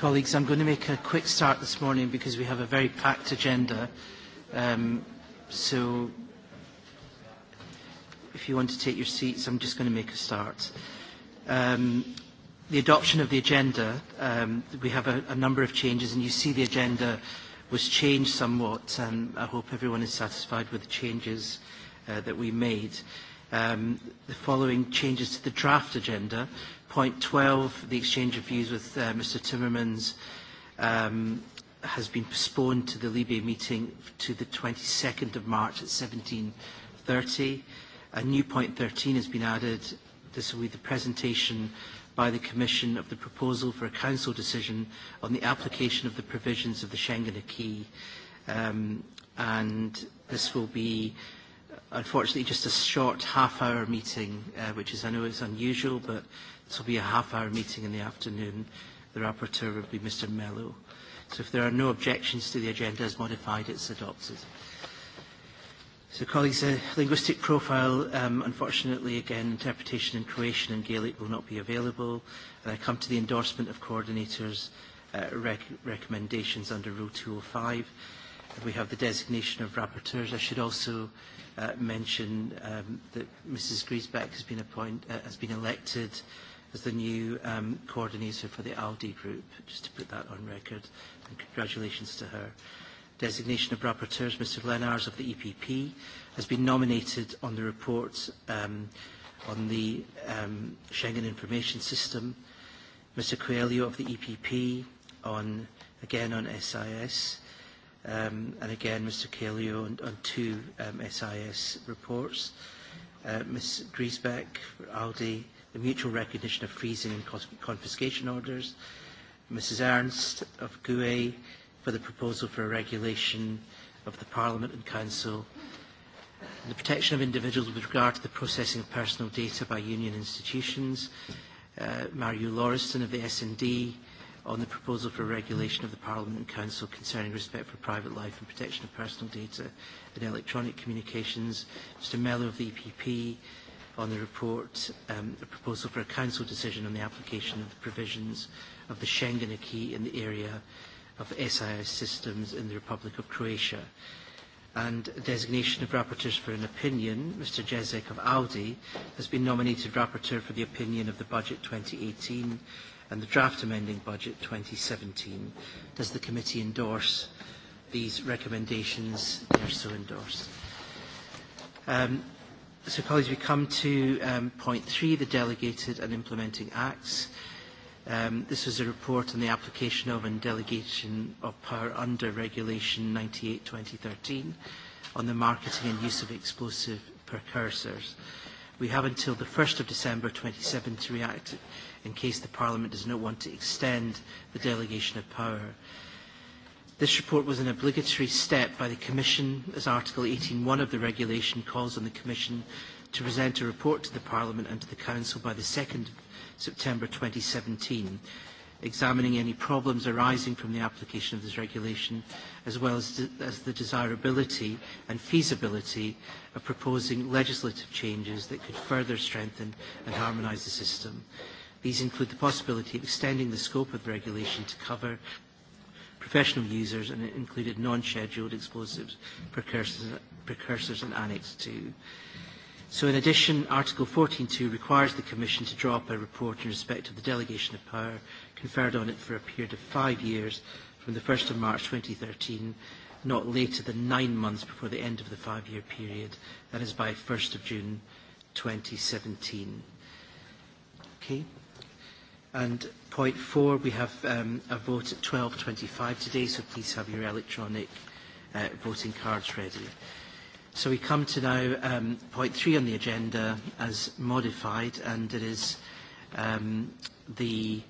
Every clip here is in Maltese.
Colleagues, I'm going to make a quick start this morning because we have a very packed agenda. Um, so if you want to take your seats, I'm just going to make a start. Um, the adoption of the agenda, um, we have a, a number of changes, and you see the agenda was changed somewhat, and I hope everyone is satisfied with the changes uh, that we made. Uh, um, the following changes to the draft agenda. Point 12, the exchange of views with uh, Mr Timmermans um, has been postponed to the Libe meeting to the 22nd of March at 17.30. A new point 13 has been added. This will be the presentation by the Commission of the proposal for a Council decision on the application of the provisions of the Schengen Acquis. Um, and this will be unfortunately just a short half-hour meeting, uh, which is, I know is unusual, but this will be a half-hour meeting in the afternoon. The rapporteur will be Mr. Mello. So if there are no objections to the agenda as modified, it's adopted. So colleagues, uh, linguistic profile, um, unfortunately, again, interpretation in Croatian and Gaelic will not be available. And I come to the endorsement of coordinators' uh, rec recommendations under Rule 205. And we have the designation of rapporteurs. I should also uh, mention um, that Mrs. Griesbeck has been, appoint, uh, has been elected as the new um, coordinator for the ALDE group, just to put that on record, and congratulations to her. Designation of rapporteurs, Mr. Lenars of the EPP, has been nominated on the report um, on the um, Schengen Information System, Mr. Coelho of the EPP on, again on SIS, um, and again Mr Kaleo on, on two um, SIS reports. Uh, Ms Griesbeck, Aldi, the mutual recognition of freezing and confiscation orders. Mrs Ernst of GUE for the proposal for a regulation of the Parliament and Council. The protection of individuals with regard to the processing of personal data by union institutions. Uh, Mario Lauriston of the S&D on the proposal for regulation of the Parliament and Council concerning respect for private life and protection of personal data and electronic communications. Mr Mello of the EPP on the report, um, a proposal for a Council decision on the application of the provisions of the Schengen Acquis in the area of SIS systems in the Republic of Croatia. And a designation of rapporteurs for an opinion, Mr Jezek of Audi has been nominated rapporteur for the opinion of the Budget 2018 and the draft amending budget 2017. Does the committee endorse these recommendations? They are so endorsed. Um, so, colleagues, we come to um, point three, the delegated and implementing acts. Um, this is a report on the application of and delegation of power under Regulation 98-2013 on the marketing and use of explosive precursors. We have until the 1st of December 27 to react in case the Parliament does not want to extend the delegation of power. This report was an obligatory step by the Commission as Article 18.1 of the regulation calls on the Commission to present a report to the Parliament and to the Council by the 2nd of September 2017 examining any problems arising from the application of this regulation, as well as, de as the desirability and feasibility of proposing legislative changes that could further strengthen and harmonise the system. These include the possibility of extending the scope of the regulation to cover professional users and it included non-scheduled explosives, precursors, precursors and Annex 2. So in addition, Article 14.2 requires the Commission to draw up a report in respect of the delegation of power conferred on it for a period of five years from the 1st of March 2013, not later than nine months before the end of the five-year period, that is by 1st of June 2017. Okay. And point four, we have um, a vote at 12.25 today, so please have your electronic uh, voting cards ready. So we come to now um, point three on the agenda as modified, and it is um, the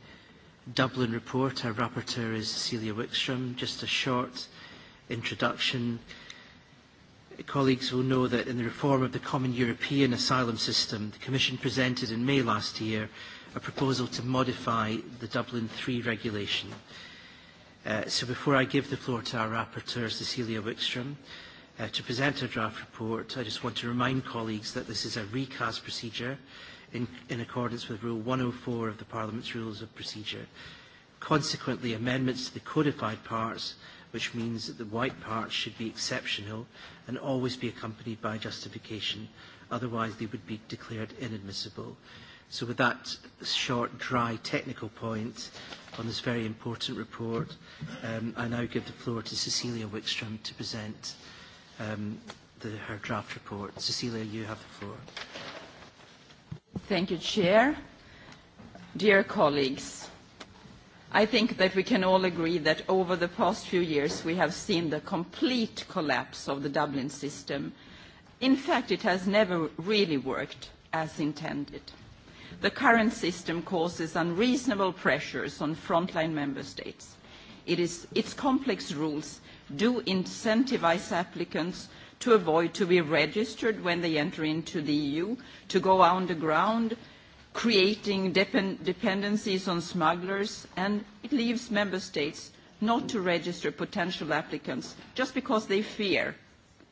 Dublin report. Our rapporteur is Celia Wickstrom. Just a short introduction. Colleagues will know that in the reform of the common European asylum system, the Commission presented in May last year a proposal to modify the Dublin III regulation. Uh, so before I give the floor to our rapporteur, Cecilia Wickstrom, uh, to present her draft report, I just want to remind colleagues that this is a recast procedure in, in accordance with Rule 104 of the Parliament's Rules of Procedure. Consequently, amendments to the codified parts, which means that the white parts should be exceptional and always be accompanied by justification, otherwise they would be declared inadmissible. So with that short, dry, technical point on this very important report, um, I now give the floor to Cecilia Wickstrom to present um, the, her draft report. Cecilia, you have the floor. Thank you, Chair. Dear colleagues, I think that we can all agree that over the past few years we have seen the complete collapse of the Dublin system. In fact, it has never really worked as intended the current system causes unreasonable pressures on frontline member states. It is, its complex rules do incentivize applicants to avoid to be registered when they enter into the EU, to go underground, creating depend dependencies on smugglers, and it leaves member states not to register potential applicants just because they fear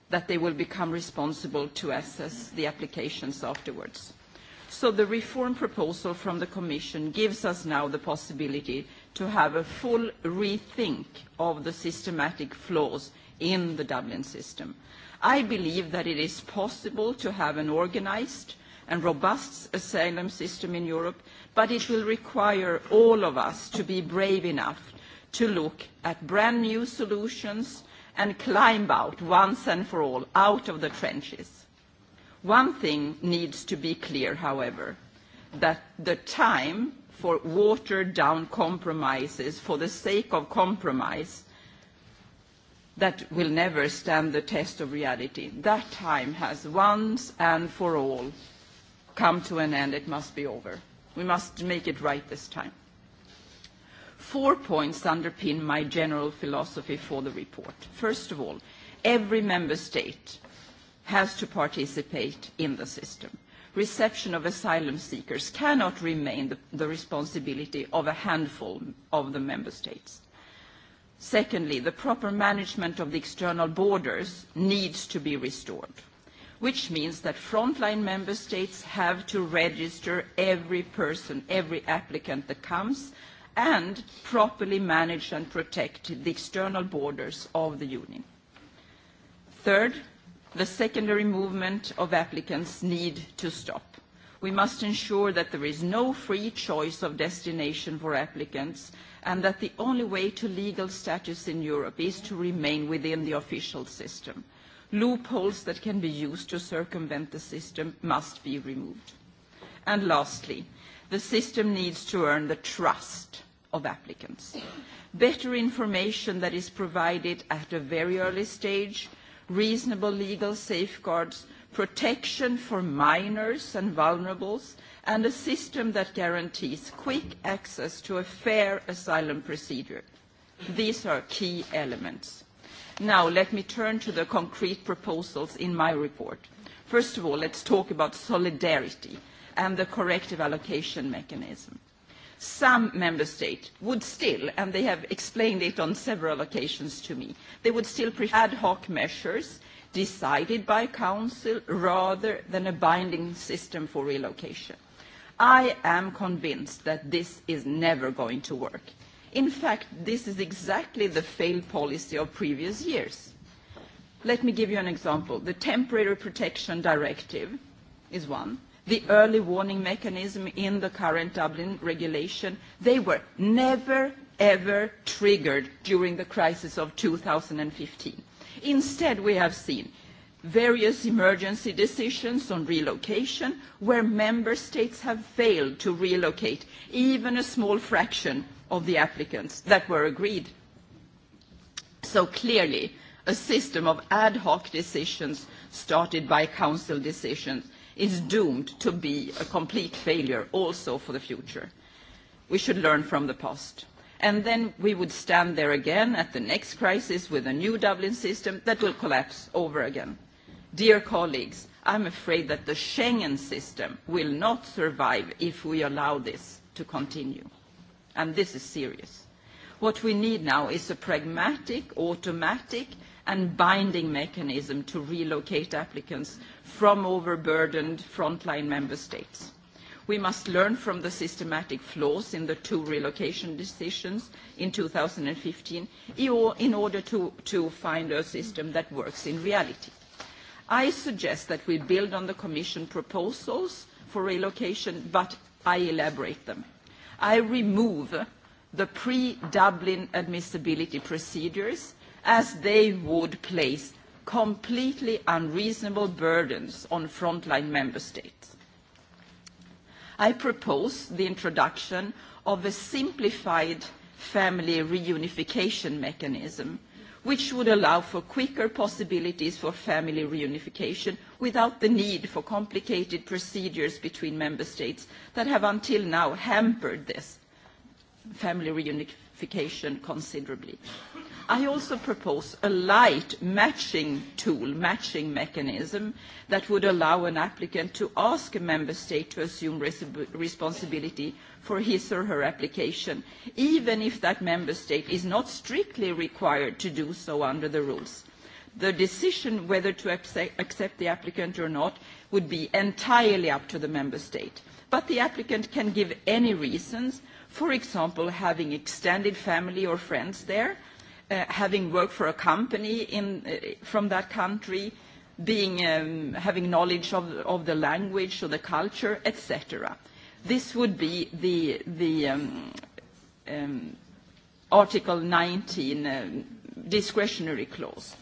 that they will become responsible to assess the applications afterwards. So the reform proposal from the Commission gives us now the possibility to have a full rethink of the systematic flaws in the Dublin system. I believe that it is possible to have an organized and robust asylum system in Europe, but it will require all of us to be brave enough to look at brand new solutions and climb out once and for all out of the trenches One thing needs to be clear, however, that the time for watered down compromises for the sake of compromise that will never stand the test of reality. That time has once and for all come to an end. It must be over. We must make it right this time. Four points underpin my general philosophy for the report. First of all, every member state has to participate in the system. Reception of asylum seekers cannot remain the, the responsibility of a handful of the member states. Secondly, the proper management of the external borders needs to be restored, which means that frontline member states have to register every person, every applicant that comes, and properly manage and protect the external borders of the Union. Third, the secondary movement of applicants need to stop. We must ensure that there is no free choice of destination for applicants and that the only way to legal status in Europe is to remain within the official system. Loopholes that can be used to circumvent the system must be removed. And lastly, the system needs to earn the trust of applicants. Better information that is provided at a very early stage reasonable legal safeguards, protection for minors and vulnerables, and a system that guarantees quick access to a fair asylum procedure. These are key elements. Now, let me turn to the concrete proposals in my report. First of all, let's talk about solidarity and the corrective allocation mechanism some member states would still, and they have explained it on several occasions to me, they would still prefer ad hoc measures decided by council rather than a binding system for relocation. I am convinced that this is never going to work. In fact, this is exactly the failed policy of previous years. Let me give you an example. The Temporary Protection Directive is one the early warning mechanism in the current Dublin regulation. They were never, ever triggered during the crisis of 2015. Instead, we have seen various emergency decisions on relocation where member states have failed to relocate even a small fraction of the applicants that were agreed. So clearly, a system of ad hoc decisions started by council decisions is doomed to be a complete failure also for the future. We should learn from the past. And then we would stand there again at the next crisis with a new Dublin system that will collapse over again. Dear colleagues, I'm afraid that the Schengen system will not survive if we allow this to continue. And this is serious. What we need now is a pragmatic, automatic, and binding mechanism to relocate applicants from overburdened frontline member states. We must learn from the systematic flaws in the two relocation decisions in 2015 in order to, to find a system that works in reality. I suggest that we build on the Commission proposals for relocation, but I elaborate them. I remove the pre-Dublin admissibility procedures as they would place completely unreasonable burdens on frontline member states. I propose the introduction of a simplified family reunification mechanism which would allow for quicker possibilities for family reunification without the need for complicated procedures between member states that have until now hampered this family reunification considerably. I also propose a light matching tool, matching mechanism that would allow an applicant to ask a member state to assume res responsibility for his or her application, even if that member state is not strictly required to do so under the rules. The decision whether to accept the applicant or not would be entirely up to the member state. But the applicant can give any reasons, for example, having extended family or friends there, uh, having worked for a company in, uh, from that country, being, um, having knowledge of, of the language or the culture, etc. This would be the, the um, um, Article 19 um, uh, discretionary clause.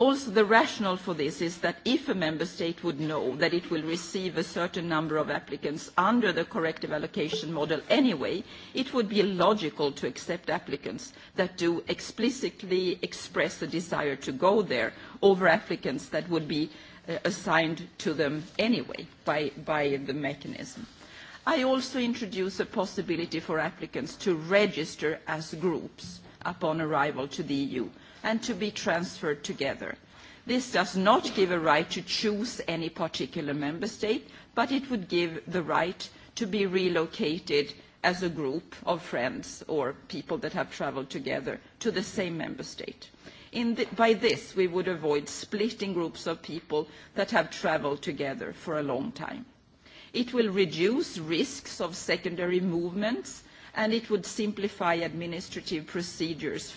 Also, the rationale for this is that if a member state would know that it will receive a certain number of applicants under the corrective allocation model anyway, it would be logical to accept applicants that do explicitly express a desire to go there over applicants that would be uh, assigned to them anyway by, by the mechanism. I also introduce a possibility for applicants to register as groups upon arrival to the EU and to be transferred together. This does not give a right to choose any particular member state, but it would give the right to be relocated as a group of friends or people that have traveled together to the same member state. In the, by this, we would avoid splitting groups of people that have traveled together for a long time. It will reduce risks of secondary movements and it would simplify administrative procedures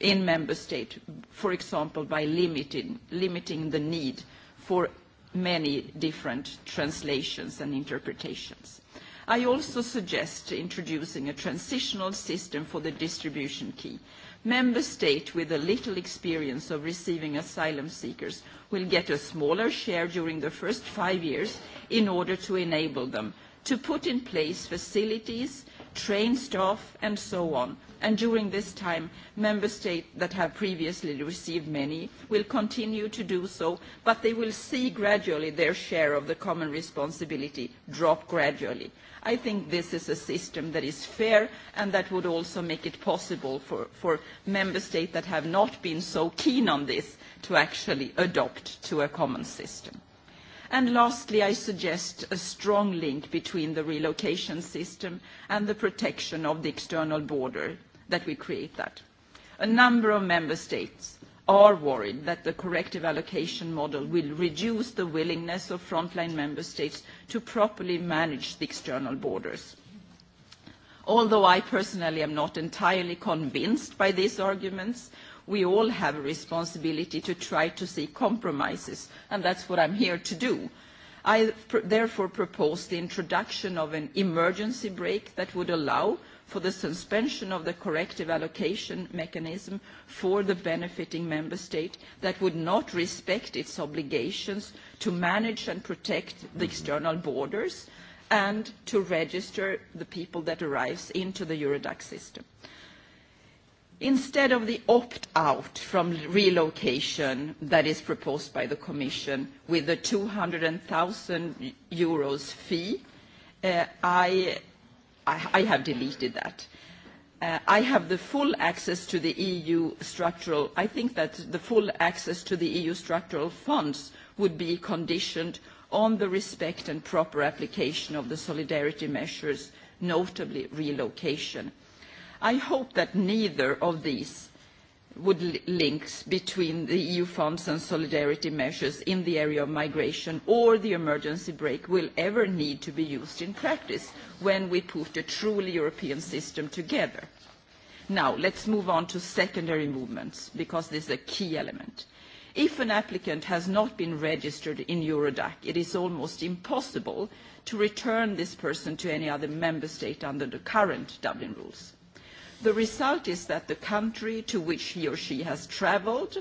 in member states, for example, by limiting, limiting the need for many different translations and interpretations. I also suggest introducing a transitional system for the distribution key. Member states with a little experience of receiving asylum seekers will get a smaller share during the first five years in order to enable them to put in place facilities, train staff and so on and during this time member states that have previously received many will continue to do so but they will see gradually their share of the common responsibility drop gradually. I think this is a system that is fair and that would also make it possible for, for member states that have not been so keen on this to actually adopt to a common system. And lastly, I suggest a strong link between the relocation system and the protection of the external border that we create that. A number of member states are worried that the corrective allocation model will reduce the willingness of frontline member states to properly manage the external borders. Although I personally am not entirely convinced by these arguments, we all have a responsibility to try to see compromises, and that's what I'm here to do. I pr therefore propose the introduction of an emergency break that would allow for the suspension of the corrective allocation mechanism for the benefiting member state that would not respect its obligations to manage and protect the external borders and to register the people that arrives into the Eurodac system. Instead of the opt-out from relocation that is proposed by the Commission with the 200,000 euros fee, uh, I I, have deleted that. Uh, I have the full access to the EU structural, I think that the full access to the EU structural funds would be conditioned on the respect and proper application of the solidarity measures, notably relocation. I hope that neither of these would links between the EU funds and solidarity measures in the area of migration or the emergency break will ever need to be used in practice when we put a truly European system together. Now, let's move on to secondary movements, because this is a key element. If an applicant has not been registered in Eurodac, it is almost impossible to return this person to any other member state under the current Dublin rules. The result is that the country to which he or she has travelled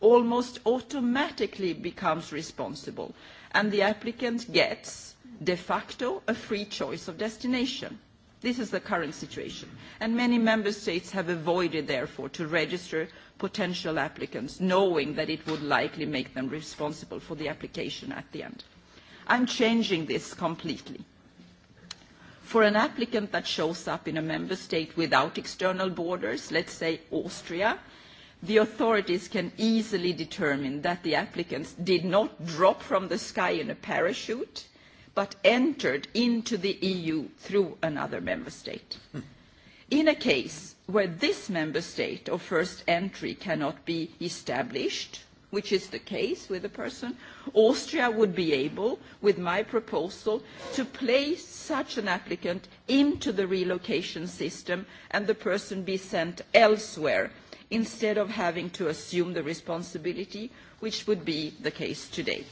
almost automatically becomes responsible and the applicant gets de facto a free choice of destination. This is the current situation and many member states have avoided therefore to register potential applicants knowing that it would likely make them responsible for the application at the end. I'm changing this completely for an applicant that shows up in a member state without external borders, let's say Austria, the authorities can easily determine that the applicants did not drop from the sky in a parachute, but entered into the EU through another member state. In a case where this member state of first entry cannot be established, which is the case with the person, Austria would be able, with my proposal, to place such an applicant into the relocation system and the person be sent elsewhere instead of having to assume the responsibility, which would be the case today.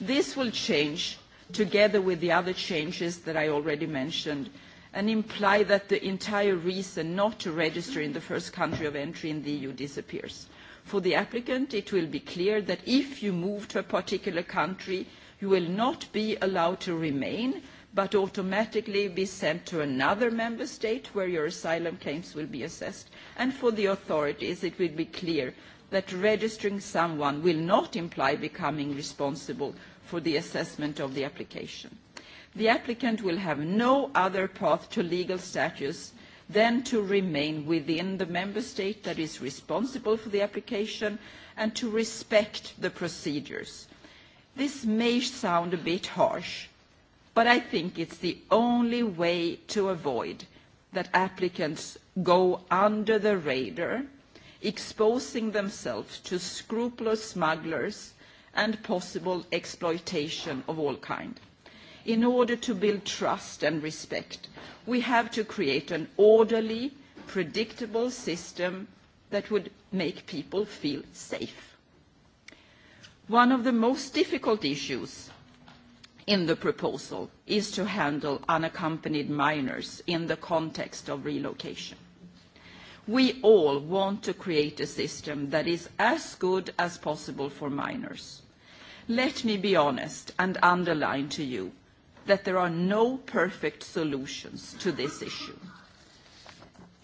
This will change, together with the other changes that I already mentioned, and imply that the entire reason not to register in the first country of entry in the EU disappears. For the applicant, it will be clear that if you move to a particular country, you will not be allowed to remain, but automatically be sent to another member state where your asylum claims will be assessed. And for the authorities, it will be clear that registering someone will not imply becoming responsible for the assessment of the application. The applicant will have no other path to legal status then to remain within the member state that is responsible for the application and to respect the procedures. This may sound a bit harsh, but I think it's the only way to avoid that applicants go under the radar, exposing themselves to scrupulous smugglers and possible exploitation of all kinds in order to build trust and respect, we have to create an orderly, predictable system that would make people feel safe. One of the most difficult issues in the proposal is to handle unaccompanied minors in the context of relocation. We all want to create a system that is as good as possible for minors. Let me be honest and underline to you that there are no perfect solutions to this issue.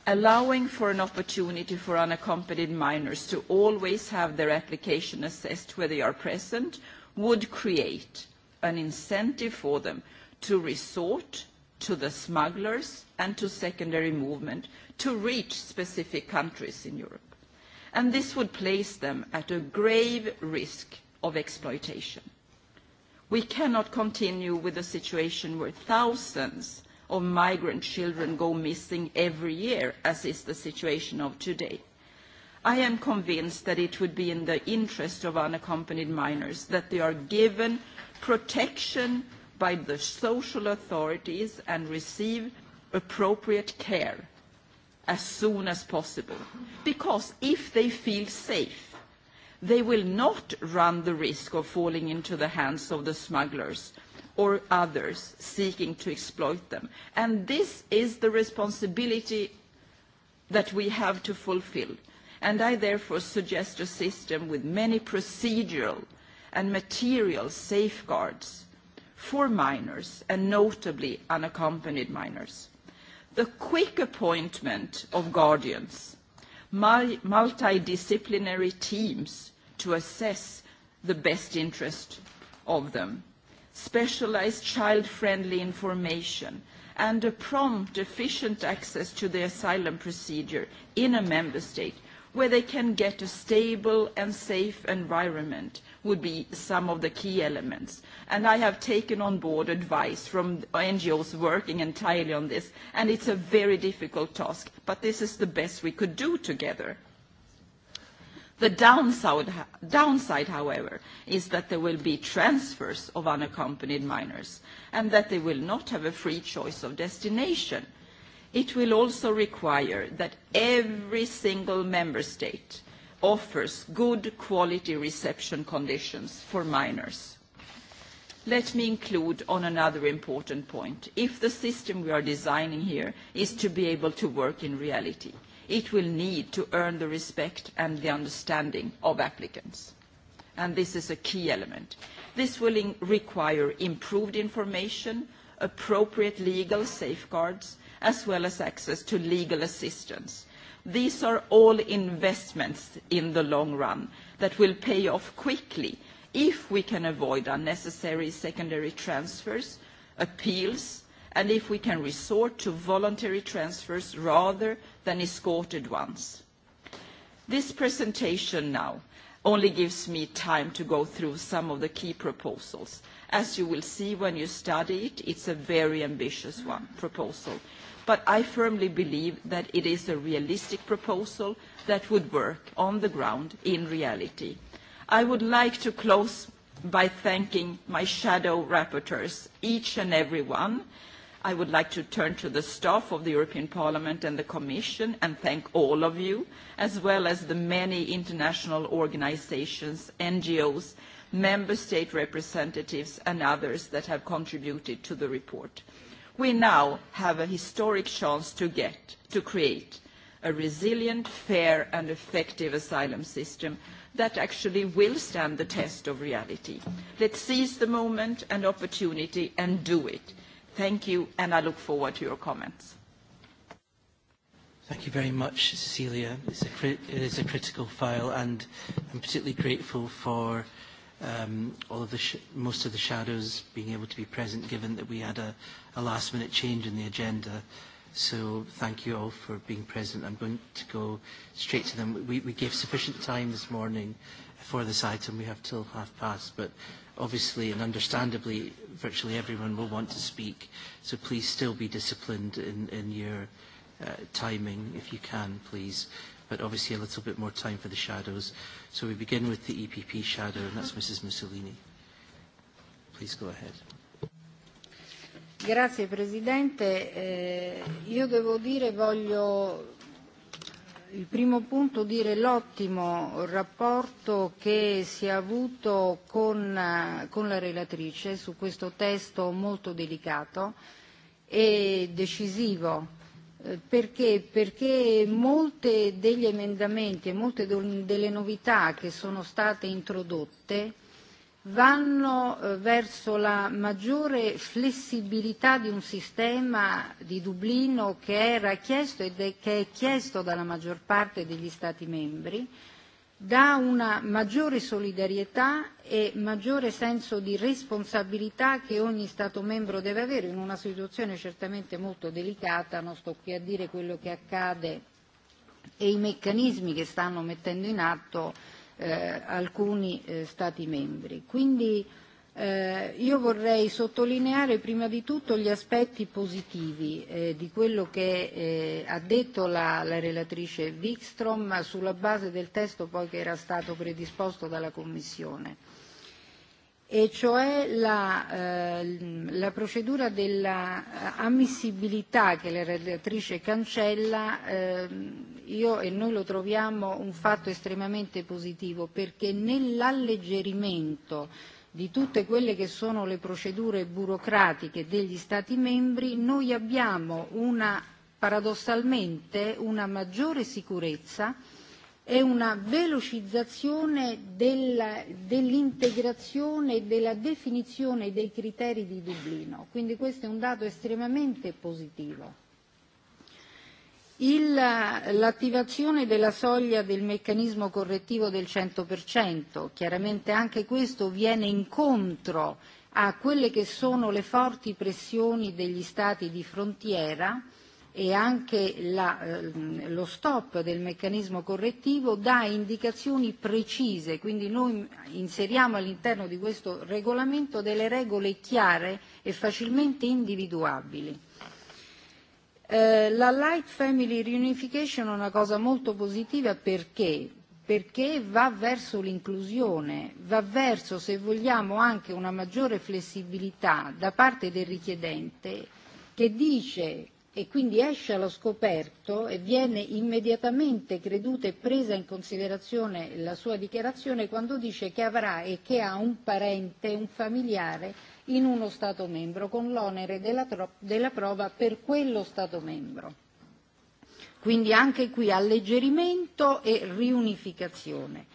Allowing for an opportunity for unaccompanied minors to always have their application assessed where they are present would create an incentive for them to resort to the smugglers and to secondary movement to reach specific countries in Europe. And this would place them at a grave risk of exploitation. We cannot continue with a situation where thousands of migrant children go missing every year, as is the situation of today. I am convinced that it would be in the interest of unaccompanied minors that they are given protection by the social authorities and receive appropriate care as soon as possible. Because if they feel safe, they will not run the risk of falling into the hands of the smugglers or others seeking to exploit them. And this is the responsibility that we have to fulfill. And I therefore suggest a system with many procedural and material safeguards for minors and notably unaccompanied minors. The quick appointment of guardians multidisciplinary teams to assess the best interest of them, specialized child-friendly information, and a prompt, efficient access to the asylum procedure in a member state where they can get a stable and safe environment would be some of the key elements. And I have taken on board advice from NGOs working entirely on this, and it's a very difficult task, but this is the best we could do together. The downside, downside, however, is that there will be transfers of unaccompanied minors and that they will not have a free choice of destination. It will also require that every single member state offers good quality reception conditions for minors. Let me include on another important point. If the system we are designing here is to be able to work in reality, it will need to earn the respect and the understanding of applicants. And this is a key element. This will require improved information, appropriate legal safeguards, as well as access to legal assistance These are all investments in the long run that will pay off quickly if we can avoid unnecessary secondary transfers, appeals, and if we can resort to voluntary transfers rather than escorted ones. This presentation now only gives me time to go through some of the key proposals. As you will see when you study it, it's a very ambitious one, proposal but I firmly believe that it is a realistic proposal that would work on the ground in reality. I would like to close by thanking my shadow rapporteurs, each and every one. I would like to turn to the staff of the European Parliament and the Commission and thank all of you, as well as the many international organizations, NGOs, member state representatives and others that have contributed to the report we now have a historic chance to get, to create a resilient, fair and effective asylum system that actually will stand the test of reality. Let's seize the moment and opportunity and do it. Thank you, and I look forward to your comments. Thank you very much, Cecilia. It's a, it is a critical file, and I'm particularly grateful for um, all of the sh most of the shadows being able to be present given that we had a, a last minute change in the agenda. So thank you all for being present. I'm going to go straight to them. We, we gave sufficient time this morning for this item. We have till half past, but obviously and understandably virtually everyone will want to speak. So please still be disciplined in, in your uh, timing if you can, please but obviously a little bit more time for the shadows. So we begin with the EPP shadow, and that's Mrs. Mussolini. Please go ahead. Grazie Presidente. Eh, io devo dire, voglio il primo punto dire l'ottimo rapporto che si è avuto con, eh, con la relatrice su questo testo molto delicato e decisivo Perché? Perché molte degli emendamenti e molte delle novità che sono state introdotte vanno eh, verso la maggiore flessibilità di un sistema di Dublino che era chiesto e che è chiesto dalla maggior parte degli Stati membri, dà una maggiore solidarietà e maggiore senso di responsabilità che ogni Stato membro deve avere in una situazione certamente molto delicata, non sto qui a dire quello che accade e i meccanismi che stanno mettendo in atto eh, alcuni eh, Stati membri. Quindi Eh, io vorrei sottolineare prima di tutto gli aspetti positivi eh, di quello che eh, ha detto la, la relatrice Wikstrom sulla base del testo poi che era stato predisposto dalla Commissione, e cioè la, eh, la procedura dell'ammissibilità eh, che la relatrice cancella, eh, io e noi lo troviamo un fatto estremamente positivo perché nell'alleggerimento di tutte quelle che sono le procedure burocratiche degli Stati membri, noi abbiamo una, paradossalmente una maggiore sicurezza e una velocizzazione della, dell'integrazione e della definizione dei criteri di Dublino. Quindi questo è un dato estremamente positivo. L'attivazione della soglia del meccanismo correttivo del 100%, chiaramente anche questo viene incontro a quelle che sono le forti pressioni degli Stati di frontiera e anche la, eh, lo stop del meccanismo correttivo dà indicazioni precise, quindi noi inseriamo all'interno di questo regolamento delle regole chiare e facilmente individuabili. Eh, la Light Family Reunification è una cosa molto positiva perché? perché va verso l'inclusione, va verso, se vogliamo, anche una maggiore flessibilità da parte del richiedente che dice e quindi esce allo scoperto e viene immediatamente creduta e presa in considerazione la sua dichiarazione quando dice che avrà e che ha un parente, un familiare in uno Stato membro con l'onere della, della prova per quello Stato membro. Quindi anche qui alleggerimento e riunificazione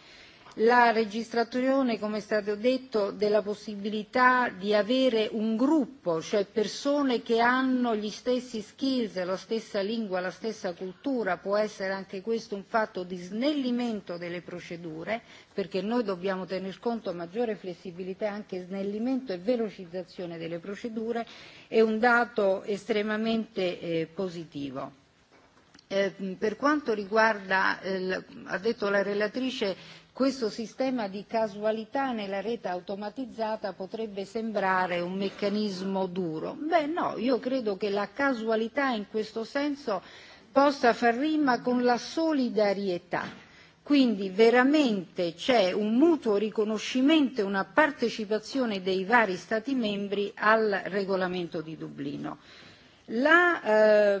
la registrazione, come è stato detto, della possibilità di avere un gruppo, cioè persone che hanno gli stessi skills, la stessa lingua, la stessa cultura, può essere anche questo un fatto di snellimento delle procedure, perché noi dobbiamo tener conto maggiore flessibilità, e anche snellimento e velocizzazione delle procedure, è un dato estremamente eh, positivo. Eh, per quanto riguarda, eh, ha detto la relatrice, Questo sistema di casualità nella rete automatizzata potrebbe sembrare un meccanismo duro. Beh no, io credo che la casualità in questo senso possa far rima con la solidarietà. Quindi veramente c'è un mutuo riconoscimento e una partecipazione dei vari Stati membri al regolamento di Dublino. La, eh,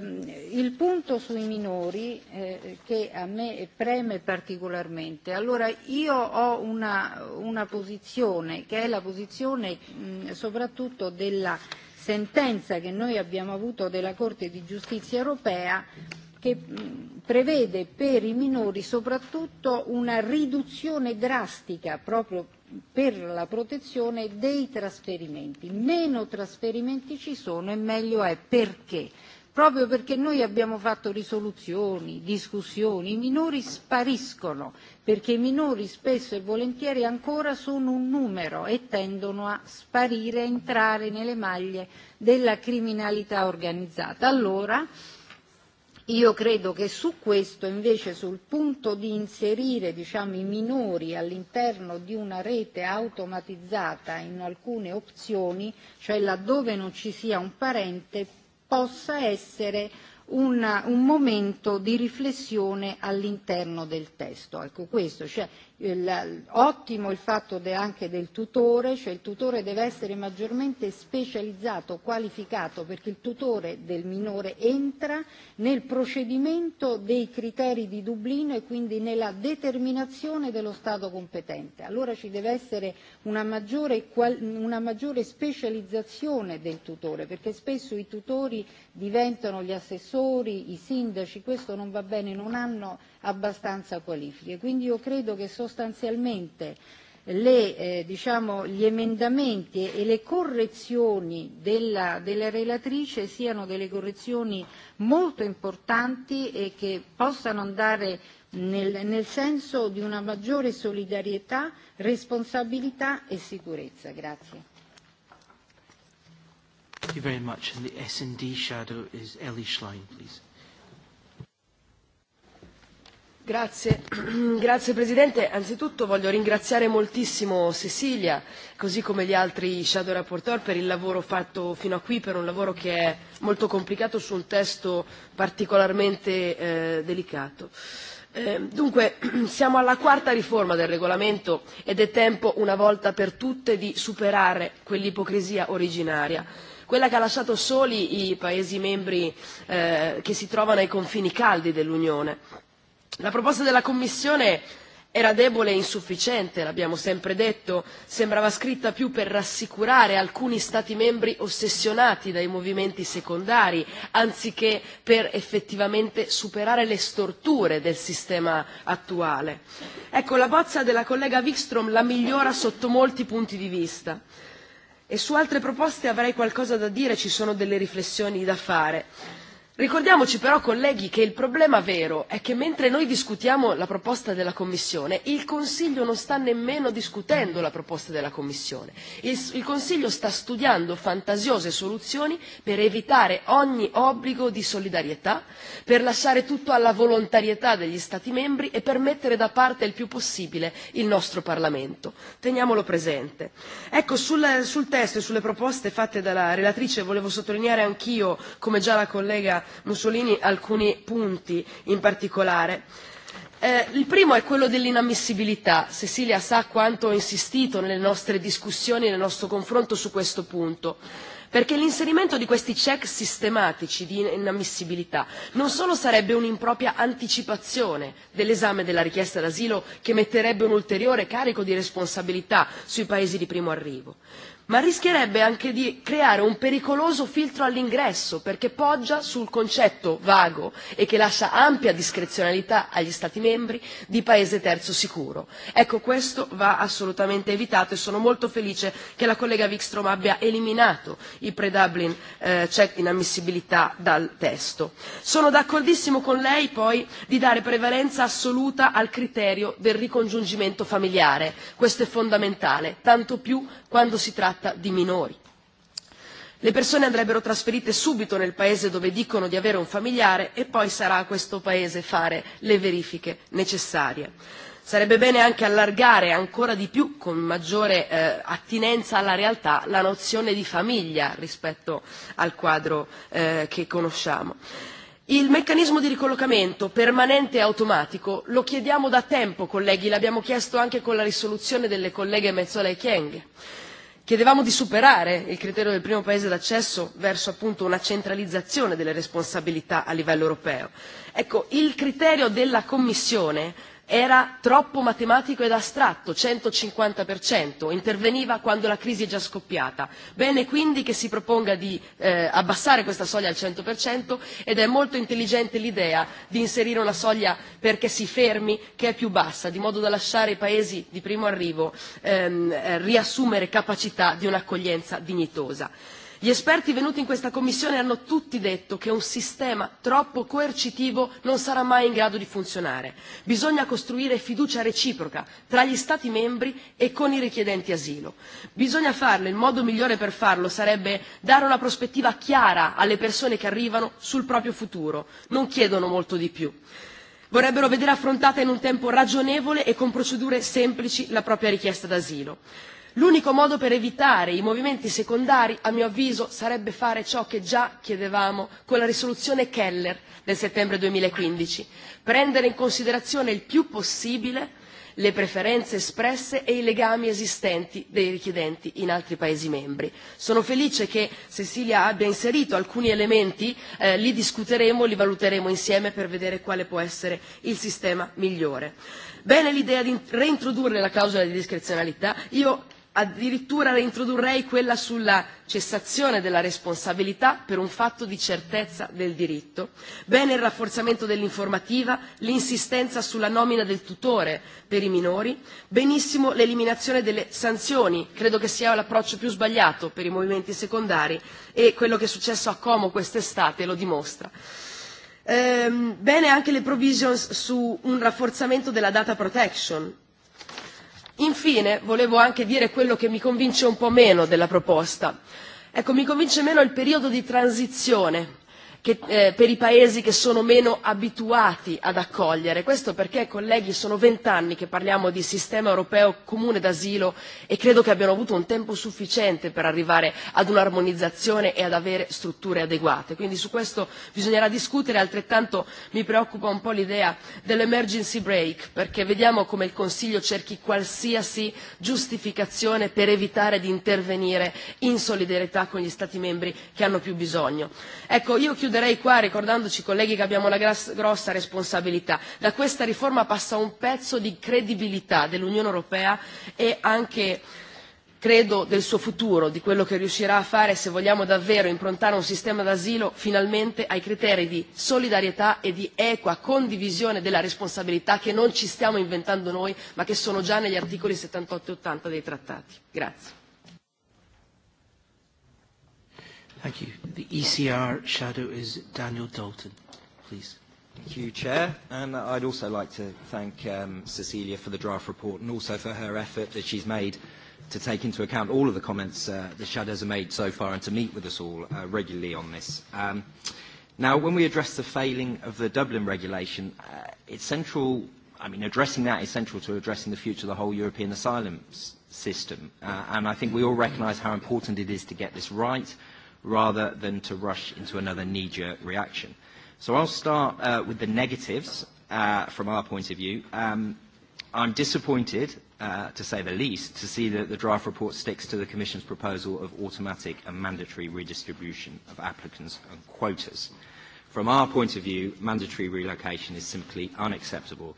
il punto sui minori eh, che a me preme particolarmente, allora io ho una, una posizione che è la posizione mh, soprattutto della sentenza che noi abbiamo avuto della Corte di giustizia europea che mm, prevede per i minori soprattutto una riduzione drastica proprio per la protezione dei trasferimenti. Meno trasferimenti ci sono e meglio è perché. Proprio perché noi abbiamo fatto risoluzioni, discussioni, i minori spariscono, perché i minori spesso e volentieri ancora sono un numero e tendono a sparire, a entrare nelle maglie della criminalità organizzata. Allora, Io credo che su questo, invece, sul punto di inserire diciamo, i minori all'interno di una rete automatizzata in alcune opzioni, cioè laddove non ci sia un parente, possa essere un, un momento di riflessione all'interno del testo. Ecco questo, cioè il, ottimo il fatto de, anche del tutore, cioè il tutore deve essere maggiormente specializzato, qualificato, perché il tutore del minore entra nel procedimento dei criteri di Dublino e quindi nella determinazione dello Stato competente. Allora ci deve essere una maggiore, una maggiore specializzazione del tutore, perché spesso i tutori diventano gli assessori, i sindaci, questo non va bene, non hanno abbastanza qualifiche. Quindi io credo che sostanzialmente le, eh, diciamo, gli emendamenti e le correzioni della, della relatrice siano delle correzioni molto importanti e che possano andare nel, nel senso di una maggiore solidarietà, responsabilità e sicurezza. Grazie. Thank you very much. And the S&D shadow is Ellie Schlein, please. Grazie. Grazie Presidente. Anzitutto voglio ringraziare moltissimo Cecilia, così come gli altri Shadow Rapporteur, per il lavoro fatto fino a qui, per un lavoro che è molto complicato su un testo particolarmente eh, delicato. Ehm, dunque, siamo alla quarta riforma del regolamento ed è tempo, una volta per tutte, di superare quell'ipocrisia originaria, quella che ha lasciato soli i Paesi membri eh, che si trovano ai confini caldi dell'Unione La proposta della Commissione era debole e insufficiente, l'abbiamo sempre detto, sembrava scritta più per rassicurare alcuni Stati membri ossessionati dai movimenti secondari, anziché per effettivamente superare le storture del sistema attuale. Ecco, la bozza della collega Wikström la migliora sotto molti punti di vista. E su altre proposte avrei qualcosa da dire, ci sono delle riflessioni da fare. Ricordiamoci però, colleghi, che il problema vero è che mentre noi discutiamo la proposta della Commissione, il Consiglio non sta nemmeno discutendo la proposta della Commissione. Il, il Consiglio sta studiando fantasiose soluzioni per evitare ogni obbligo di solidarietà, per lasciare tutto alla volontarietà degli Stati membri e per mettere da parte il più possibile il nostro Parlamento. Teniamolo presente. Ecco, sul, sul testo e sulle proposte fatte dalla relatrice volevo sottolineare anch'io, come già la collega Mussolini alcuni punti in particolare. Eh, il primo è quello dell'inammissibilità. Cecilia sa quanto ho insistito nelle nostre discussioni, nel nostro confronto su questo punto perché l'inserimento di questi check sistematici di inammissibilità non solo sarebbe un'impropria anticipazione dell'esame della richiesta d'asilo che metterebbe un ulteriore carico di responsabilità sui paesi di primo arrivo, ma rischierebbe anche di creare un pericoloso filtro all'ingresso perché poggia sul concetto vago e che lascia ampia discrezionalità agli Stati membri di paese terzo sicuro. Ecco, questo va assolutamente evitato e sono molto felice che la collega Wikstrom abbia eliminato i pre-Dublin eh, check inammissibilità dal testo. Sono d'accordissimo con lei poi di dare prevalenza assoluta al criterio del ricongiungimento familiare. Questo è fondamentale, tanto più quando si tratta tratta di minori. Le persone andrebbero trasferite subito nel paese dove dicono di avere un familiare e poi sarà a questo paese fare le verifiche necessarie. Sarebbe bene anche allargare ancora di più, con maggiore eh, attinenza alla realtà, la nozione di famiglia rispetto al quadro eh, che conosciamo. Il meccanismo di ricollocamento permanente e automatico lo chiediamo da tempo, colleghi, l'abbiamo chiesto anche con la risoluzione delle colleghe Mezzola e Chieng Chiedevamo di superare il criterio del primo paese d'accesso verso appunto una centralizzazione delle responsabilità a livello europeo. Ecco, il criterio della Commissione era troppo matematico ed astratto, 150%, interveniva quando la crisi è già scoppiata. Bene quindi che si proponga di eh, abbassare questa soglia al 100% ed è molto intelligente l'idea di inserire una soglia perché si fermi che è più bassa, di modo da lasciare i paesi di primo arrivo ehm, riassumere capacità di un'accoglienza dignitosa. Gli esperti venuti in questa commissione hanno tutti detto che un sistema troppo coercitivo non sarà mai in grado di funzionare. Bisogna costruire fiducia reciproca tra gli Stati membri e con i richiedenti asilo. Bisogna farlo, il modo migliore per farlo sarebbe dare una prospettiva chiara alle persone che arrivano sul proprio futuro. Non chiedono molto di più vorrebbero vedere affrontata in un tempo ragionevole e con procedure semplici la propria richiesta d'asilo. L'unico modo per evitare i movimenti secondari, a mio avviso, sarebbe fare ciò che già chiedevamo con la risoluzione Keller del settembre 2015, e prendere in considerazione il più possibile le preferenze espresse e i legami esistenti dei richiedenti in altri Paesi membri. Sono felice che Cecilia abbia inserito alcuni elementi, eh, li discuteremo, li valuteremo insieme per vedere quale può essere il sistema migliore. Bene l'idea di reintrodurre la clausola di discrezionalità, io addirittura reintrodurrei quella sulla cessazione della responsabilità per un fatto di certezza del diritto, bene il rafforzamento dell'informativa, l'insistenza sulla nomina del tutore per i minori, benissimo l'eliminazione delle sanzioni, credo che sia l'approccio più sbagliato per i movimenti secondari e quello che è successo a Como quest'estate lo dimostra. Ehm, bene anche le provisions su un rafforzamento della data protection, Infine, volevo anche dire quello che mi convince un po' meno della proposta. Ecco, mi convince meno il periodo di transizione che, eh, per i paesi che sono meno abituati ad accogliere. Questo perché, colleghi, sono vent'anni che parliamo di sistema europeo comune d'asilo e credo che abbiano avuto un tempo sufficiente per arrivare ad un'armonizzazione e ad avere strutture adeguate. Quindi su questo bisognerà discutere, altrettanto mi preoccupa un po' l'idea dell'emergency break, perché vediamo come il Consiglio cerchi qualsiasi giustificazione per evitare di intervenire in solidarietà con gli Stati membri che hanno più bisogno. Ecco, io chiuderei qua ricordandoci, colleghi, che abbiamo una grossa responsabilità. Da questa riforma passa un pezzo di credibilità dell'Unione Europea e anche credo del suo futuro, di quello che riuscirà a fare se vogliamo davvero improntare un sistema d'asilo finalmente ai criteri di solidarietà e di equa condivisione della responsabilità che non ci stiamo inventando noi ma che sono già negli articoli 78 e 80 dei trattati. Grazie. Thank you. The ECR shadow is Daniel Dalton, please. Thank you, Chair. And I'd also like to thank um, Cecilia for the draft report and also for her effort that she's made to take into account all of the comments uh, the shadows have made so far and to meet with us all uh, regularly on this. Um, now, when we address the failing of the Dublin regulation, uh, it's central, I mean, addressing that is central to addressing the future of the whole European asylum system. Uh, and I think we all recognise how important it is to get this right rather than to rush into another knee-jerk reaction. So I'll start uh, with the negatives uh, from our point of view. Um, I'm disappointed, uh, to say the least, to see that the draft report sticks to the Commission's proposal of automatic and mandatory redistribution of applicants and quotas. From our point of view, mandatory relocation is simply unacceptable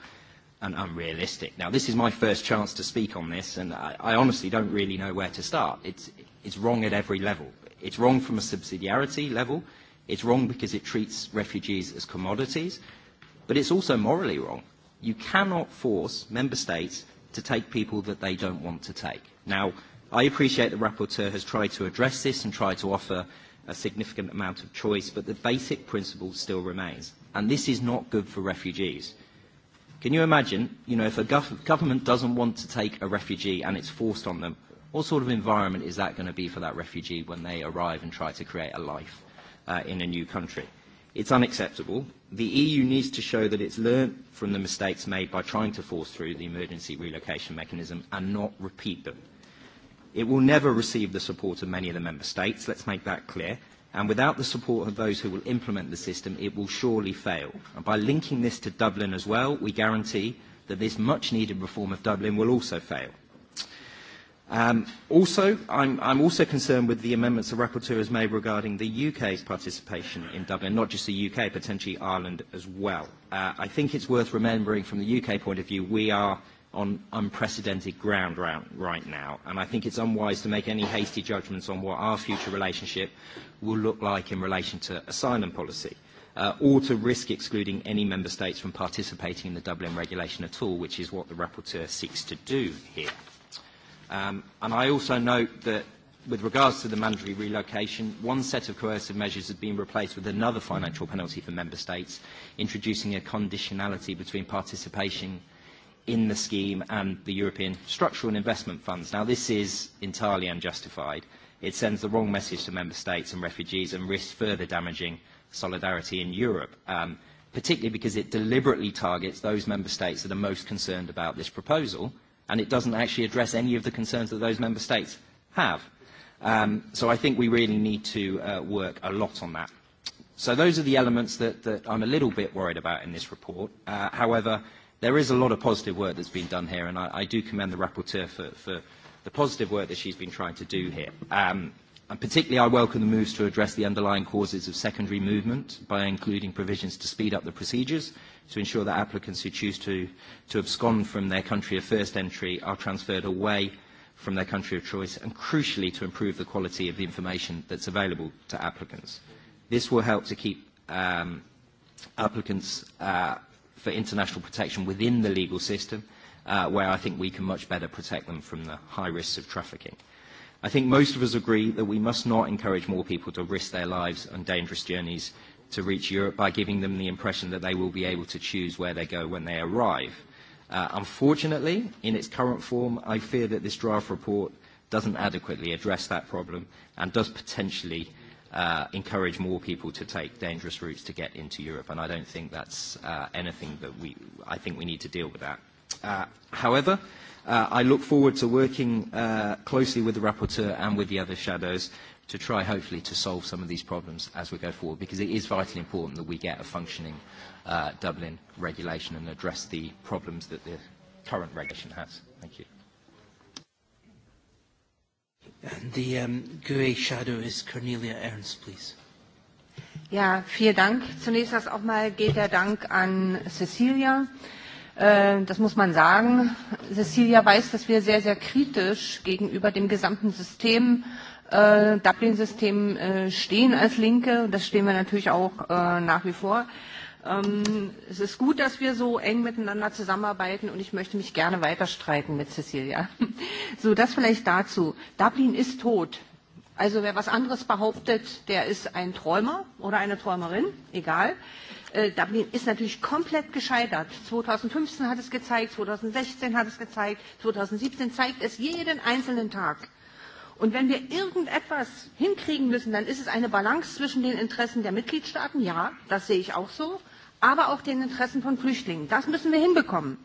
and unrealistic. Now, this is my first chance to speak on this, and I, I honestly don't really know where to start. It's, it's wrong at every level. It's wrong from a subsidiarity level. It's wrong because it treats refugees as commodities. But it's also morally wrong. You cannot force member states to take people that they don't want to take. Now, I appreciate the rapporteur has tried to address this and tried to offer a significant amount of choice, but the basic principle still remains. And this is not good for refugees. Can you imagine, you know, if a gov government doesn't want to take a refugee and it's forced on them, What sort of environment is that going to be for that refugee when they arrive and try to create a life uh, in a new country? It's unacceptable. The EU needs to show that it's learned from the mistakes made by trying to force through the emergency relocation mechanism and not repeat them. It will never receive the support of many of the member states, let's make that clear, and without the support of those who will implement the system, it will surely fail. And by linking this to Dublin as well, we guarantee that this much needed reform of Dublin will also fail. Um, also, I'm, I'm also concerned with the amendments the rapporteur has made regarding the UK's participation in Dublin, not just the UK, potentially Ireland as well. Uh, I think it's worth remembering from the UK point of view, we are on unprecedented ground right now, and I think it's unwise to make any hasty judgments on what our future relationship will look like in relation to asylum policy, uh, or to risk excluding any member states from participating in the Dublin regulation at all, which is what the rapporteur seeks to do here. Um, and I also note that with regards to the mandatory relocation, one set of coercive measures has been replaced with another financial penalty for member states, introducing a conditionality between participation in the scheme and the European structural and investment funds. Now, this is entirely unjustified. It sends the wrong message to member states and refugees and risks further damaging solidarity in Europe, um, particularly because it deliberately targets those member states that are most concerned about this proposal – and it doesn't actually address any of the concerns that those member states have. Um, so I think we really need to uh, work a lot on that. So those are the elements that, that I'm a little bit worried about in this report. Uh, however, there is a lot of positive work that's been done here, and I, I do commend the rapporteur for, for the positive work that she's been trying to do here. Um, and particularly I welcome the moves to address the underlying causes of secondary movement by including provisions to speed up the procedures to ensure that applicants who choose to, to abscond from their country of first entry are transferred away from their country of choice and crucially to improve the quality of the information that's available to applicants. This will help to keep um, applicants uh, for international protection within the legal system uh, where I think we can much better protect them from the high risks of trafficking. I think most of us agree that we must not encourage more people to risk their lives on dangerous journeys to reach Europe by giving them the impression that they will be able to choose where they go when they arrive. Uh, unfortunately, in its current form, I fear that this draft report doesn't adequately address that problem and does potentially uh, encourage more people to take dangerous routes to get into Europe, and I don't think that's uh, anything that we, I think we need to deal with that. Uh, however, uh, I look forward to working uh, closely with the rapporteur and with the other shadows to try hopefully to solve some of these problems as we go forward because it is vitally important that we get a functioning uh, Dublin regulation and address the problems that the current regulation has. Thank you. And the um, GUE shadow is Cornelia Ernst, please. Ja, vielen Dank. Zunächst erst auch mal geht der Dank an Cecilia. Äh, das muss man sagen. Cecilia weiß, dass wir sehr, sehr kritisch gegenüber dem gesamten System äh, äh, Dublin-System äh, stehen als Linke. Das stehen wir natürlich auch äh, nach wie vor. Ähm, es ist gut, dass wir so eng miteinander zusammenarbeiten und ich möchte mich gerne weiter streiten mit Cecilia. so, das vielleicht dazu. Dublin ist tot. Also wer was anderes behauptet, der ist ein Träumer oder eine Träumerin, egal. Äh, Dublin ist natürlich komplett gescheitert. 2015 hat es gezeigt, 2016 hat es gezeigt, 2017 zeigt es jeden einzelnen Tag. Und wenn wir irgendetwas hinkriegen müssen, dann ist es eine Balance zwischen den Interessen der Mitgliedstaaten, ja, das sehe ich auch so, aber auch den Interessen von Flüchtlingen. Das müssen wir hinbekommen.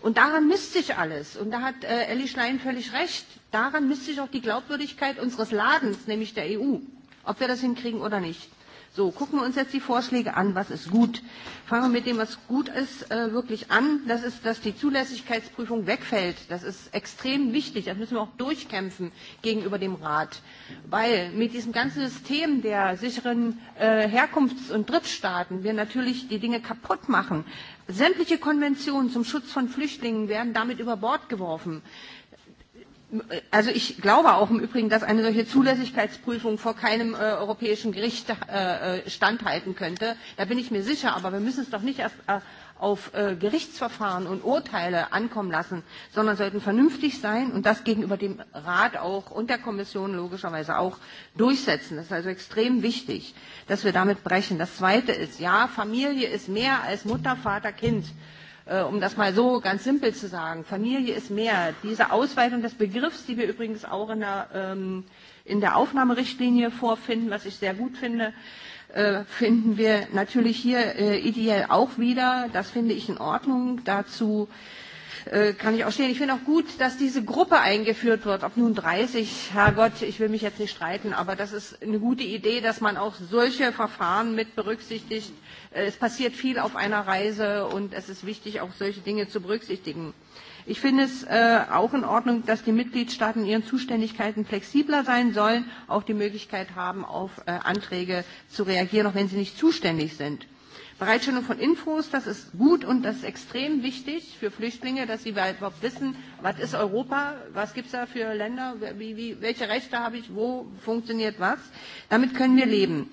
Und daran misst sich alles. Und da hat äh, Elli Schlein völlig recht. Daran misst sich auch die Glaubwürdigkeit unseres Ladens, nämlich der EU, ob wir das hinkriegen oder nicht. So, gucken wir uns jetzt die Vorschläge an, was ist gut. Fangen wir mit dem, was gut ist, äh, wirklich an. Das ist, dass die Zulässigkeitsprüfung wegfällt. Das ist extrem wichtig. Das müssen wir auch durchkämpfen gegenüber dem Rat. Weil mit diesem ganzen System der sicheren äh, Herkunfts- und Drittstaaten wir natürlich die Dinge kaputt machen. Sämtliche Konventionen zum Schutz von Flüchtlingen werden damit über Bord geworfen also ich glaube auch im Übrigen, dass eine solche Zulässigkeitsprüfung vor keinem äh, europäischen Gericht äh, äh, standhalten könnte. Da bin ich mir sicher, aber wir müssen es doch nicht erst äh, auf äh, Gerichtsverfahren und Urteile ankommen lassen, sondern sollten vernünftig sein und das gegenüber dem Rat auch und der Kommission logischerweise auch durchsetzen. Das ist also extrem wichtig, dass wir damit brechen. Das Zweite ist, ja, Familie ist mehr als Mutter, Vater, Kind äh, um das mal so ganz simpel zu sagen. Familie ist mehr. Diese Ausweitung des Begriffs, die wir übrigens auch in der, ähm, in der Aufnahmerichtlinie vorfinden, was ich sehr gut finde, äh, finden wir natürlich hier äh, ideell auch wieder. Das finde ich in Ordnung. Dazu äh, kann ich auch stehen. Ich finde auch gut, dass diese Gruppe eingeführt wird, ob nun 30, Herrgott, ich will mich jetzt nicht streiten, aber das ist eine gute Idee, dass man auch solche Verfahren mit berücksichtigt, es passiert viel auf einer Reise und es ist wichtig, auch solche Dinge zu berücksichtigen. Ich finde es äh, auch in Ordnung, dass die Mitgliedstaaten in ihren Zuständigkeiten flexibler sein sollen, auch die Möglichkeit haben, auf äh, Anträge zu reagieren, auch wenn sie nicht zuständig sind. Bereitstellung von Infos, das ist gut und das ist extrem wichtig für Flüchtlinge, dass sie überhaupt wissen, was ist Europa, was gibt es da für Länder, wie, wie, welche Rechte habe ich, wo funktioniert was. Damit können wir leben.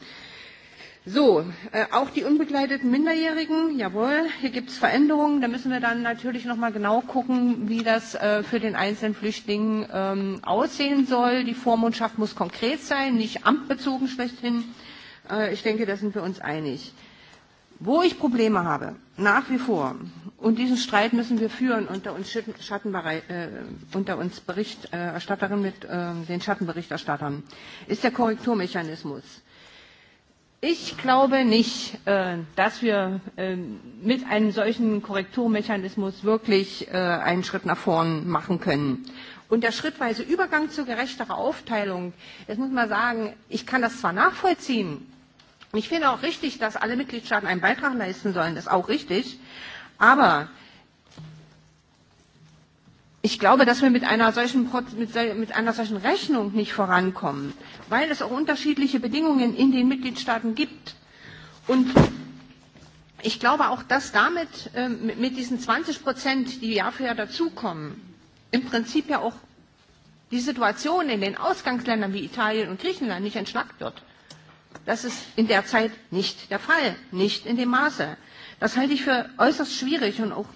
So, äh, auch die unbegleiteten Minderjährigen, jawohl, hier gibt es Veränderungen. Da müssen wir dann natürlich nochmal genau gucken, wie das äh, für den einzelnen Flüchtling ähm, aussehen soll. Die Vormundschaft muss konkret sein, nicht amtbezogen schlechthin. Äh, ich denke, da sind wir uns einig. Wo ich Probleme habe, nach wie vor, und diesen Streit müssen wir führen unter uns, Schattenberei äh, unter uns Berichterstatterin äh, mit äh, den Schattenberichterstattern, ist der Korrekturmechanismus. Ich glaube nicht, äh, dass wir äh, mit einem solchen Korrekturmechanismus wirklich äh, einen Schritt nach vorn machen können. Und der schrittweise Übergang zu gerechterer Aufteilung, das muss man sagen, ich kann das zwar nachvollziehen, ich finde auch richtig, dass alle Mitgliedstaaten einen Beitrag leisten sollen, das ist auch richtig, aber ich glaube, dass wir mit einer, solchen, mit, einer solchen Rechnung nicht vorankommen, weil es auch unterschiedliche Bedingungen in den Mitgliedstaaten gibt. Und ich glaube auch, dass damit ähm, mit diesen 20 Prozent, die Jahr für Jahr dazukommen, im Prinzip ja auch die Situation in den Ausgangsländern wie Italien und Griechenland nicht entschlackt wird. Das ist in der Zeit nicht der Fall, nicht in dem Maße. Das halte ich für äußerst schwierig und auch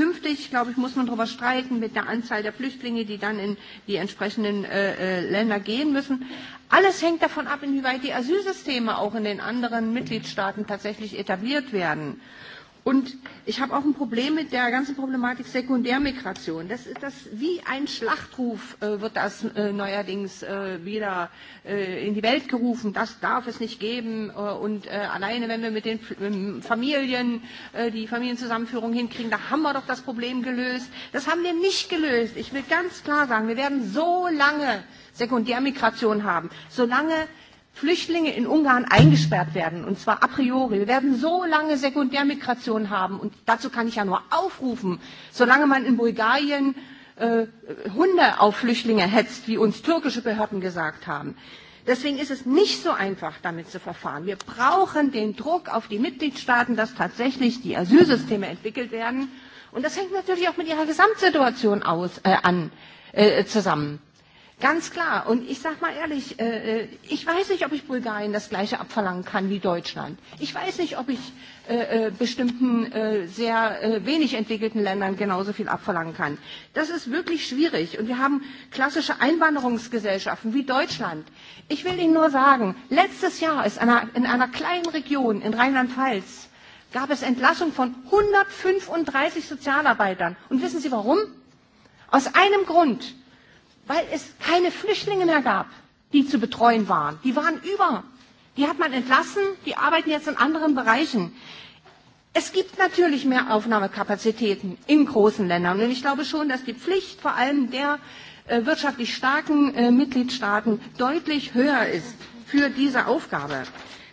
künftig, glaube ich, muss man darüber streiten mit der Anzahl der Flüchtlinge, die dann in die entsprechenden äh, äh, Länder gehen müssen. Alles hängt davon ab, inwieweit die Asylsysteme auch in den anderen Mitgliedstaaten tatsächlich etabliert werden. Äh, Und ich habe auch ein Problem mit der ganzen Problematik Sekundärmigration. Das ist das wie ein Schlachtruf äh, wird das äh, neuerdings äh, wieder äh, in die Welt gerufen. Das darf es nicht geben. Äh, und äh, alleine, wenn wir mit den Familien äh, die Familienzusammenführung hinkriegen, da haben wir doch das Problem gelöst. Das haben wir nicht gelöst. Ich will ganz klar sagen, wir werden so lange Sekundärmigration haben, solange Flüchtlinge in Ungarn eingesperrt werden, und zwar a priori. Wir werden so lange Sekundärmigration haben, und dazu kann ich ja nur aufrufen, solange man in Bulgarien äh, Hunde auf Flüchtlinge hetzt, wie uns türkische Behörden gesagt haben. Deswegen ist es nicht so einfach, damit zu verfahren. Wir brauchen den Druck auf die Mitgliedstaaten, dass tatsächlich die Asylsysteme entwickelt werden. Und das hängt natürlich auch mit ihrer Gesamtsituation aus, äh, an, äh, zusammen. Ganz klar. Und ich sage mal ehrlich, äh, äh, ich weiß nicht, ob ich Bulgarien das gleiche abverlangen kann wie Deutschland. Ich weiß nicht, ob ich äh, äh, bestimmten äh, sehr äh, wenig entwickelten Ländern genauso viel abverlangen kann. Das ist wirklich schwierig. Und wir haben klassische Einwanderungsgesellschaften wie Deutschland. Ich will Ihnen nur sagen, letztes Jahr ist einer, in einer kleinen Region in Rheinland-Pfalz gab es Entlassung von 135 Sozialarbeitern. Und wissen Sie warum? Aus einem Grund weil es keine Flüchtlinge mehr gab, die zu betreuen waren. Die waren über. Die hat man entlassen, die arbeiten jetzt in anderen Bereichen. Es gibt natürlich mehr Aufnahmekapazitäten in großen Ländern. Und ich glaube schon, dass die Pflicht vor allem der äh, wirtschaftlich starken äh, Mitgliedstaaten deutlich höher ist für diese Aufgabe.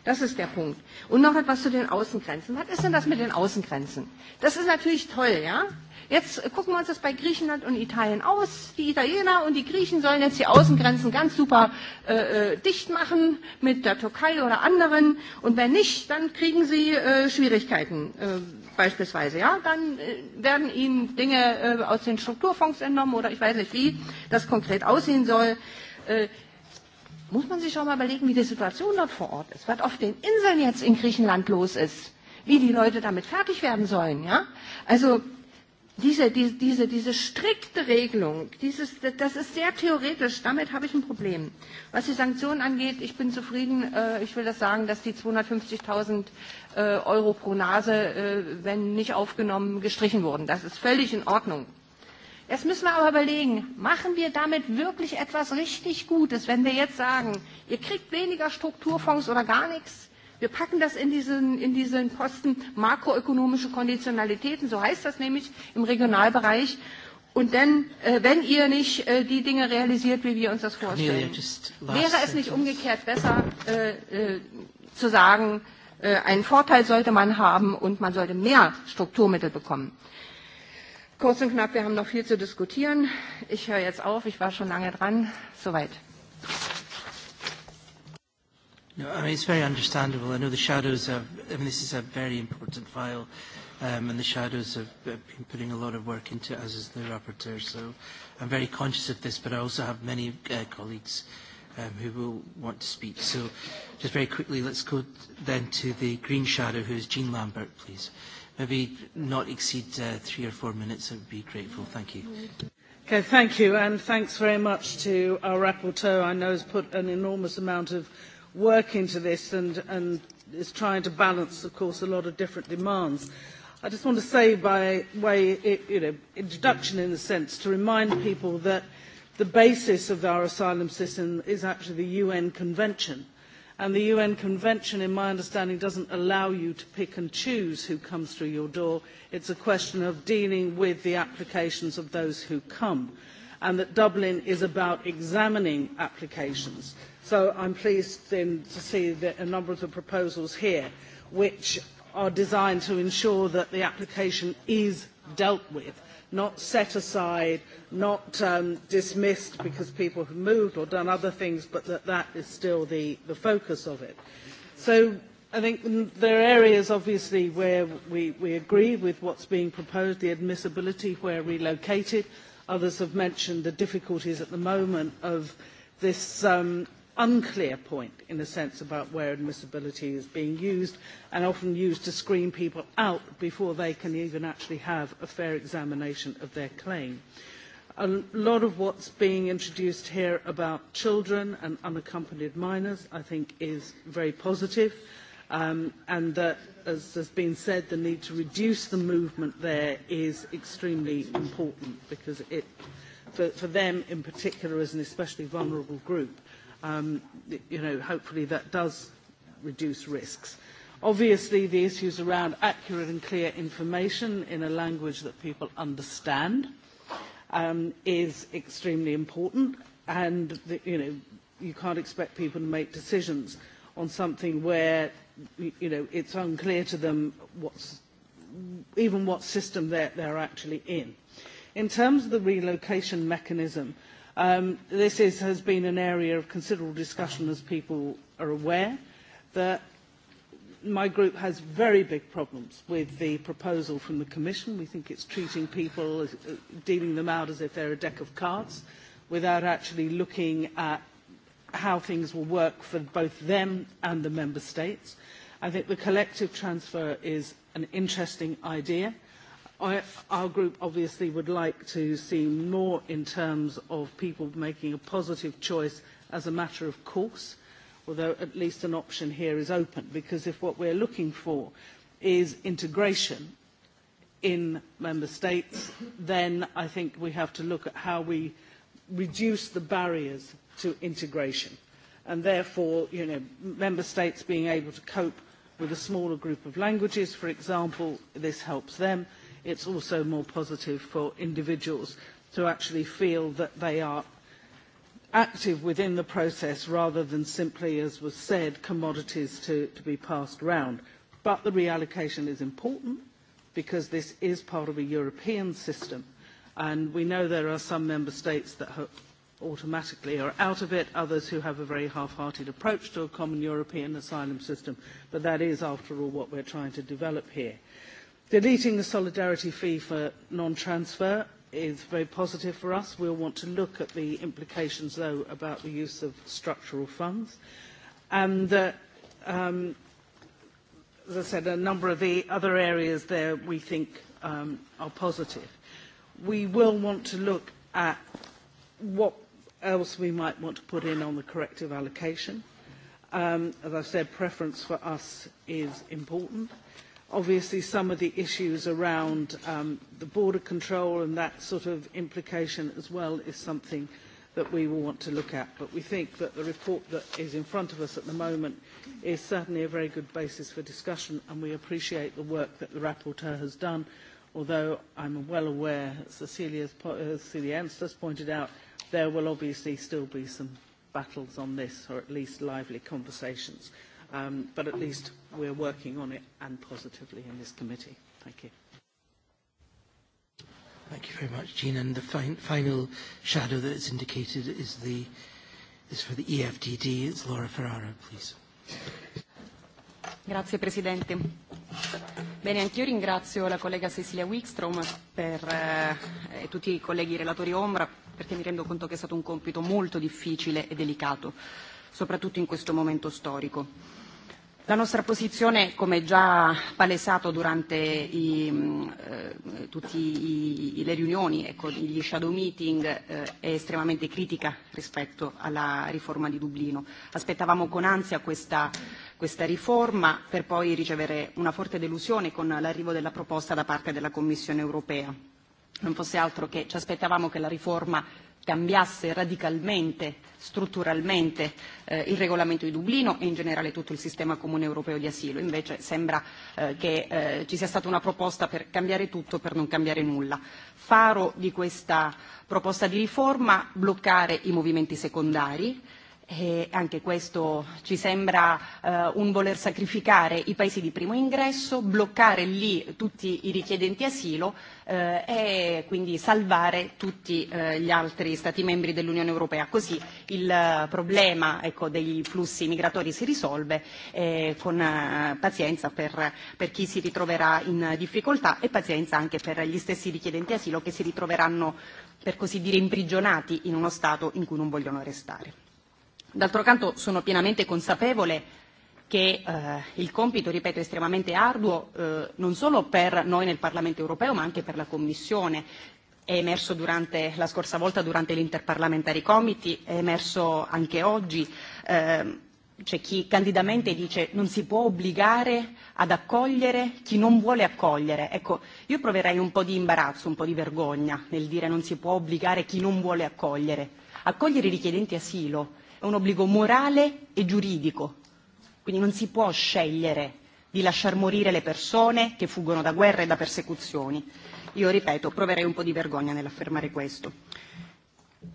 Das ist der Punkt. Und noch etwas zu den Außengrenzen. Was ist denn das mit den Außengrenzen? Das ist natürlich toll, ja? Jetzt gucken wir uns das bei Griechenland und Italien aus. Die Italiener und die Griechen sollen jetzt die Außengrenzen ganz super äh, äh, dicht machen mit der Türkei oder anderen. Und wenn nicht, dann kriegen sie äh, Schwierigkeiten äh, beispielsweise. Ja? Dann äh, werden ihnen Dinge äh, aus den Strukturfonds entnommen oder ich weiß nicht, wie das konkret aussehen soll. Äh, muss man sich auch mal überlegen, wie die Situation dort vor Ort ist, was auf den Inseln jetzt in Griechenland los ist, wie die Leute damit fertig werden sollen. Ja? Also diese, diese, diese, diese strikte Regelung, dieses, das ist sehr theoretisch, damit habe ich ein Problem. Was die Sanktionen angeht, ich bin zufrieden, äh, ich will das sagen, dass die 250.000 äh, Euro pro Nase, äh, wenn nicht aufgenommen, gestrichen wurden. Das ist völlig in Ordnung. Jetzt müssen wir aber überlegen, machen wir damit wirklich etwas richtig Gutes, wenn wir jetzt sagen, ihr kriegt weniger Strukturfonds oder gar nichts, Wir packen das in diesen, in diesen Posten makroökonomische Konditionalitäten, so heißt das nämlich im Regionalbereich. Und dann, äh, wenn ihr nicht äh, die Dinge realisiert, wie wir uns das vorstellen, wäre es nicht umgekehrt besser äh, äh, zu sagen, äh, einen Vorteil sollte man haben und man sollte mehr Strukturmittel bekommen. Kurz und knapp, wir haben noch viel zu diskutieren. Ich höre jetzt auf, ich war schon lange dran. Soweit. No, I mean, it's very understandable. I know the shadows have, I mean, this is a very important file, um, and the shadows have, have been putting a lot of work into it, as is the rapporteur, so I'm very conscious of this, but I also have many uh, colleagues um, who will want to speak. So just very quickly, let's go then to the green shadow, who is Jean Lambert, please. Maybe not exceed uh, three or four minutes, I would be grateful. Thank you. Okay, thank you, and thanks very much to our rapporteur. I know has put an enormous amount of work into this and, and is trying to balance, of course, a lot of different demands. I just want to say by way you know, introduction in a sense to remind people that the basis of our asylum system is actually the UN Convention. And the UN Convention, in my understanding, doesn't allow you to pick and choose who comes through your door. It's a question of dealing with the applications of those who come and that Dublin is about examining applications. So I'm pleased then to see that a number of the proposals here, which are designed to ensure that the application is dealt with, not set aside, not um, dismissed because people have moved or done other things, but that that is still the, the focus of it. So I think there are areas, obviously, where we, we agree with what's being proposed, the admissibility where relocated, Others have mentioned the difficulties at the moment of this um, unclear point, in a sense, about where admissibility is being used and often used to screen people out before they can even actually have a fair examination of their claim. A lot of what's being introduced here about children and unaccompanied minors, I think, is very positive um, and that, as has been said, the need to reduce the movement there is extremely important because it, for, for them in particular as an especially vulnerable group, um, you know, hopefully that does reduce risks. Obviously, the issues around accurate and clear information in a language that people understand um, is extremely important, and the, you know, you can't expect people to make decisions on something where you know, it's unclear to them what's, even what system they're, they're actually in. In terms of the relocation mechanism, um, this is, has been an area of considerable discussion, as people are aware. That my group has very big problems with the proposal from the Commission. We think it's treating people, uh, dealing them out as if they're a deck of cards, without actually looking at how things will work for both them and the member states. I think the collective transfer is an interesting idea. I, our group obviously would like to see more in terms of people making a positive choice as a matter of course, although at least an option here is open, because if what we're looking for is integration in member states, then I think we have to look at how we reduce the barriers to integration. And therefore, you know, member states being able to cope with a smaller group of languages, for example, this helps them. It's also more positive for individuals to actually feel that they are active within the process rather than simply, as was said, commodities to, to be passed around. But the reallocation is important because this is part of a European system. And we know there are some member states that have automatically are out of it, others who have a very half-hearted approach to a common European asylum system, but that is, after all, what we're trying to develop here. Deleting the solidarity fee for non-transfer is very positive for us. We'll want to look at the implications, though, about the use of structural funds. And, uh, um, as I said, a number of the other areas there we think um, are positive. We will want to look at what else we might want to put in on the corrective allocation. Um, as I said, preference for us is important. Obviously, some of the issues around um, the border control and that sort of implication as well is something that we will want to look at. But we think that the report that is in front of us at the moment is certainly a very good basis for discussion, and we appreciate the work that the rapporteur has done, although I'm well aware, Cecilia, as uh, Cecilia Ernst has pointed out, there will obviously still be some battles on this, or at least lively conversations. Um, but at least we're working on it and positively in this committee. Thank you. Thank you very much, Jean. And the fin final shadow that is indicated is, the, is for the EFDD. It's Laura Ferrara, please. Grazie Presidente. Bene, anch'io ringrazio la collega Cecilia Wickstrom per, eh, e tutti i colleghi relatori Ombra perché mi rendo conto che è stato un compito molto difficile e delicato, soprattutto in questo momento storico. La nostra posizione, come già palesato durante i, mm, eh, tutte le riunioni e con gli shadow meeting, eh, è estremamente critica rispetto alla riforma di Dublino. Aspettavamo con ansia questa, questa riforma per poi ricevere una forte delusione con l'arrivo della proposta da parte della Commissione europea non fosse altro che ci aspettavamo che la riforma cambiasse radicalmente, strutturalmente eh, il regolamento di Dublino e in generale tutto il sistema comune europeo di asilo. Invece sembra eh, che eh, ci sia stata una proposta per cambiare tutto, per non cambiare nulla. Faro di questa proposta di riforma bloccare i movimenti secondari, eh, E anche questo ci sembra eh, un voler sacrificare i paesi di primo ingresso, bloccare lì tutti i richiedenti asilo eh, e quindi salvare tutti eh, gli altri Stati membri dell'Unione Europea. Così il eh, problema ecco, dei flussi migratori si risolve eh, con eh, pazienza per, per chi si ritroverà in difficoltà e pazienza anche per gli stessi richiedenti asilo che si ritroveranno per così dire imprigionati in uno Stato in cui non vogliono restare. D'altro canto sono pienamente consapevole che eh, il compito, ripeto, è estremamente arduo, eh, non solo per noi nel Parlamento europeo, ma anche per la Commissione. È emerso durante, la scorsa volta durante l'Interparlamentary Committee, è emerso anche oggi. Eh, c'è chi candidamente dice non si può obbligare ad accogliere chi non vuole accogliere. Ecco, io proverei un po' di imbarazzo, un po' di vergogna nel dire non si può obbligare chi non vuole accogliere. Accogliere i richiedenti asilo è un obbligo morale e giuridico, quindi non si può scegliere di lasciar morire le persone che fuggono da guerre e da persecuzioni. Io ripeto, proverei un po' di vergogna nell'affermare questo.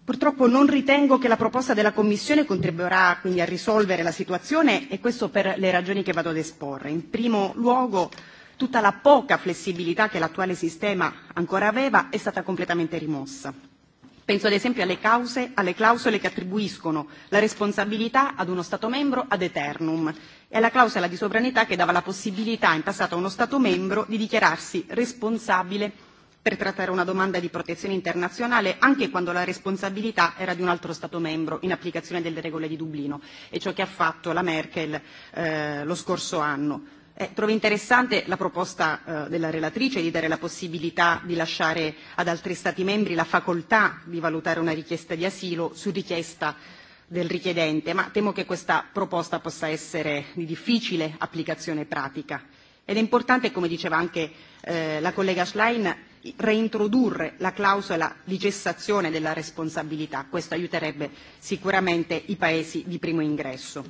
Purtroppo non ritengo che la proposta della Commissione contribuirà quindi a risolvere la situazione e questo per le ragioni che vado ad esporre. In primo luogo tutta la poca flessibilità che l'attuale sistema ancora aveva è stata completamente rimossa. Penso ad esempio alle, cause, alle clausole che attribuiscono la responsabilità ad uno Stato membro ad eternum e alla clausola di sovranità che dava la possibilità in passato a uno Stato membro di dichiararsi responsabile per trattare una domanda di protezione internazionale anche quando la responsabilità era di un altro Stato membro in applicazione delle regole di Dublino e ciò che ha fatto la Merkel eh, lo scorso anno. Eh, trovo interessante la proposta eh, della relatrice di dare la possibilità di lasciare ad altri Stati membri la facoltà di valutare una richiesta di asilo su richiesta del richiedente, ma temo che questa proposta possa essere di difficile applicazione pratica. Ed è importante, come diceva anche eh, la collega Schlein, reintrodurre la clausola di cessazione della responsabilità. Questo aiuterebbe sicuramente i paesi di primo ingresso.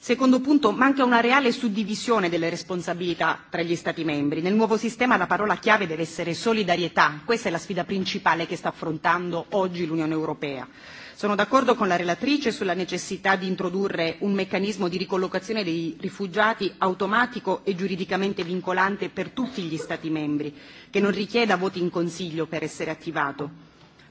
Secondo punto, manca una reale suddivisione delle responsabilità tra gli Stati membri. Nel nuovo sistema la parola chiave deve essere solidarietà. Questa è la sfida principale che sta affrontando oggi l'Unione Europea. Sono d'accordo con la relatrice sulla necessità di introdurre un meccanismo di ricollocazione dei rifugiati automatico e giuridicamente vincolante per tutti gli Stati membri, che non richieda voti in Consiglio per essere attivato.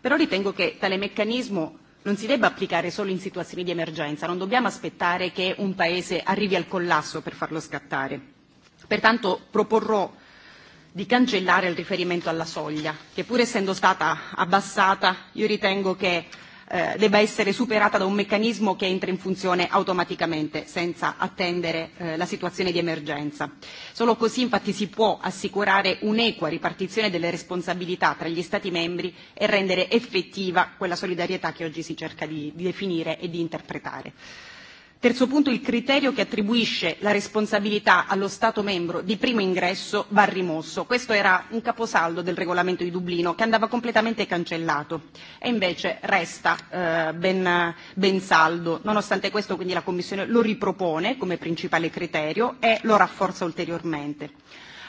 Però ritengo che tale meccanismo non si debba applicare solo in situazioni di emergenza, non dobbiamo aspettare che un Paese arrivi al collasso per farlo scattare. Pertanto proporrò di cancellare il riferimento alla soglia, che pur essendo stata abbassata io ritengo che eh, debba essere superata da un meccanismo che entra in funzione automaticamente senza attendere eh, la situazione di emergenza. Solo così infatti si può assicurare un'equa ripartizione delle responsabilità tra gli Stati membri e rendere effettiva quella solidarietà che oggi si cerca di, di definire e di interpretare. Terzo punto, il criterio che attribuisce la responsabilità allo Stato membro di primo ingresso va rimosso. Questo era un caposaldo del regolamento di Dublino che andava completamente cancellato e invece resta eh, ben, ben saldo. Nonostante questo quindi la Commissione lo ripropone come principale criterio e lo rafforza ulteriormente.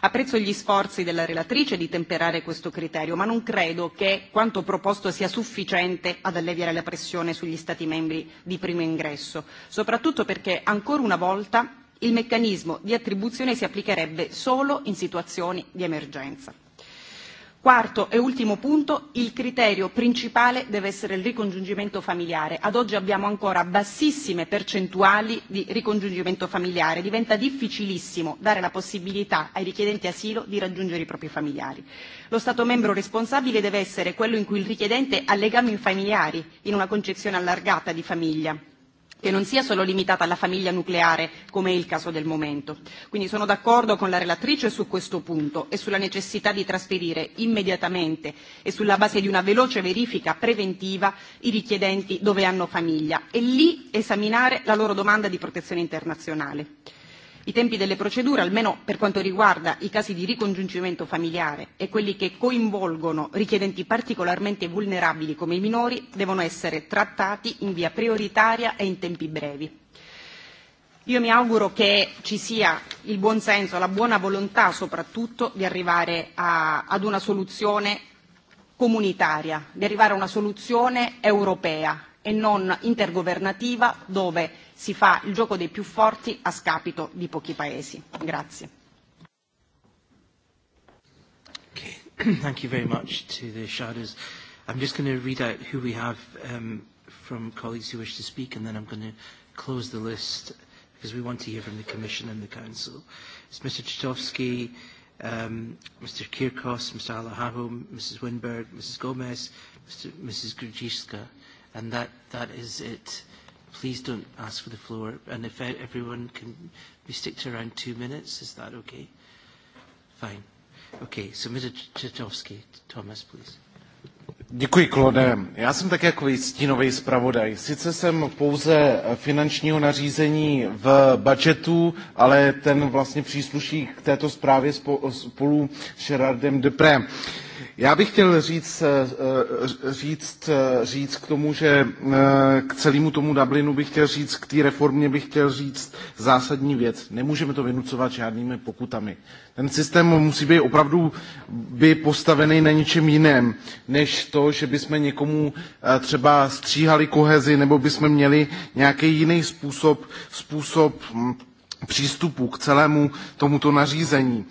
Apprezzo gli sforzi della relatrice di temperare questo criterio, ma non credo che quanto proposto sia sufficiente ad alleviare la pressione sugli Stati membri di primo ingresso, soprattutto perché ancora una volta il meccanismo di attribuzione si applicherebbe solo in situazioni di emergenza. Quarto e ultimo punto, il criterio principale deve essere il ricongiungimento familiare. Ad oggi abbiamo ancora bassissime percentuali di ricongiungimento familiare. Diventa difficilissimo dare la possibilità ai richiedenti asilo di raggiungere i propri familiari. Lo Stato membro responsabile deve essere quello in cui il richiedente ha legami familiari, in una concezione allargata di famiglia che non sia solo limitata alla famiglia nucleare, come è il caso del momento. Quindi sono d'accordo con la relatrice su questo punto e sulla necessità di trasferire immediatamente e sulla base di una veloce verifica preventiva i richiedenti dove hanno famiglia e lì esaminare la loro domanda di protezione internazionale i tempi delle procedure, almeno per quanto riguarda i casi di ricongiungimento familiare e quelli che coinvolgono richiedenti particolarmente vulnerabili come i minori, devono essere trattati in via prioritaria e in tempi brevi. Io mi auguro che ci sia il buon senso, la buona volontà soprattutto di arrivare a, ad una soluzione comunitaria, di arrivare a una soluzione europea e non intergovernativa dove si fa il gioco dei più forti a scapito di pochi paesi. Grazie. Okay. Thank you very much to the shadows. I'm just going to read out who we have um, from colleagues who wish to speak and then I'm going to close the list because we want to hear from the Commission and the Council. It's Mr. Chitovsky, um, Mr. Kirkos, Mr. Alahaho, Mrs. Winberg, Mrs. Gomez, Mr. Mrs. Grudziska, and that, that is it please don't ask for the floor. And if e, everyone can, we stick to around two minutes, is that okay? Fine. Okay, so Mr. Chitovsky, Thomas, please. Děkuji, Klode. Já jsem tak jako stínový zpravodaj. Sice jsem pouze e, finančního nařízení v budžetu, ale ten vlastně přísluší k této zprávě spolu s Gerardem Deprem. Uh, Já bych chtěl říct, eh, eh, říct, eh, říct k tomu, že k celému tomu Dublinu bych chtěl říct, k té reformě bych chtěl říct zásadní věc. Nemůžeme to vynucovat žádnými pokutami. Ten systém musí být opravdu by postavený na něčem jiném, než to, že bychom někomu třeba stříhali kohezi, nebo bychom měli nějaký jiný způsob, způsob hm, přístupu k celému tomuto nařízení. Uh,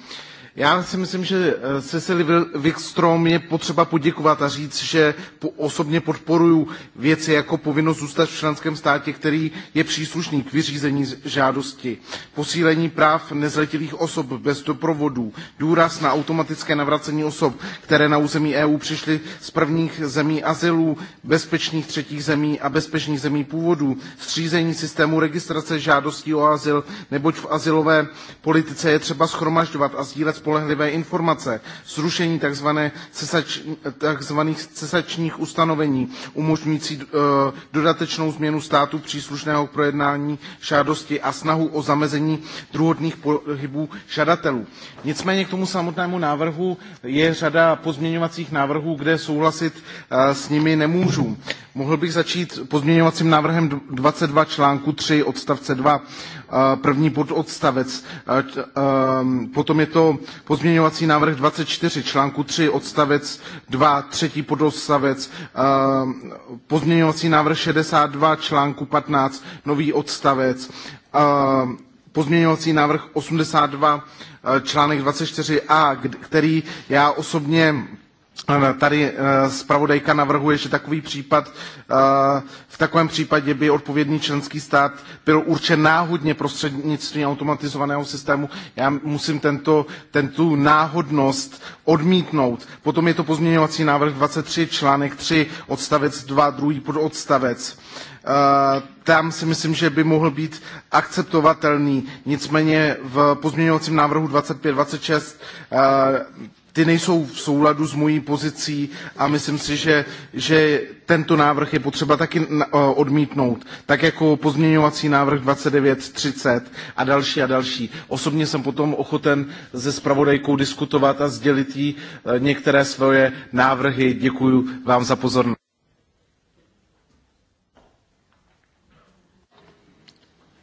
Já si myslím, že Cecily eh, Wikstrom je potřeba poděkovat a říct, že osobně podporuju věci jako povinnost zůstat v členském státě, který je příslušný k vyřízení žádosti, posílení práv nezletilých osob bez doprovodů, důraz na automatické navracení osob, které na území EU přišly z prvních zemí azylů, bezpečných třetích zemí a bezpečných zemí původů, střízení systému registrace žádostí o azyl, neboť v azylové politice je třeba schromažďovat a sdílet spolehlivé informace, zrušení tzv. Cesač, tzv. cesačních ustanovení umožňující eh, dodatečnou změnu státu příslušného k projednání žádosti a snahu o zamezení druhotných pohybů žadatelů. Nicméně k tomu samotnému návrhu je řada pozměňovacích návrhů, kde souhlasit eh, s nimi nemůžu. Mohl bych začít pozměňovacím návrhem 22 článku 3 odstavce 2 první odstavec. Potom je to pozměňovací návrh 24, článku 3, odstavec 2, třetí pododstavec. Pozměňovací návrh 62, článku 15, nový odstavec. Pozměňovací návrh 82, článek 24a, který já osobně Eh, tady eh, zpravodajka navrhuje, že takový případ, eh, v takovém případě by odpovědný členský stát byl určen náhodně prostřednictvím automatizovaného systému. Já musím tento, tento náhodnost odmítnout. Potom je to pozměňovací návrh 23, článek 3, odstavec 2, druhý pododstavec. Tam si myslím, že by mohl být akceptovatelný. Nicméně v pozměňovacím návrhu 25-26 ty nejsou v souladu s mojí pozicí a myslím si, že, že tento návrh je potřeba taky odmítnout, tak jako pozměňovací návrh 2930 a další a další. Osobně jsem potom ochoten se spravodajkou diskutovat a sdělit jí e, některé svoje návrhy. Děkuji vám za pozornost.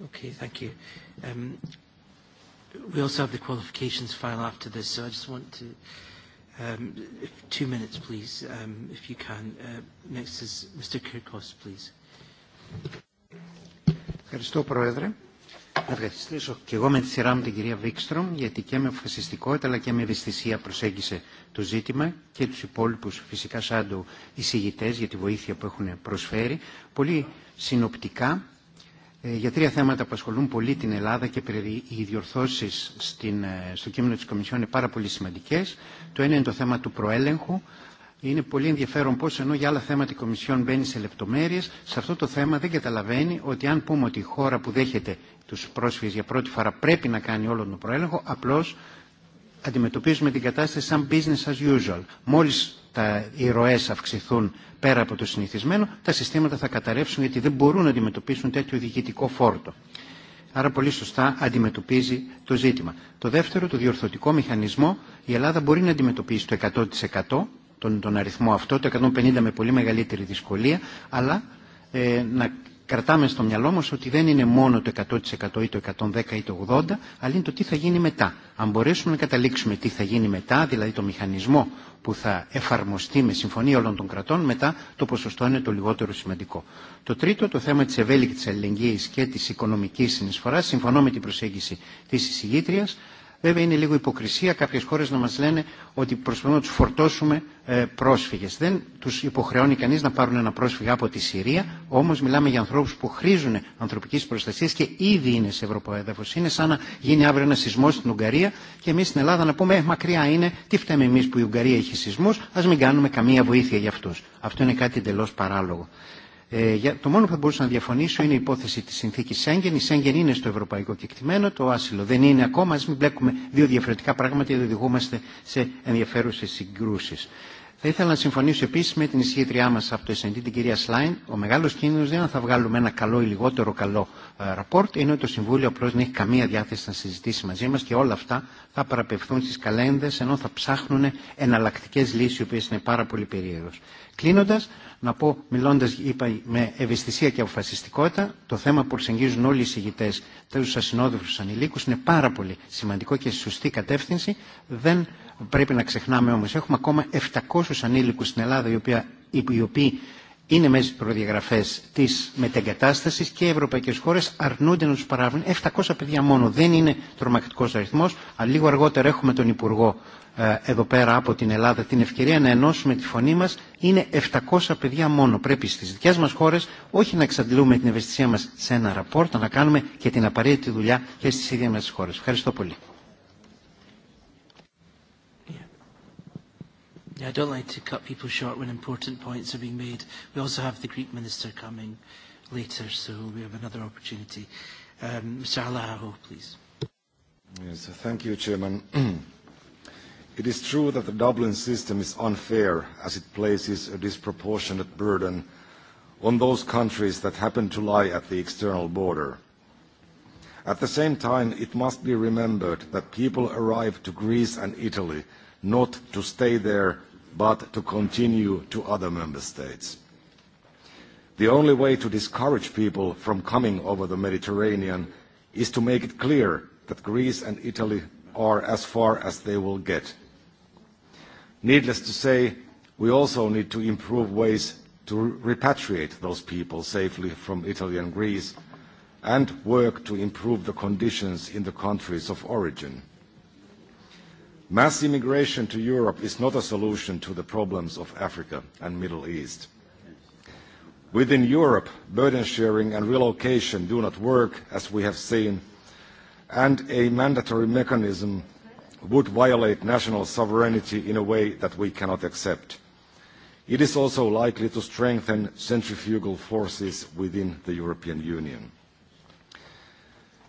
Okay, thank you. Um, we also have the qualifications file after this, so I just want to Um, two minutes, please, um, if you can. Uh, next is Mr. Kirkos, please. Ευχαριστώ, Πρόεδρε. Να ευχαριστήσω και εγώ με τη σειρά μου την κυρία Βίκστρομ, γιατί και με αποφασιστικότητα αλλά και με ευαισθησία προσέγγισε το ζήτημα και τους υπόλοιπους φυσικά σαν το εισηγητές για τη βοήθεια που έχουν προσφέρει. Πολύ συνοπτικά για τρία θέματα που ασχολούν πολύ την Ελλάδα και οι διορθώσει στο κείμενο τη Κομισιόν είναι πάρα πολύ σημαντικέ. Το ένα είναι το θέμα του προέλεγχου. Είναι πολύ ενδιαφέρον πώ ενώ για άλλα θέματα η Κομισιόν μπαίνει σε λεπτομέρειε, σε αυτό το θέμα δεν καταλαβαίνει ότι αν πούμε ότι η χώρα που δέχεται του πρόσφυγε για πρώτη φορά πρέπει να κάνει όλο τον προέλεγχο, απλώ αντιμετωπίζουμε την κατάσταση σαν business as usual. Μόλι τα, ηρωέ αυξηθούν πέρα από το συνηθισμένο, τα συστήματα θα καταρρεύσουν γιατί δεν μπορούν να αντιμετωπίσουν τέτοιο διοικητικό φόρτο. Άρα πολύ σωστά αντιμετωπίζει το ζήτημα. Το δεύτερο, το διορθωτικό μηχανισμό, η Ελλάδα μπορεί να αντιμετωπίσει το 100% τον, τον αριθμό αυτό, το 150 με πολύ μεγαλύτερη δυσκολία, αλλά ε, να κρατάμε στο μυαλό μας ότι δεν είναι μόνο το 100% ή το 110% ή το 80% αλλά είναι το τι θα γίνει μετά. Αν μπορέσουμε να καταλήξουμε τι θα γίνει μετά, δηλαδή το μηχανισμό που θα εφαρμοστεί με συμφωνία όλων των κρατών, μετά το ποσοστό είναι το λιγότερο σημαντικό. Το τρίτο, το θέμα της ευέλικτης αλληλεγγύης και της οικονομικής συνεισφοράς, συμφωνώ με την προσέγγιση της εισηγήτριας, Βέβαια είναι λίγο υποκρισία κάποιες χώρες να μας λένε ότι προσπαθούμε να τους φορτώσουμε ε, πρόσφυγες. Δεν τους υποχρεώνει κανείς να πάρουν ένα πρόσφυγα από τη Συρία, όμως μιλάμε για ανθρώπους που χρήζουν ανθρωπικής προστασίας και ήδη είναι σε ευρωπαϊδεύος. Είναι σαν να γίνει αύριο ένα σεισμό στην Ουγγαρία και εμείς στην Ελλάδα να πούμε ε, μακριά είναι, τι φταίμε εμείς που η Ουγγαρία έχει σεισμούς, ας μην κάνουμε καμία βοήθεια για αυτούς. Αυτό είναι κάτι εντελώς παράλογο. Ε, για, το μόνο που θα μπορούσα να διαφωνήσω είναι η υπόθεση τη συνθήκη Σέγγεν. Η Σέγγεν είναι στο ευρωπαϊκό κεκτημένο, το άσυλο δεν είναι ακόμα. Α μην μπλέκουμε δύο διαφορετικά πράγματα γιατί οδηγούμαστε σε ενδιαφέρουσε συγκρούσει. Θα ήθελα να συμφωνήσω επίση με την ισχύτριά μα από το SND, την κυρία Σλάιν. Ο μεγάλο κίνδυνο δεν είναι θα βγάλουμε ένα καλό ή λιγότερο καλό ραπόρτ, είναι ότι το Συμβούλιο απλώ δεν έχει καμία διάθεση να συζητήσει μαζί μα και όλα αυτά θα παραπευθούν στι καλένδε ενώ θα ψάχνουν εναλλακτικέ λύσει, οι οποίε είναι πάρα πολύ περίεργε. Κλείνοντα, να πω, μιλώντας, είπα, με ευαισθησία και αποφασιστικότητα, το θέμα που προσεγγίζουν όλοι οι συγητές, τέλος τους ασυνόδευτους ανηλίκους, είναι πάρα πολύ σημαντικό και σωστή κατεύθυνση. Δεν πρέπει να ξεχνάμε όμως, έχουμε ακόμα 700 ανήλικους στην Ελλάδα, οι οποίοι, οι οποίοι είναι μέσα στις προδιαγραφές της μετεγκατάστασης και οι ευρωπαϊκές χώρες αρνούνται να τους παράβουν. 700 παιδιά μόνο δεν είναι τρομακτικός αριθμός, αλλά λίγο αργότερα έχουμε τον Υπουργό εδώ πέρα από την Ελλάδα την ευκαιρία να ενώσουμε τη φωνή μας είναι 700 παιδιά μόνο. Πρέπει στις δικές μας χώρες όχι να εξαντλούμε την ευαισθησία μας σε ένα ραπόρτ, να κάνουμε και την απαραίτητη δουλειά και στις ίδιες μας χώρες. Ευχαριστώ πολύ. Yeah, I don't like to cut people short when important points are being made. We also have the Greek minister coming later, so we have another opportunity. Um, Mr. Alaho, please. Yes, thank you, Chairman. It is true that the Dublin system is unfair as it places a disproportionate burden on those countries that happen to lie at the external border. At the same time, it must be remembered that people arrive to Greece and Italy not to stay there, but to continue to other member states. The only way to discourage people from coming over the Mediterranean is to make it clear that Greece and Italy are as far as they will get Needless to say, we also need to improve ways to repatriate those people safely from Italy and Greece and work to improve the conditions in the countries of origin. Mass immigration to Europe is not a solution to the problems of Africa and Middle East. Within Europe, burden sharing and relocation do not work, as we have seen, and a mandatory mechanism would violate national sovereignty in a way that we cannot accept. It is also likely to strengthen centrifugal forces within the European Union.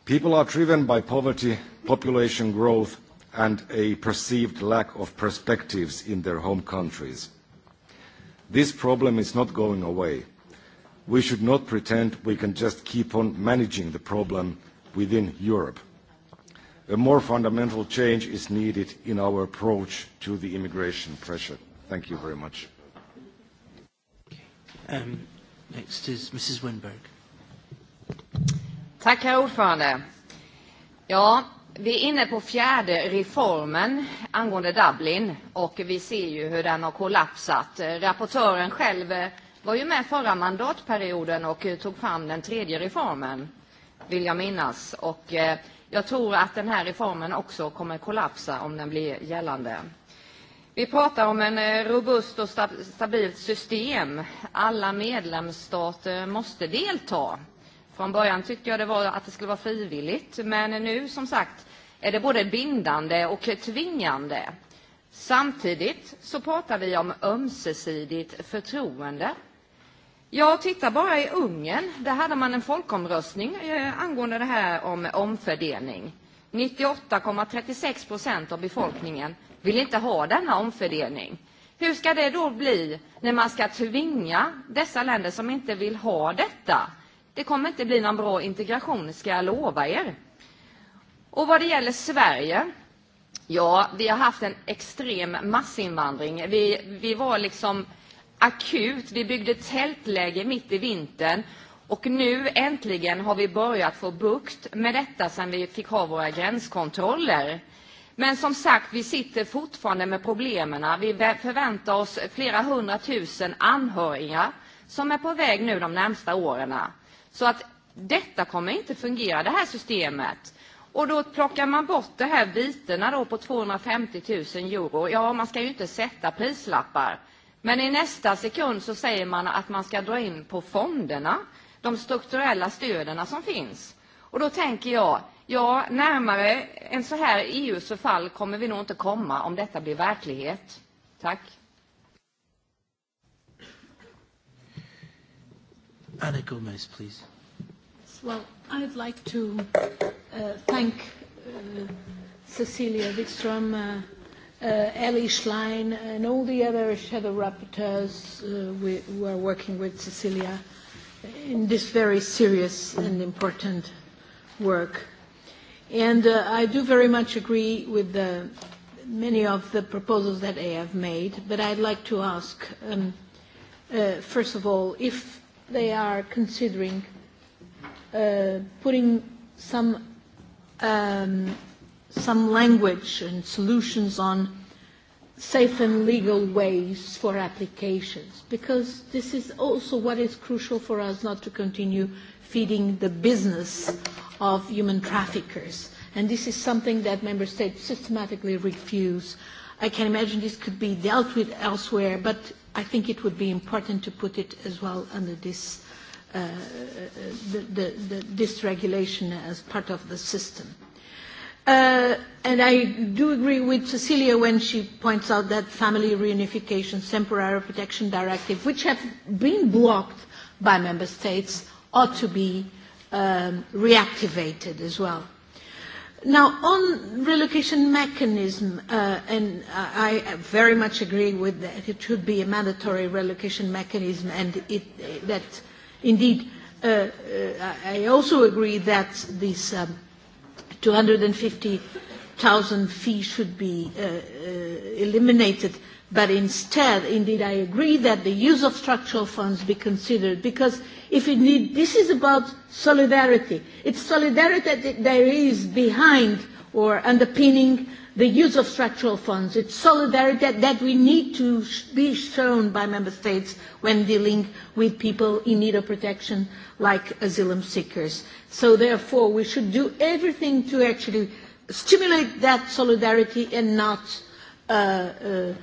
People are driven by poverty, population growth, and a perceived lack of perspectives in their home countries. This problem is not going away. We should not pretend we can just keep on managing the problem within Europe a more fundamental change is needed in our approach to the immigration pressure. Thank you very much. Um, next is Mrs. Winberg. Tack, herr ordförande. Ja, vi är inne på fjärde reformen angående Dublin och vi ser ju hur den har kollapsat. Rapportören själv var ju med förra mandatperioden och tog fram den tredje reformen, vill jag minnas. Och eh, Jag tror att den här reformen också kommer kollapsa om den blir gällande. Vi pratar om en eh, robust och stabilt system. Alla medlemsstater måste delta. Från början tyckte jag det var att det skulle vara frivilligt, men nu som sagt är det både bindande och tvingande. Samtidigt så pratar vi om ömsesidigt förtroende Jag tittar bara i Ungern. Där hade man en folkomröstning eh, angående det här om omfördelning. 98,36 procent av befolkningen vill inte ha denna omfördelning. Hur ska det då bli när man ska tvinga dessa länder som inte vill ha detta? Det kommer inte bli någon bra integration, ska jag lova er. Och vad det gäller Sverige, ja, vi har haft en extrem massinvandring. Vi, vi var liksom akut. Vi byggde tältläge mitt i vintern och nu äntligen har vi börjat få bukt med detta sedan vi fick ha våra gränskontroller. Men som sagt, vi sitter fortfarande med problemen. Vi förväntar oss flera hundratusen anhöriga som är på väg nu de närmsta åren. Så att detta kommer inte fungera, det här systemet. Och då plockar man bort det här viterna då på 250 000 euro. Ja, man ska ju inte sätta prislappar. Men i nästa sekund så säger man att man ska dra in på fonderna, de strukturella stöderna som finns. Och då tänker jag, ja, närmare en så här EUs förfall kommer vi nog inte komma om detta blir verklighet. Tack. Anna Gomez, please. Well, I'd like to uh, thank uh, Cecilia Wikström uh, uh, Ellie Schlein and all the other shadow rapporteurs uh, who are working with Cecilia in this very serious and important work. And uh, I do very much agree with the, many of the proposals that they have made, but I'd like to ask, um, uh, first of all, if they are considering uh, putting some um, some language and solutions on safe and legal ways for applications, because this is also what is crucial for us not to continue feeding the business of human traffickers. And this is something that member states systematically refuse. I can imagine this could be dealt with elsewhere, but I think it would be important to put it as well under this, uh, uh the, the, the, this regulation as part of the system. Uh, and I do agree with Cecilia when she points out that Family Reunification, Temporary Protection Directive, which have been blocked by member states, ought to be um, reactivated as well. Now, on relocation mechanism, uh, and I very much agree with that it should be a mandatory relocation mechanism, and it, that indeed uh, uh I also agree that this um, 250,000 fee should be uh, uh, eliminated. But instead, indeed, I agree that the use of structural funds be considered because if indeed this is about solidarity, it's solidarity that there is behind or underpinning the use of structural funds. It's solidarity that, that we need to sh be shown by member states when dealing with people in need of protection like asylum seekers. So therefore, we should do everything to actually stimulate that solidarity and not uh, uh,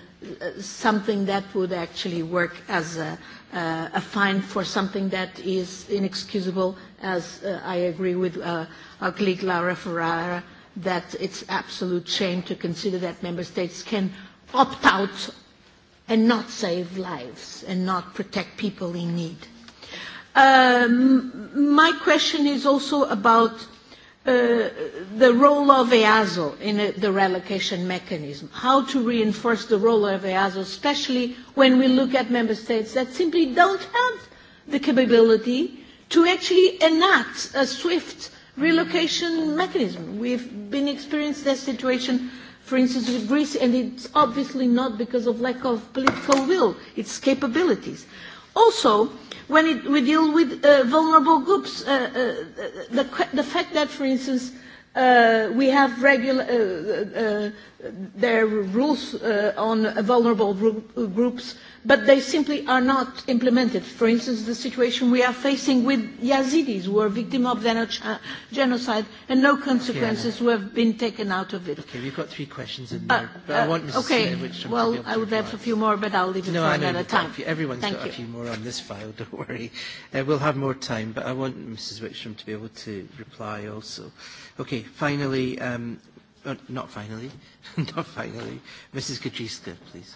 something that would actually work as a, uh, a fine for something that is inexcusable, as uh, I agree with uh, our colleague Laura Ferrara, that it's absolute shame to consider that member states can opt out and not save lives and not protect people in need. Um, my question is also about uh, the role of EASO in a, uh, the relocation mechanism, how to reinforce the role of EASO, especially when we look at member states that simply don't have the capability to actually enact a swift relocation mechanism. We've been experiencing that situation, for instance, with Greece, and it's obviously not because of lack of political will, it's capabilities. Also, when it, we deal with uh, vulnerable groups, uh, uh, the, the fact that, for instance, uh, we have regular, uh, uh, uh, there are rules uh, on vulnerable group, groups but they simply are not implemented. For instance, the situation we are facing with Yazidis who are victims of the genocide and no consequences who have been taken out of it. Okay, we've got three questions in uh, there, uh, but uh, I want Mrs. Okay, Sinevich well, to I would have a few more, but I'll leave it no, for I know, another time. Everyone's Thank got you. a few more on this file, don't worry. Uh, we'll have more time, but I want Mrs. Wickstrom to be able to reply also. Okay, finally, um, uh, not finally, not finally, Mrs. Kajiska, please.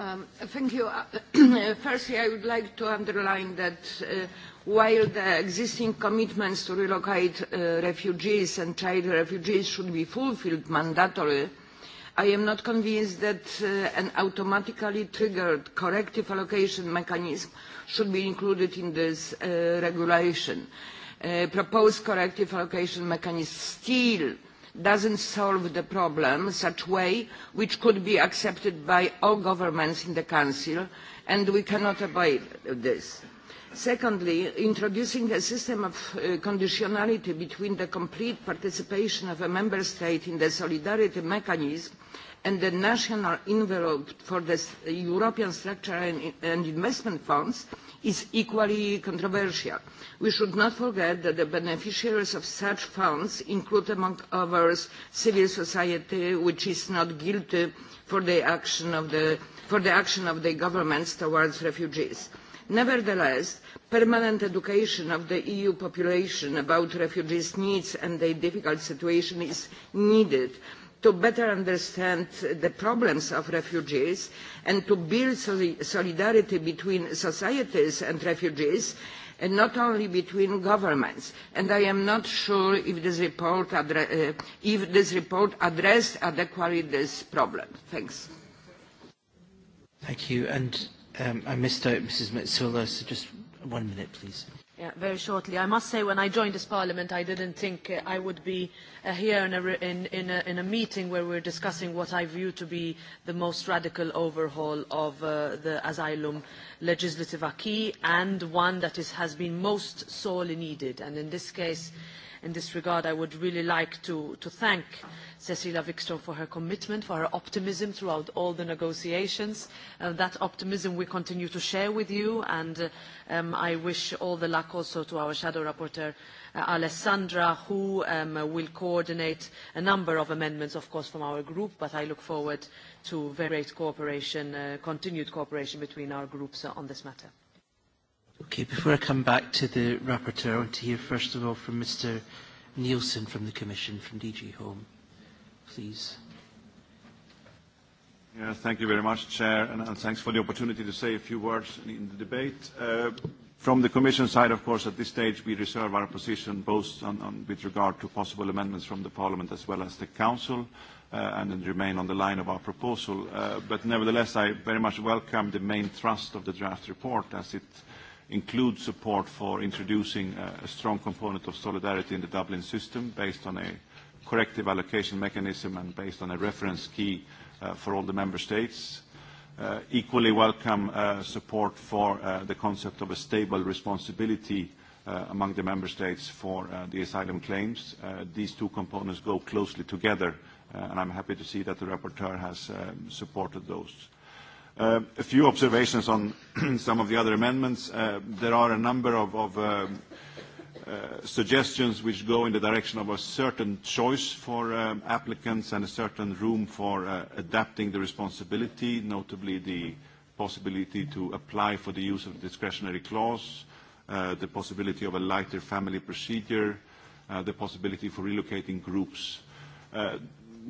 Um, thank you. Uh, firstly, I would like to underline that uh, while the existing commitments to relocate uh, refugees and child refugees should be fulfilled mandatorily, I am not convinced that uh, an automatically triggered corrective allocation mechanism should be included in this uh, regulation. Uh, proposed corrective allocation mechanism still doesn't solve the problem in such a way which could be accepted by all governments in the Council, and we cannot avoid this. Secondly, introducing a system of uh, conditionality between the complete participation of a member state in the solidarity mechanism and the national envelope for the European structural and investment funds is equally controversial. We should not forget that the beneficiaries of such funds include, among others, civil society, which is not guilty for the action of the, for the, action of the governments towards refugees. Nevertheless, permanent education of the EU population about refugees' needs and their difficult situation is needed to better understand the problems of refugees and to build solidarity between societies and refugees and not only between governments. And I am not sure if this report, addre uh, if this report addressed adequately this problem. Thanks. Thank you. And um, I missed out Mrs. Mitsula, so just one minute, please. Yeah, very shortly. I must say, when I joined this Parliament, I didn't think uh, I would be uh, here in a, in, in, a, in a meeting where we're discussing what I view to be the most radical overhaul of uh, the asylum legislative acquis and one that is, has been most sorely needed. And in this case, in this regard, I would really like to, to thank Cecilia Wikström for her commitment, for her optimism throughout all the negotiations. Uh, that optimism we continue to share with you, and uh, um, I wish all the luck also to our shadow rapporteur, uh, Alessandra, who um, will coordinate a number of amendments, of course, from our group, but I look forward to very great cooperation, uh, continued cooperation between our groups uh, on this matter. Okay, before I come back to the rapporteur, I want to hear first of all from Mr. Nielsen from the Commission, from DG Home please. Yeah, thank you very much, Chair, and, and thanks for the opportunity to say a few words in, in the debate. Uh, from the Commission side, of course, at this stage, we reserve our position both on, on, with regard to possible amendments from the Parliament as well as the Council, uh, and then remain on the line of our proposal. Uh, but nevertheless, I very much welcome the main thrust of the draft report as it includes support for introducing a, uh, a strong component of solidarity in the Dublin system based on a corrective allocation mechanism and based on a reference key uh, for all the member states. Uh, equally welcome uh, support for uh, the concept of a stable responsibility uh, among the member states for uh, the asylum claims. Uh, these two components go closely together uh, and I'm happy to see that the rapporteur has um, supported those. Uh, a few observations on some of the other amendments. Uh, there are a number of, of um, Uh, suggestions which go in the direction of a certain choice for um, applicants and a certain room for uh, adapting the responsibility, notably the possibility to apply for the use of the discretionary clause, uh, the possibility of a lighter family procedure, uh, the possibility for relocating groups. Uh,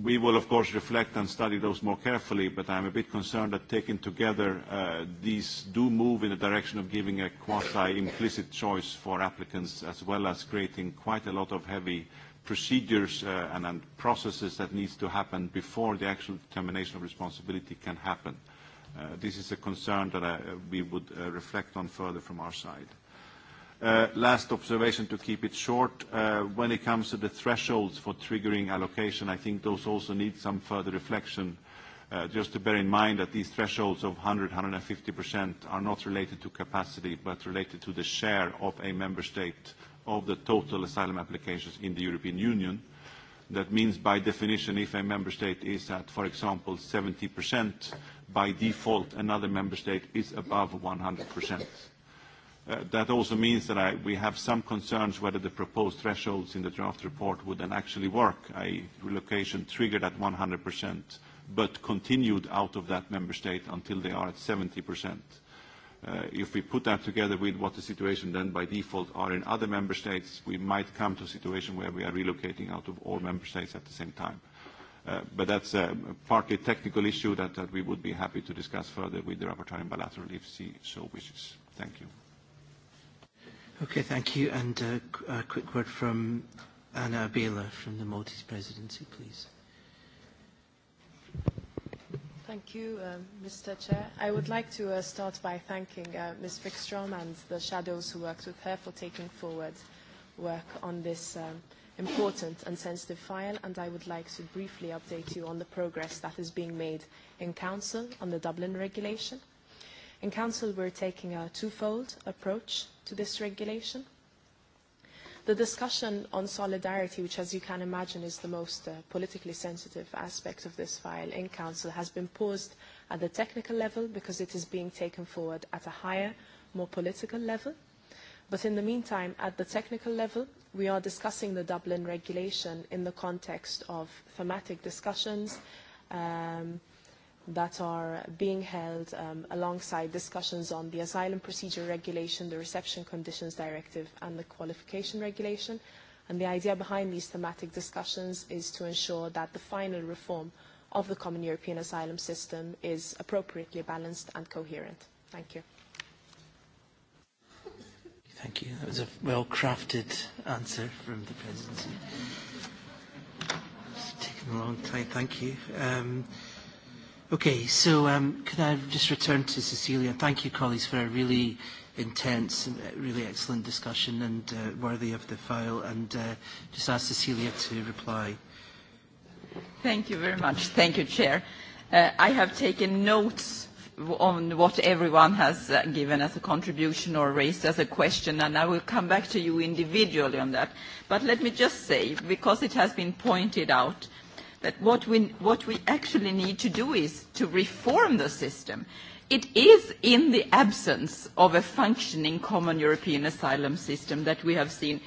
we will, of course, reflect and study those more carefully, but I'm a bit concerned that taken together, uh, these do move in the direction of giving a quasi-implicit choice for applicants, as well as creating quite a lot of heavy procedures uh, and, and processes that needs to happen before the actual determination of responsibility can happen. Uh, this is a concern that I, uh, we would uh, reflect on further from our side. Uh, last observation to keep it short. Uh, when it comes to the thresholds for triggering allocation, I think those also need some further reflection. Uh, just to bear in mind that these thresholds of 100%-150% are not related to capacity, but related to the share of a member state of the total asylum applications in the European Union. That means by definition, if a member state is at, for example, 70%, by default, another member state is above 100%. Uh, that also means that I, we have some concerns whether the proposed thresholds in the draft report would then actually work, i.e. relocation triggered at 100%, but continued out of that member state until they are at 70%. Uh, if we put that together with what the situation then by default are in other member states, we might come to a situation where we are relocating out of all member states at the same time. Uh, but that's uh, a partly technical issue that, that we would be happy to discuss further with the rapporteur in bilateral if she so wishes. Thank you. Okay, thank you. And uh, a uh, quick word from Anna Abela from the Maltese Presidency, please. Thank you, uh, Mr. Chair. I would like to uh, start by thanking uh, Ms. Fickstrom and the shadows who worked with her for taking forward work on this um, important and sensitive file, and I would like to briefly update you on the progress that is being made in Council on the Dublin Regulation. In Council, we're taking a twofold approach to this regulation. The discussion on solidarity, which as you can imagine is the most uh, politically sensitive aspect of this file in Council, has been paused at the technical level because it is being taken forward at a higher, more political level. But in the meantime, at the technical level, we are discussing the Dublin regulation in the context of thematic discussions, um, that are being held um, alongside discussions on the asylum procedure regulation, the reception conditions directive and the qualification regulation. And the idea behind these thematic discussions is to ensure that the final reform of the common European asylum system is appropriately balanced and coherent. Thank you. Thank you. That was a well-crafted answer from the presidency. It's taken a long time. Thank you. Um, Okay, so um, could I just return to Cecilia? Thank you, colleagues, for a really intense and uh, really excellent discussion and uh, worthy of the file, and uh, just ask Cecilia to reply. Thank you very much. Thank you, Chair. Uh, I have taken notes on what everyone has uh, given as a contribution or raised as a question, and I will come back to you individually on that. But let me just say, because it has been pointed out, that what we, what we actually need to do is to reform the system. It is in the absence of a functioning common European asylum system that we have seen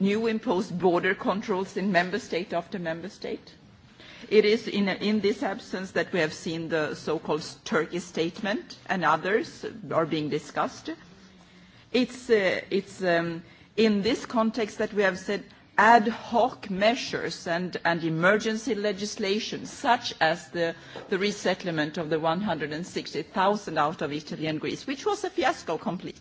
new imposed border controls in member state after member state. It is in, in this absence that we have seen the so-called Turkey statement and others are being discussed. It's, uh, it's um, in this context that we have said ad hoc measures and, and emergency legislation, such as the, the resettlement of the 160,000 out of Italy and Greece, which was a fiasco complete.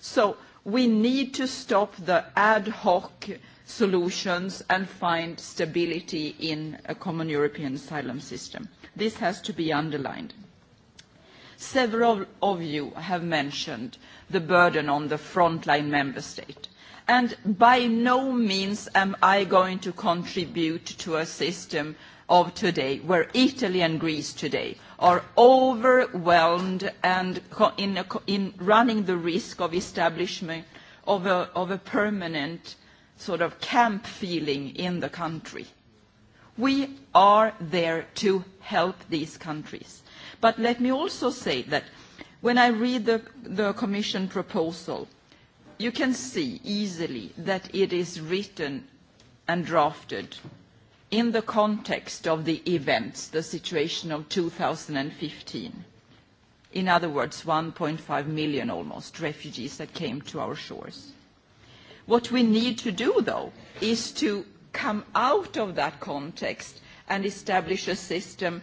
So we need to stop the ad hoc solutions and find stability in a common European asylum system. This has to be underlined. Several of you have mentioned the burden on the frontline member state And by no means am I going to contribute to a system of today, where Italy and Greece today are overwhelmed and in, a, in running the risk of establishment of a, of a permanent sort of camp feeling in the country. We are there to help these countries. But let me also say that when I read the, the Commission proposal, you can see easily that it is written and drafted in the context of the events, the situation of 2015. In other words, 1.5 million almost refugees that came to our shores. What we need to do, though, is to come out of that context and establish a system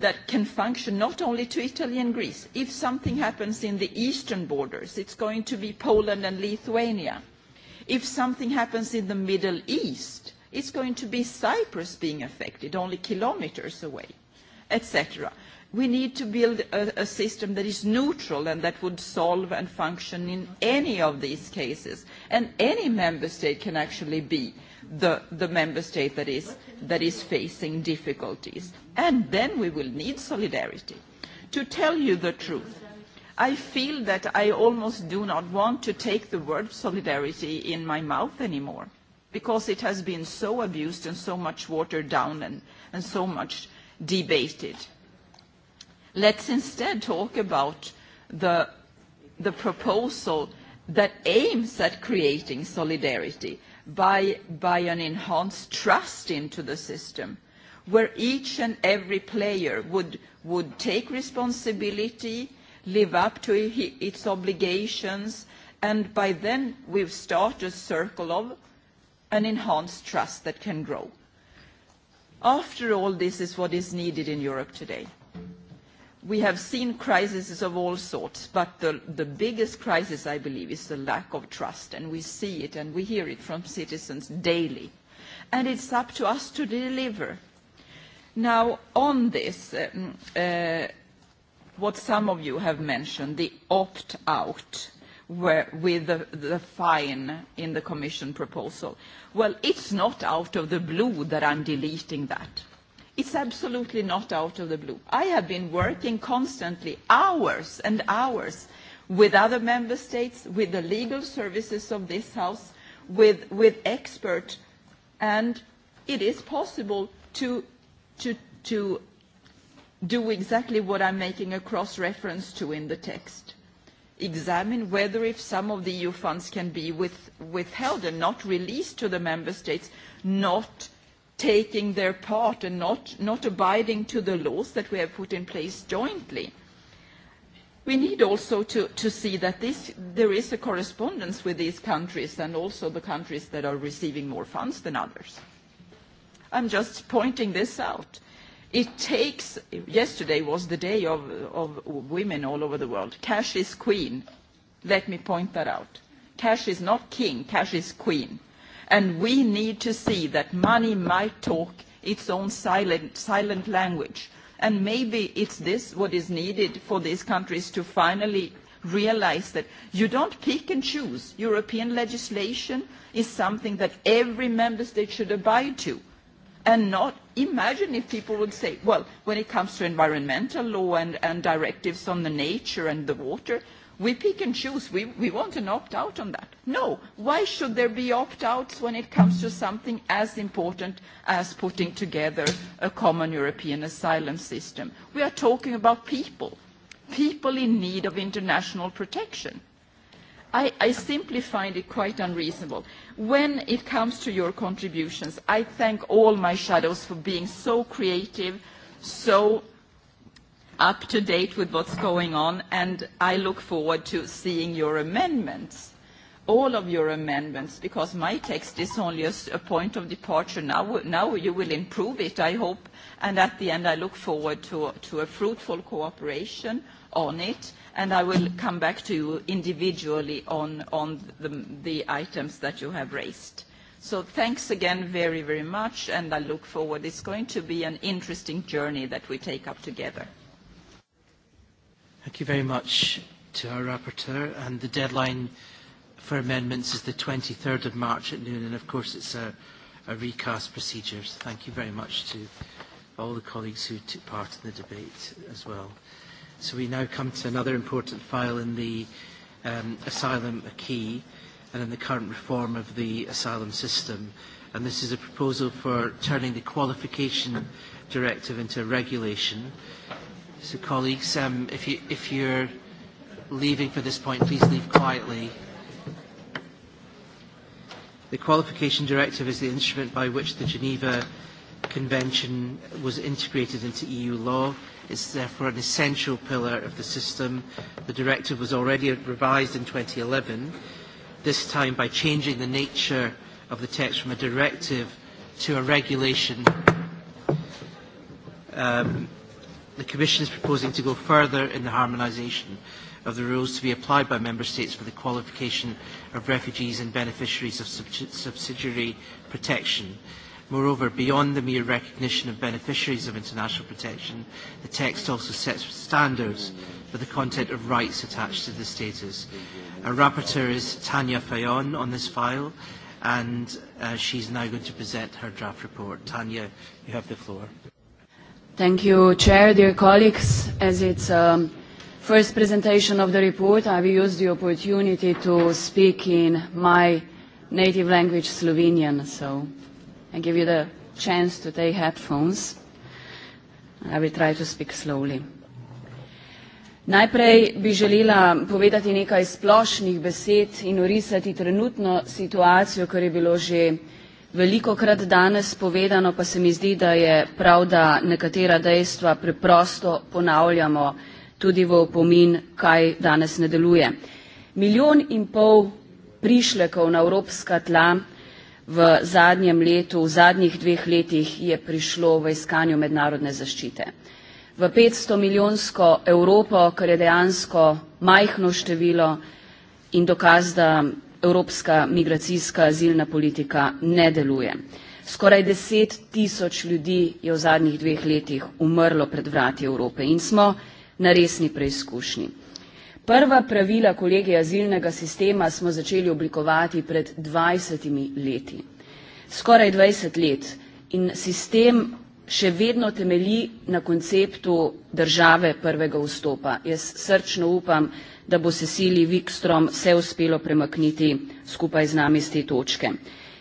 that can function not only to Italy and Greece. If something happens in the eastern borders, it's going to be Poland and Lithuania. If something happens in the Middle East, it's going to be Cyprus being affected, only kilometers away, etc. We need to build a, a system that is neutral and that would solve and function in any of these cases. And any member state can actually be the, the member state that is, that is facing difficulties. And then we will need solidarity. To tell you the truth, I feel that I almost do not want to take the word solidarity in my mouth anymore because it has been so abused and so much watered down and, and so much debated. Let's instead talk about the, the proposal that aims at creating solidarity by, by an enhanced trust into the system where each and every player would, would take responsibility, live up to its obligations, and by then we've started a circle of an enhanced trust that can grow. After all, this is what is needed in Europe today we have seen crises of all sorts, but the, the biggest crisis, I believe, is the lack of trust, and we see it and we hear it from citizens daily. And it's up to us to deliver. Now, on this, uh, mm, uh, what some of you have mentioned, the opt-out where, with the, the fine in the Commission proposal. Well, it's not out of the blue that I'm deleting that. It's absolutely not out of the blue. I have been working constantly, hours and hours, with other member states, with the legal services of this house, with, with experts, and it is possible to, to, to do exactly what I'm making a cross-reference to in the text. Examine whether if some of the EU funds can be with, withheld and not released to the member states, not taking their part and not, not abiding to the laws that we have put in place jointly. We need also to, to see that this, there is a correspondence with these countries and also the countries that are receiving more funds than others. I'm just pointing this out. It takes, yesterday was the day of, of women all over the world. Cash is queen. Let me point that out. Cash is not king, cash is queen. And we need to see that money might talk its own silent, silent language. And maybe it's this what is needed for these countries to finally realize that you don't pick and choose. European legislation is something that every member state should abide to. And not imagine if people would say, well, when it comes to environmental law and, and directives on the nature and the water, We pick and choose. We, we want an opt-out on that. No. Why should there be opt-outs when it comes to something as important as putting together a common European asylum system? We are talking about people, people in need of international protection. I, I simply find it quite unreasonable. When it comes to your contributions, I thank all my shadows for being so creative, so up to date with what's going on, and I look forward to seeing your amendments, all of your amendments, because my text is only a, a point of departure. Now, now you will improve it, I hope, and at the end I look forward to, to a fruitful cooperation on it, and I will come back to you individually on, on the, the items that you have raised. So thanks again very, very much, and I look forward. It's going to be an interesting journey that we take up together. Thank you very much to our rapporteur. And the deadline for amendments is the 23rd of March at noon. And of course, it's a, a recast procedure. So thank you very much to all the colleagues who took part in the debate as well. So we now come to another important file in the um, asylum acquis and in the current reform of the asylum system. And this is a proposal for turning the qualification directive into a regulation. So colleagues, um, if, you, if you're leaving for this point, please leave quietly. The Qualification Directive is the instrument by which the Geneva Convention was integrated into EU law. It's therefore an essential pillar of the system. The directive was already revised in 2011, this time by changing the nature of the text from a directive to a regulation. Um, the Commission is proposing to go further in the harmonisation of the rules to be applied by Member States for the qualification of refugees and beneficiaries of subsidiary protection. Moreover, beyond the mere recognition of beneficiaries of international protection, the text also sets standards for the content of rights attached to the status. Our rapporteur is Tanya Fayon on this file, and uh, she's now going to present her draft report. Tanya, you have the floor. Thank you, Chair, dear colleagues. As it's um, first presentation of the report, I will use the opportunity to speak in my native language, Slovenian, so I give you the chance to take headphones. I will try to speak slowly. Najprej bi želela povedati nekaj splošnih besed in orisati trenutno situacijo, kar je bilo že Veliko krat danes povedano pa se mi zdi, da je prav, da nekatera dejstva preprosto ponavljamo tudi v opomin, kaj danes ne deluje. Milijon in pol prišlekov na evropska tla v zadnjem letu, v zadnjih dveh letih je prišlo v iskanju mednarodne zaščite. V 500 milijonsko Evropo, kar je dejansko majhno število in dokaz, da evropska migracijska azilna politika ne deluje. Skoraj deset tisoč ljudi je v zadnjih dveh letih umrlo pred vrati Evrope in smo na resni preizkušnji. Prva pravila kolegija azilnega sistema smo začeli oblikovati pred 20 leti. Skoraj 20 let in sistem še vedno temelji na konceptu države prvega vstopa. Jaz srčno upam, da bo Wikstrom se uspelo premakniti skupaj z nami z te točke.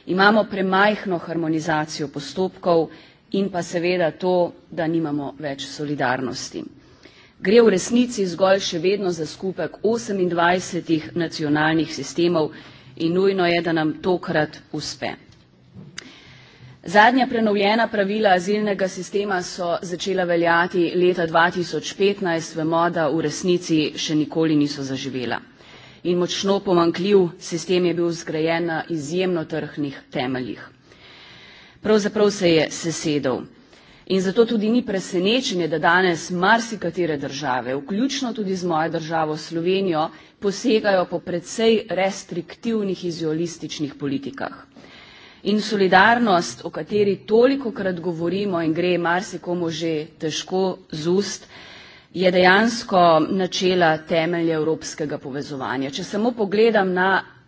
Imamo premajhno harmonizacijo postopkov in pa seveda to, da nimamo več solidarnosti. Gre v resnici zgolj še vedno za skupek 28 nacionalnih sistemov in nujno je, da nam tokrat uspe. Zadnja prenovljena pravila azilnega sistema so začela veljati leta 2015, vemo, da v resnici še nikoli niso zaživela. In močno pomankljiv sistem je bil zgrajen na izjemno trhnih temeljih. Pravzaprav se je sesedel. In zato tudi ni presenečenje, da danes marsikatere države, vključno tudi z mojo državo Slovenijo, posegajo po precej restriktivnih izolističnih politikah in solidarnost, o kateri toliko krat govorimo in gre marsikomu že težko z ust, je dejansko načela temelje evropskega povezovanja. Če samo pogledam na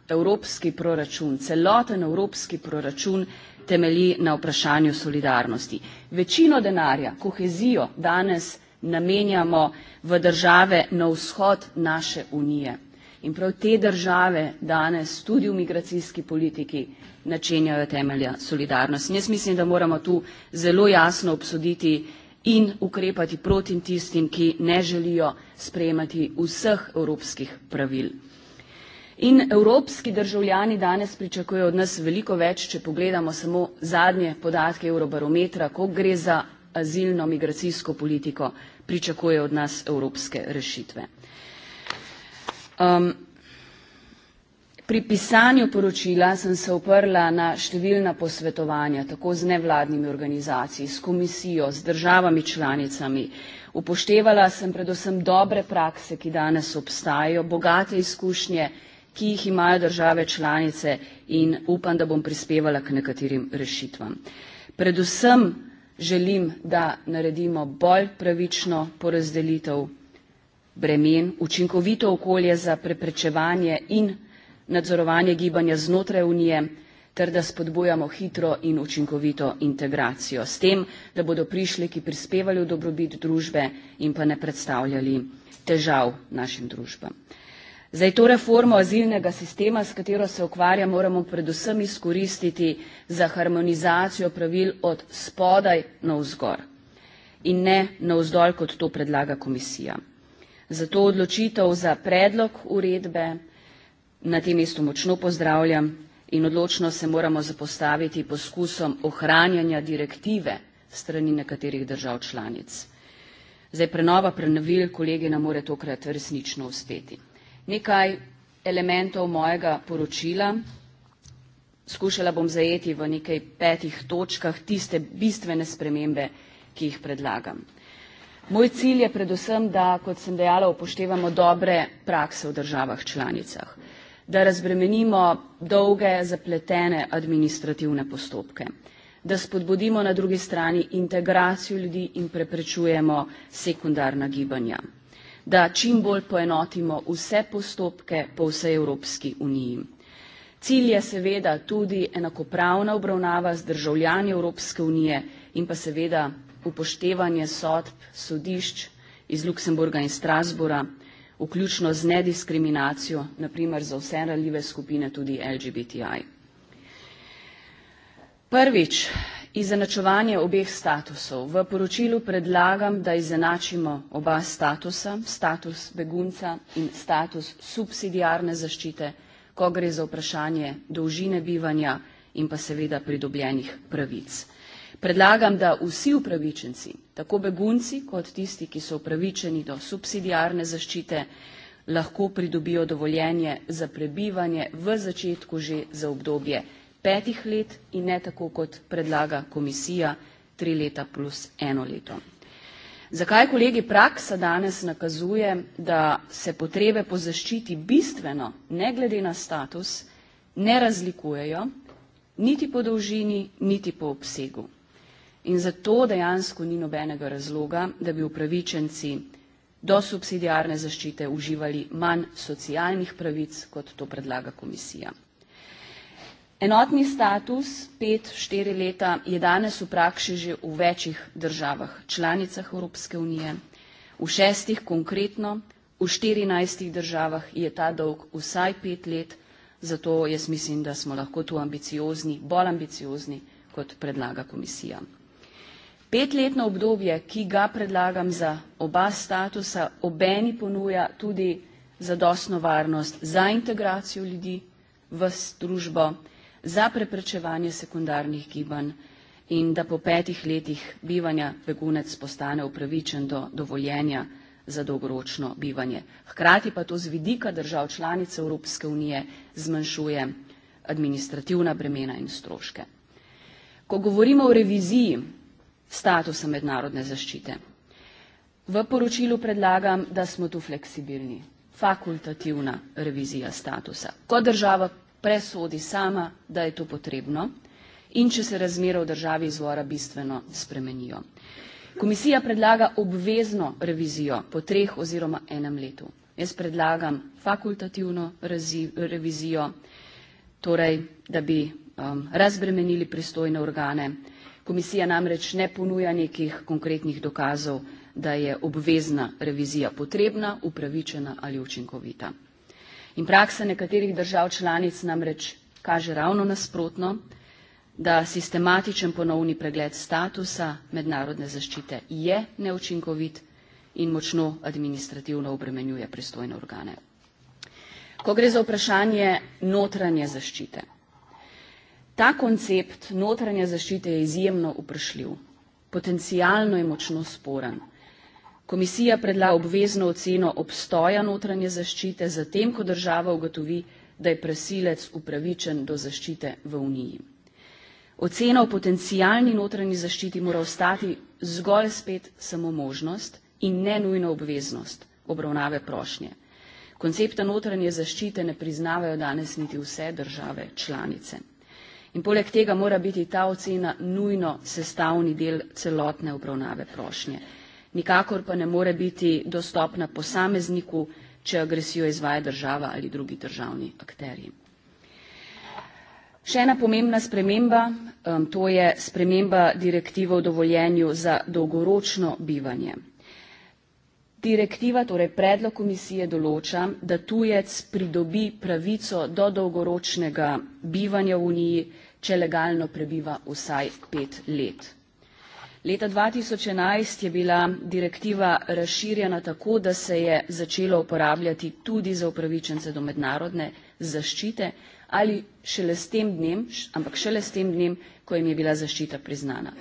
evropski proračun, celoten evropski proračun temelji na vprašanju solidarnosti. Večino denarja, kohezijo danes namenjamo v države na vzhod naše unije. In prav te države danes tudi v migracijski politiki načenjajo temelja solidarnosti. In jaz mislim, da moramo tu zelo jasno obsoditi in ukrepati proti tistim, ki ne želijo sprejemati vseh evropskih pravil. In evropski državljani danes pričakujejo od nas veliko več, če pogledamo samo zadnje podatke Eurobarometra, ko gre za azilno migracijsko politiko, pričakujejo od nas evropske rešitve. Um, Pri pisanju poročila sem se oprla na številna posvetovanja, tako z nevladnimi organizacij, s komisijo, z državami članicami. Upoštevala sem predvsem dobre prakse, ki danes obstajajo, bogate izkušnje, ki jih imajo države članice in upam, da bom prispevala k nekaterim rešitvam. Predvsem želim, da naredimo bolj pravično porazdelitev bremen, učinkovito okolje za preprečevanje in nadzorovanje gibanja znotraj Unije ter da spodbujamo hitro in učinkovito integracijo, s tem, da bodo prišleki prispevali v dobrobit družbe in pa ne predstavljali težav našim družbam. Zdaj to reformo azilnega sistema, s katero se ukvarja, moramo predvsem izkoristiti za harmonizacijo pravil od spodaj na vzgor in ne na vzdolj, kot to predlaga komisija. Zato odločitev za predlog uredbe na tem mestu močno pozdravljam in odločno se moramo zapostaviti poskusom ohranjanja direktive strani nekaterih držav članic. Zdaj, prenova prenovil kolegi nam more tokrat resnično uspeti. Nekaj elementov mojega poročila skušala bom zajeti v nekaj petih točkah tiste bistvene spremembe, ki jih predlagam. Moj cilj je predvsem, da, kot sem dejala, upoštevamo dobre prakse v državah članicah da razbremenimo dolge, zapletene administrativne postopke, da spodbudimo na drugi strani integracijo ljudi in preprečujemo sekundarna gibanja, da čim bolj poenotimo vse postopke po vsej Evropski uniji. Cilj je seveda tudi enakopravna obravnava z državljani Evropske unije in pa seveda upoštevanje sodb, sodišč iz Luksemburga in Strasbura vključno z nediskriminacijo, naprimer za vse ranljive skupine, tudi LGBTI. Prvič, izenačevanje obeh statusov. V poročilu predlagam, da izenačimo oba statusa, status begunca in status subsidijarne zaščite, ko gre za vprašanje dolžine bivanja in pa seveda pridobljenih pravic. Predlagam, da vsi upravičenci Tako begunci kot tisti, ki so upravičeni do subsidijarne zaščite, lahko pridobijo dovoljenje za prebivanje v začetku že za obdobje petih let in ne tako, kot predlaga komisija, tri leta plus eno leto. Zakaj, kolegi, praksa danes nakazuje, da se potrebe po zaščiti bistveno, ne glede na status, ne razlikujejo niti po dolžini, niti po obsegu in zato dejansko ni nobenega razloga, da bi upravičenci do subsidijarne zaščite uživali manj socialnih pravic, kot to predlaga komisija. Enotni status pet štiri leta je danes v praksi že v večjih državah, članicah Evropske unije, v šestih konkretno, v štirinajstih državah je ta dolg vsaj pet let, zato jaz mislim, da smo lahko tu ambiciozni, bolj ambiciozni, kot predlaga komisija. Petletno obdobje, ki ga predlagam za oba statusa, obeni ponuja tudi zadostno varnost za integracijo ljudi v družbo, za preprečevanje sekundarnih gibanj in da po petih letih bivanja begunec postane upravičen do dovoljenja za dolgoročno bivanje. Hkrati pa to z vidika držav članic Evropske unije zmanjšuje administrativna bremena in stroške. Ko govorimo o reviziji statusa mednarodne zaščite. V poročilu predlagam, da smo tu fleksibilni. Fakultativna revizija statusa. Ko država presodi sama, da je to potrebno in če se razmere v državi izvora bistveno spremenijo. Komisija predlaga obvezno revizijo po treh oziroma enem letu. Jaz predlagam fakultativno revizijo, torej da bi um, razbremenili pristojne organe Komisija namreč ne ponuja nekih konkretnih dokazov, da je obvezna revizija potrebna, upravičena ali učinkovita. In praksa nekaterih držav članic namreč kaže ravno nasprotno, da sistematičen ponovni pregled statusa mednarodne zaščite je neučinkovit in močno administrativno obremenjuje pristojne organe. Ko gre za vprašanje notranje zaščite, Ta koncept notranje zaščite je izjemno uprešljiv, potencijalno je močno sporen. Komisija predla obvezno oceno obstoja notranje zaščite, zatem ko država ugotovi, da je presilec upravičen do zaščite v Uniji. Ocena o potencijalni notranji zaščiti mora ostati zgolj spet samo možnost in ne nujno obveznost obravnave prošnje. Koncepta notranje zaščite ne priznavajo danes niti vse države članice. In poleg tega mora biti ta ocena nujno sestavni del celotne obravnave prošnje. Nikakor pa ne more biti dostopna posamezniku, če agresijo izvaja država ali drugi državni akterji. Še ena pomembna sprememba, to je sprememba direktive o dovoljenju za dolgoročno bivanje. Direktiva, torej predlog komisije določa, da tujec pridobi pravico do dolgoročnega bivanja v Uniji, če legalno prebiva vsaj pet let. Leta 2011 je bila direktiva razširjena tako, da se je začelo uporabljati tudi za upravičence do mednarodne zaščite ali šele s tem dnem, ampak šele s tem dnem, ko jim je bila zaščita priznana.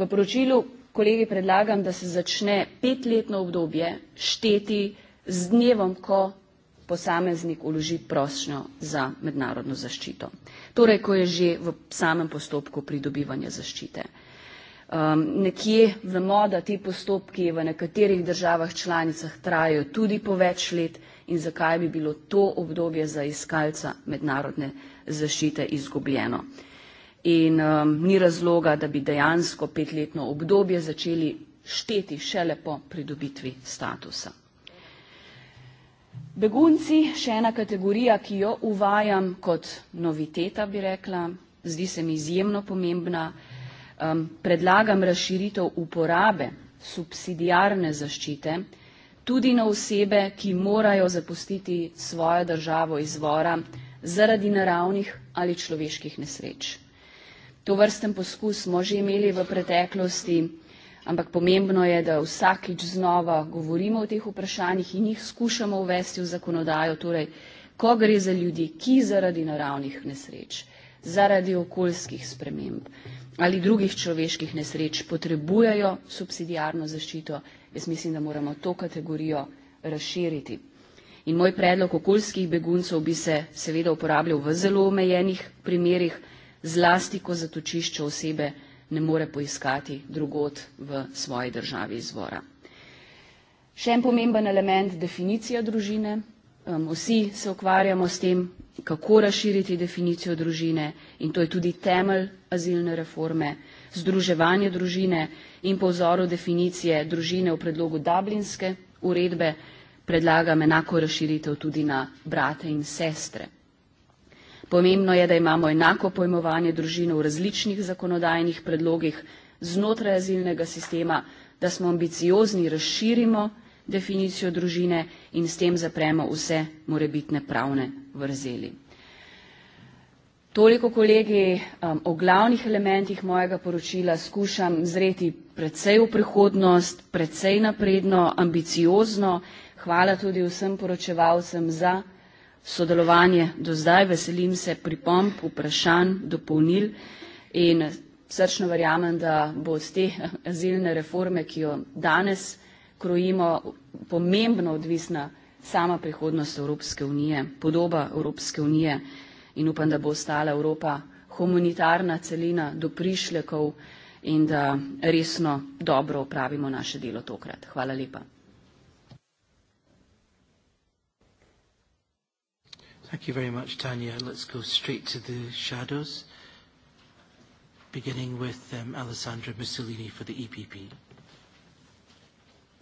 V poročilu kolegi predlagam, da se začne petletno obdobje šteti z dnevom, ko posameznik uloži prošnjo za mednarodno zaščito. Torej, ko je že v samem postopku pridobivanja zaščite. Um, nekje vemo, da ti postopki v nekaterih državah članicah trajajo tudi po več let in zakaj bi bilo to obdobje za iskalca mednarodne zaščite izgubljeno in um, ni razloga, da bi dejansko petletno obdobje začeli šteti šele po pridobitvi statusa. Begunci, še ena kategorija, ki jo uvajam kot noviteta, bi rekla, zdi se mi izjemno pomembna. Um, predlagam razširitev uporabe subsidijarne zaščite tudi na osebe, ki morajo zapustiti svojo državo izvora zaradi naravnih ali človeških nesreč. To vrsten poskus smo že imeli v preteklosti, ampak pomembno je, da vsakič znova govorimo o teh vprašanjih in jih skušamo uvesti v zakonodajo, torej ko gre za ljudi, ki zaradi naravnih nesreč, zaradi okoljskih sprememb ali drugih človeških nesreč potrebujejo subsidijarno zaščito, jaz mislim, da moramo to kategorijo razširiti. In moj predlog okoljskih beguncev bi se seveda uporabljal v zelo omejenih primerih, zlasti ko zatočišče osebe ne more poiskati drugot v svoji državi izvora. Še en pomemben element – definicija družine. vsi se ukvarjamo s tem, kako razširiti definicijo družine in to je tudi temelj azilne reforme, združevanje družine in po vzoru definicije družine v predlogu Dublinske uredbe predlagam enako razširitev tudi na brate in sestre. Pomembno je, da imamo enako pojmovanje družine v različnih zakonodajnih predlogih znotraj azilnega sistema, da smo ambiciozni, razširimo definicijo družine in s tem zapremo vse morebitne pravne vrzeli. Toliko kolegi um, o glavnih elementih mojega poročila skušam zreti precej v prihodnost, precej napredno, ambiciozno. Hvala tudi vsem poročevalcem za sodelovanje do zdaj. Veselim se pripomp, vprašanj, dopolnil in srčno verjamem, da bo z te azilne reforme, ki jo danes krojimo, pomembno odvisna sama prihodnost Evropske unije, podoba Evropske unije in upam, da bo ostala Evropa humanitarna celina do prišlekov in da resno dobro opravimo naše delo tokrat. Hvala lepa. Thank you very much, Tanya. Let's go straight to the shadows, beginning with um, Alessandra Mussolini for the EPP.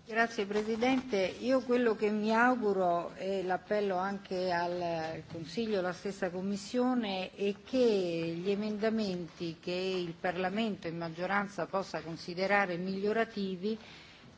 Grazie Presidente, io quello che mi auguro e l'appello anche al Consiglio e alla stessa Commissione è che gli emendamenti che il Parlamento in maggioranza possa considerare migliorativi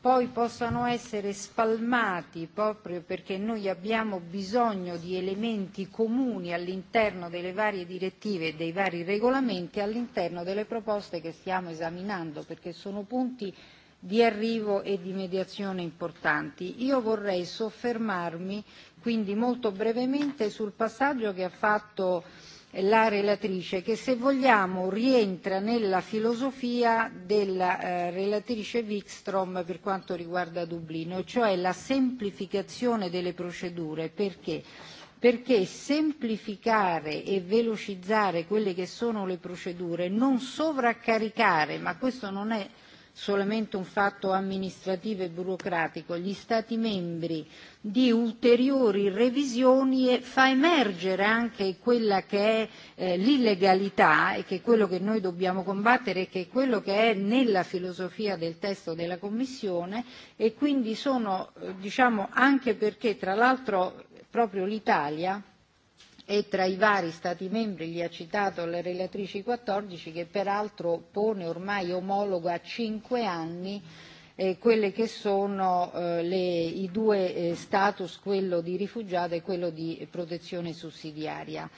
poi possano essere spalmati proprio perché noi abbiamo bisogno di elementi comuni all'interno delle varie direttive e dei vari regolamenti all'interno delle proposte che stiamo esaminando perché sono punti di arrivo e di mediazione importanti. Io vorrei soffermarmi quindi molto brevemente sul passaggio che ha fatto E la relatrice, che se vogliamo rientra nella filosofia della eh, relatrice Wikstrom per quanto riguarda Dublino, e cioè la semplificazione delle procedure. Perché? Perché semplificare e velocizzare quelle che sono le procedure, non sovraccaricare, ma questo non è solamente un fatto amministrativo e burocratico, gli Stati membri di ulteriori revisioni e fa emergere anche quella che è eh, l'illegalità e che è quello che noi dobbiamo combattere e che è quello che è nella filosofia del testo della Commissione e quindi sono, eh, diciamo, anche perché tra l'altro proprio l'Italia e tra i vari Stati membri, li ha citato le relatrici 14, che peraltro pone ormai omologo a 5 anni eh, quelle che sono eh, le, i due eh, status, quello di rifugiato e quello di protezione sussidiaria.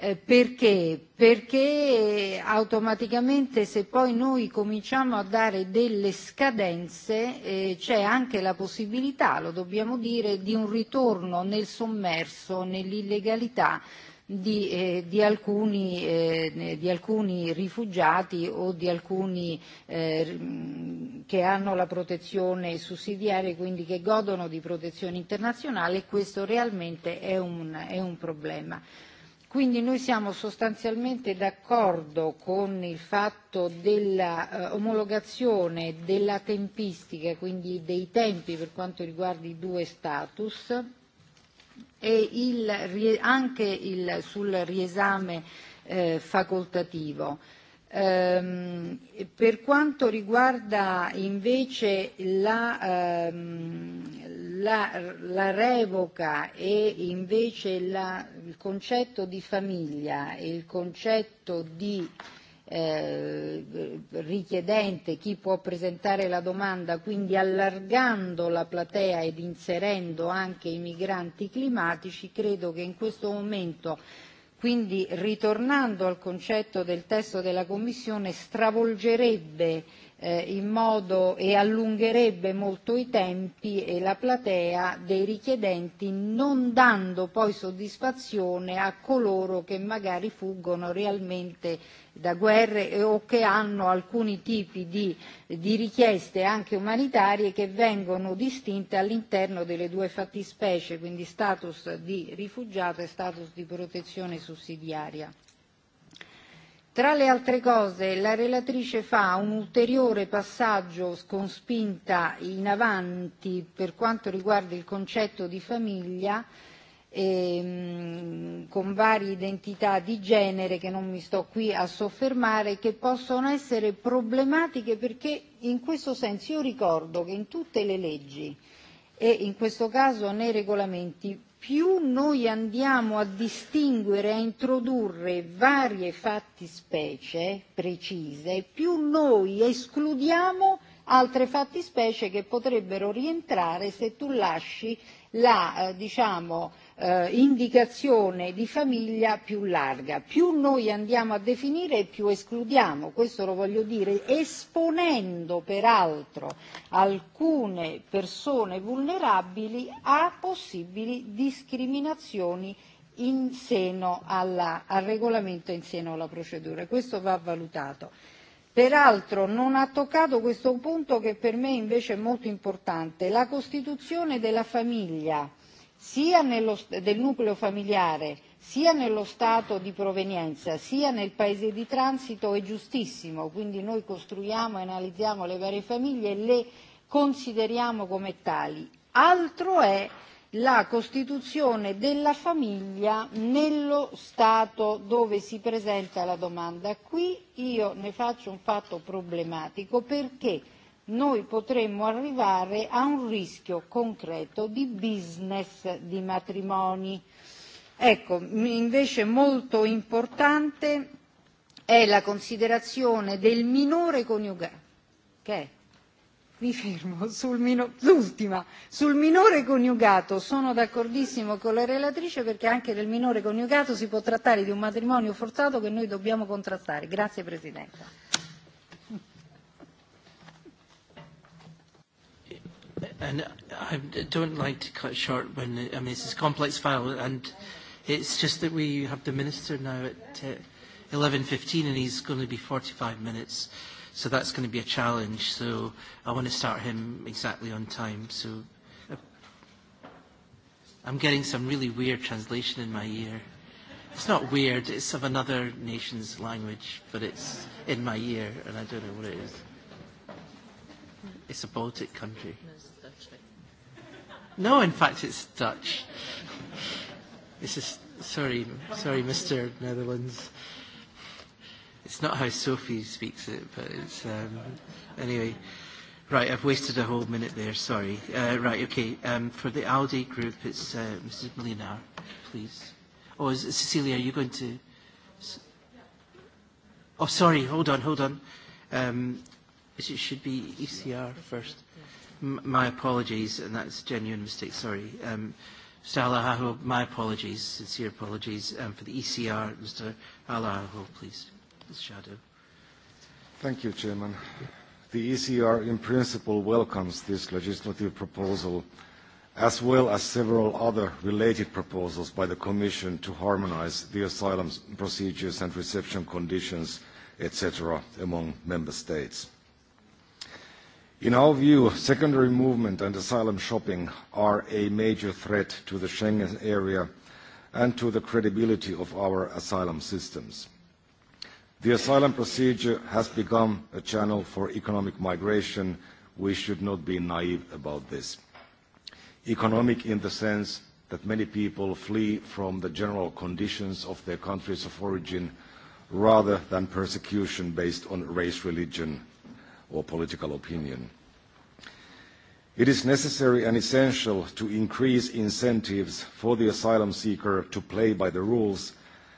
Eh, perché? Perché eh, automaticamente se poi noi cominciamo a dare delle scadenze eh, c'è anche la possibilità, lo dobbiamo dire, di un ritorno nel sommerso, nell'illegalità di, eh, di, alcuni, eh, di alcuni rifugiati o di alcuni eh, che hanno la protezione sussidiaria, e quindi che godono di protezione internazionale e questo realmente è un, è un problema. Quindi noi siamo sostanzialmente d'accordo con il fatto della eh, omologazione della tempistica, quindi dei tempi per quanto riguarda i due status e il, anche il, sul riesame eh, facoltativo. Um, per quanto riguarda invece la, um, la, la revoca e invece la, il concetto di famiglia e il concetto di eh, richiedente, chi può presentare la domanda, quindi allargando la platea ed inserendo anche i migranti climatici, credo che in questo momento Quindi, ritornando al concetto del testo della Commissione, stravolgerebbe eh, in modo e allungherebbe molto i tempi e la platea dei richiedenti non dando poi soddisfazione a coloro che magari fuggono realmente da guerre e o che hanno alcuni tipi di, di richieste anche umanitarie che vengono distinte all'interno delle due fattispecie, quindi status di rifugiato e status di protezione sussidiaria. Tra le altre cose, la relatrice fa un ulteriore passaggio con spinta in avanti per quanto riguarda il concetto di famiglia, ehm, con varie identità di genere che non mi sto qui a soffermare, che possono essere problematiche perché in questo senso io ricordo che in tutte le leggi e in questo caso nei regolamenti più noi andiamo a distinguere, e a introdurre varie fattispecie precise, più noi escludiamo altre fattispecie che potrebbero rientrare se tu lasci la, eh, diciamo, eh, indicazione di famiglia più larga. Più noi andiamo a definire e più escludiamo, questo lo voglio dire, esponendo peraltro alcune persone vulnerabili a possibili discriminazioni in seno alla, al regolamento e in seno alla procedura. Questo va valutato. Peraltro non ha toccato questo punto che per me invece è molto importante, la costituzione della famiglia sia nello, del nucleo familiare sia nello Stato di provenienza sia nel paese di transito è giustissimo, quindi noi costruiamo e analizziamo le varie famiglie e le consideriamo come tali. Altro è la costituzione della famiglia nello Stato dove si presenta la domanda. Qui io ne faccio un fatto problematico perché noi potremmo arrivare a un rischio concreto di business di matrimoni. Ecco, invece molto importante è la considerazione del minore coniugato, Che è? Mi fermo sul mino- l'ultima. Sul minore coniugato sono d'accordissimo con la relatrice perché anche del minore coniugato si può trattare di un matrimonio forzato che noi dobbiamo contrastare. Grazie Presidente. and I don't like to cut short when, I mean, it's a complex file, and it's just that we have the Minister now at uh, 11.15, and he's going to be 45 minutes, so that's going to be a challenge, so I want to start him exactly on time, so uh, I'm getting some really weird translation in my ear. It's not weird, it's of another nation's language, but it's in my ear, and I don't know what it is. It's a Baltic country. No, in fact, it's Dutch. This is sorry, sorry, Mr. Netherlands. It's not how Sophie speaks it, but it's um, anyway. Right, I've wasted a whole minute there. Sorry. Uh, right, okay. Um, for the ALDE group, it's uh, Mrs. Molinar, please. Oh, is, Cecilia, are you going to? Oh, sorry. Hold on, hold on. Um, It should be ECR first. M my apologies, and that's a genuine mistake, sorry. Um, Mr. Alahaho, my apologies, sincere apologies. Um, for the ECR, Mr. Alahaho, please, Mr. Shadow. Thank you, Chairman. The ECR in principle welcomes this legislative proposal as well as several other related proposals by the Commission to harmonise the asylum procedures and reception conditions, etc., among Member States. In our view, secondary movement and asylum shopping are a major threat to the Schengen area and to the credibility of our asylum systems. The asylum procedure has become a channel for economic migration. We should not be naive about this. Economic in the sense that many people flee from the general conditions of their countries of origin rather than persecution based on race, religion, or political opinion. It is necessary and essential to increase incentives for the asylum seeker to play by the rules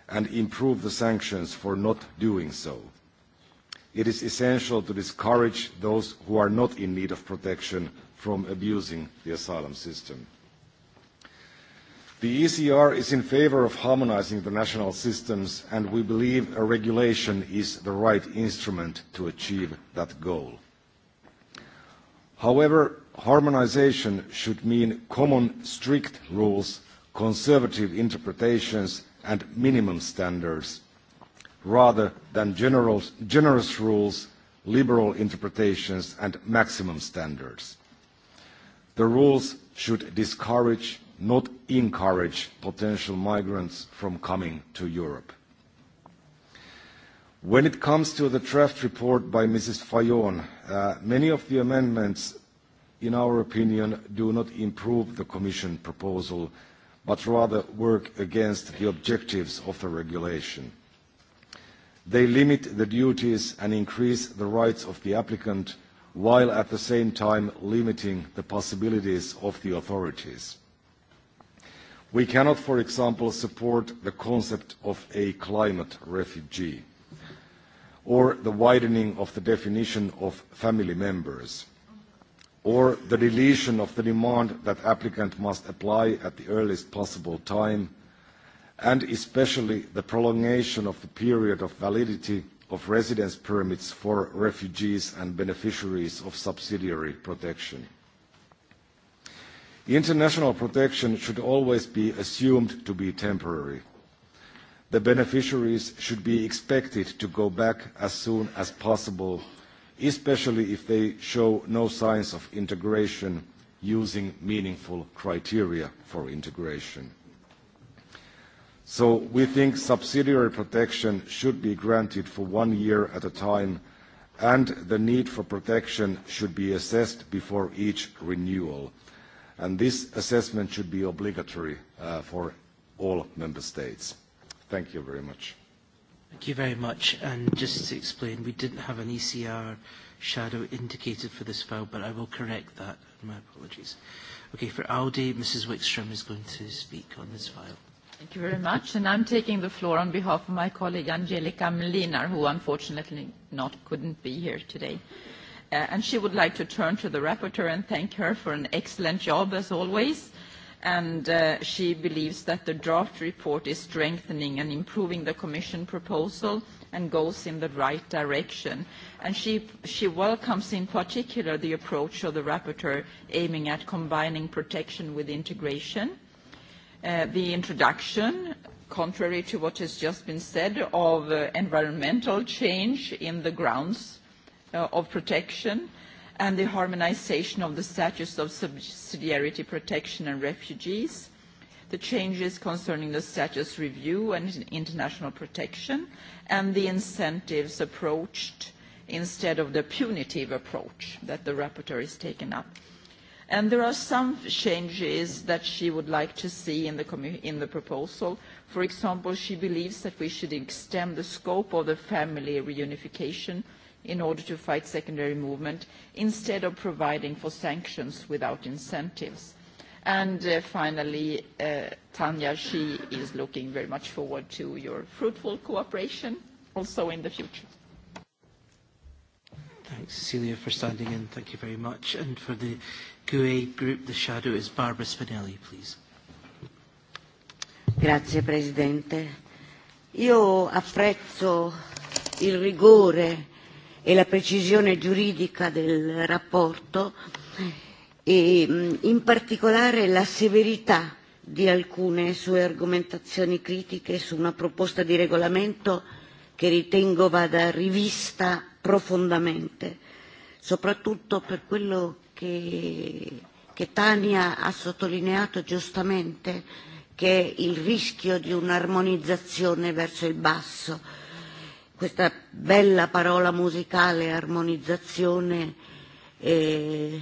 and improve the sanctions for not doing so. It is essential to discourage those who are not in need of protection from abusing the asylum system. The ECR is in favor of harmonizing the national systems, and we believe a regulation is the right instrument to achieve that goal. However, harmonization should mean common strict rules, conservative interpretations, and minimum standards, rather than general, generous rules, liberal interpretations, and maximum standards. The rules should discourage not encourage potential migrants from coming to Europe. When it comes to the draft report by Mrs. Fayon, uh, many of the amendments, in our opinion, do not improve the Commission proposal, but rather work against the objectives of the regulation. They limit the duties and increase the rights of the applicant, while at the same time limiting the possibilities of the authorities. We cannot, for example, support the concept of a climate refugee or the widening of the definition of family members or the deletion of the demand that applicant must apply at the earliest possible time and especially the prolongation of the period of validity of residence permits for refugees and beneficiaries of subsidiary protection. International protection should always be assumed to be temporary. The beneficiaries should be expected to go back as soon as possible, especially if they show no signs of integration using meaningful criteria for integration. So we think subsidiary protection should be granted for one year at a time, and the need for protection should be assessed before each renewal – and this assessment should be obligatory uh, for all member states. Thank you very much. Thank you very much. And just to explain, we didn't have an ECR shadow indicated for this file, but I will correct that. My apologies. Okay, for Audi, Mrs. Wickstrom is going to speak on this file. Thank you very much. And I'm taking the floor on behalf of my colleague Angelica Mlinar, who unfortunately not couldn't be here today. Uh, and she would like to turn to the rapporteur and thank her for an excellent job as always. And uh, she believes that the draft report is strengthening and improving the Commission proposal and goes in the right direction. And she, she welcomes in particular the approach of the rapporteur aiming at combining protection with integration. Uh, the introduction, contrary to what has just been said, of uh, environmental change in the grounds uh, of protection and the harmonization of the status of subsidiarity protection and refugees, the changes concerning the status review and international protection, and the incentives approached instead of the punitive approach that the rapporteur has taken up. And there are some changes that she would like to see in the, in the proposal. For example, she believes that we should extend the scope of the family reunification in order to fight secondary movement instead of providing for sanctions without incentives. And uh, finally, uh, Tanya, she is looking very much forward to your fruitful cooperation also in the future. Thanks, Cecilia, for standing in. Thank you very much. And for the GUE group, the shadow is Barbara Spinelli, please. Grazie, Presidente. Io apprezzo il rigore e la precisione giuridica del rapporto e mm, in particolare la severità di alcune sue argomentazioni critiche su una proposta di regolamento che ritengo vada rivista profondamente, soprattutto per quello che, che Tania ha sottolineato giustamente, che è il rischio di un'armonizzazione verso il basso questa bella parola musicale, armonizzazione, eh,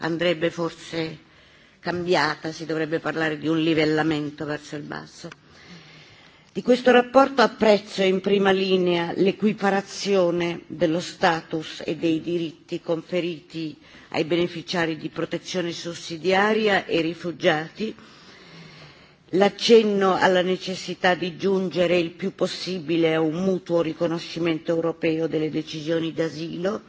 andrebbe forse cambiata, si dovrebbe parlare di un livellamento verso il basso. Di questo rapporto apprezzo in prima linea l'equiparazione dello status e dei diritti conferiti ai beneficiari di protezione sussidiaria e rifugiati, l'accenno alla necessità di giungere il più possibile a un mutuo riconoscimento europeo delle decisioni d'asilo,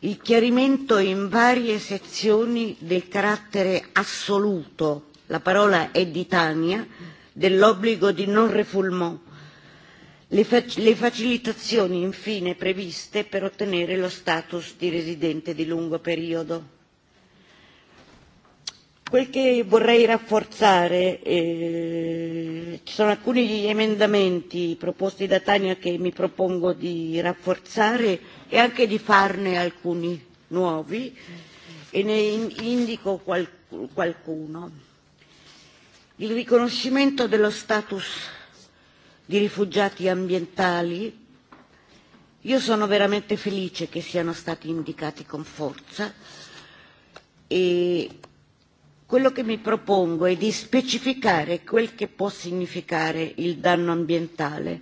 il chiarimento in varie sezioni del carattere assoluto, la parola è di Tania, dell'obbligo di non refoulement, le, fac- le facilitazioni infine previste per ottenere lo status di residente di lungo periodo. Quel che vorrei rafforzare, eh, ci sono alcuni emendamenti proposti da Tania che mi propongo di rafforzare e anche di farne alcuni nuovi e ne indico qual qualcuno. Il riconoscimento dello status di rifugiati ambientali, io sono veramente felice che siano stati indicati con forza e Quello che mi propongo è di specificare quel che può significare il danno ambientale,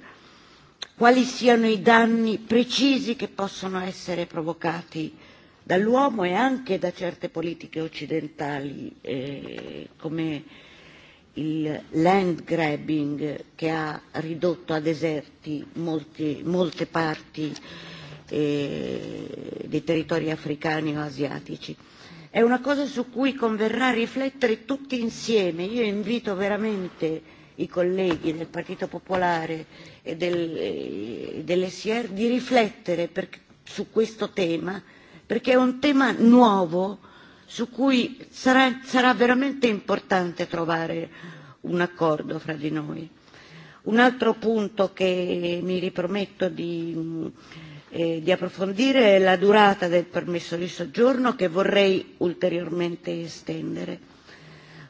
quali siano i danni precisi che possono essere provocati dall'uomo e anche da certe politiche occidentali eh, come il land grabbing che ha ridotto a deserti molti, molte parti eh, dei territori africani o asiatici. È una cosa su cui converrà riflettere tutti insieme. Io invito veramente i colleghi del Partito Popolare e del, eh, dell'SR di riflettere per, su questo tema, perché è un tema nuovo su cui sarà, sarà veramente importante trovare un accordo fra di noi. Un altro punto che mi riprometto di eh, di approfondire la durata del permesso di soggiorno che vorrei ulteriormente estendere.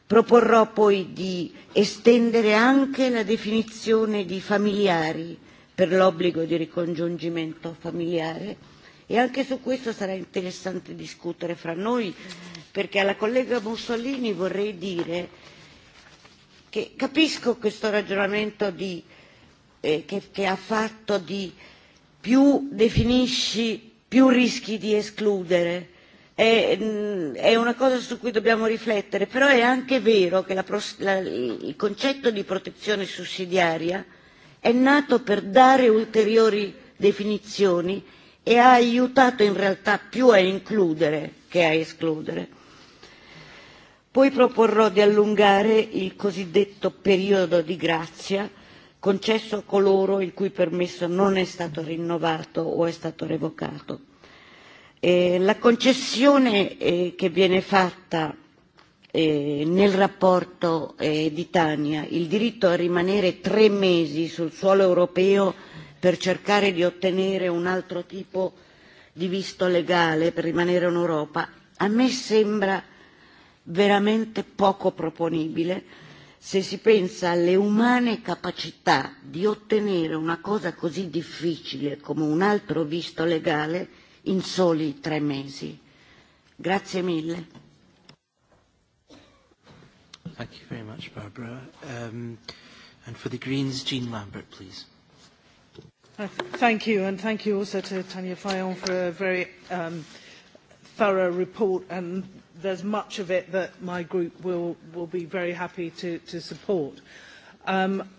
Proporrò poi di estendere anche la definizione di familiari per l'obbligo di ricongiungimento familiare e anche su questo sarà interessante discutere fra noi perché alla collega Mussolini vorrei dire che capisco questo ragionamento di, eh, che, che ha fatto di più definisci più rischi di escludere. È, è una cosa su cui dobbiamo riflettere, però è anche vero che la, la, il concetto di protezione sussidiaria è nato per dare ulteriori definizioni e ha aiutato in realtà più a includere che a escludere. Poi proporrò di allungare il cosiddetto periodo di grazia concesso a coloro il cui permesso non è stato rinnovato o è stato revocato. Eh, la concessione eh, che viene fatta eh, nel rapporto eh, di Tania, il diritto a rimanere tre mesi sul suolo europeo per cercare di ottenere un altro tipo di visto legale per rimanere in Europa, a me sembra veramente poco proponibile se si pensa alle umane capacità di ottenere una cosa così difficile come un altro visto legale in soli tre mesi. Grazie mille. Thank you very much, Barbara. Um, and for the Greens, Jean Lambert, please. Uh, thank you, and thank you also to Tanya Fayon for a very um, thorough report and there's much of it that my group will, will be very happy to, to support. Um,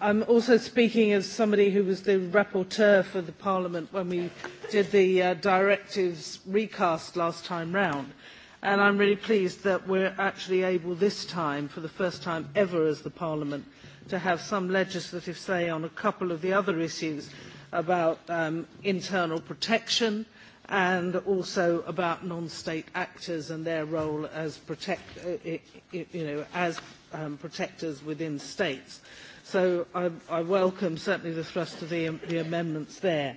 I'm also speaking as somebody who was the rapporteur for the Parliament when we did the uh, directives recast last time round. And I'm really pleased that we're actually able this time, for the first time ever as the Parliament, to have some legislative say on a couple of the other issues about um, internal protection and also about non-state actors and their role as, protect, uh, you know, as um, protectors within states. So I, I welcome certainly the thrust of the, um, the amendments there.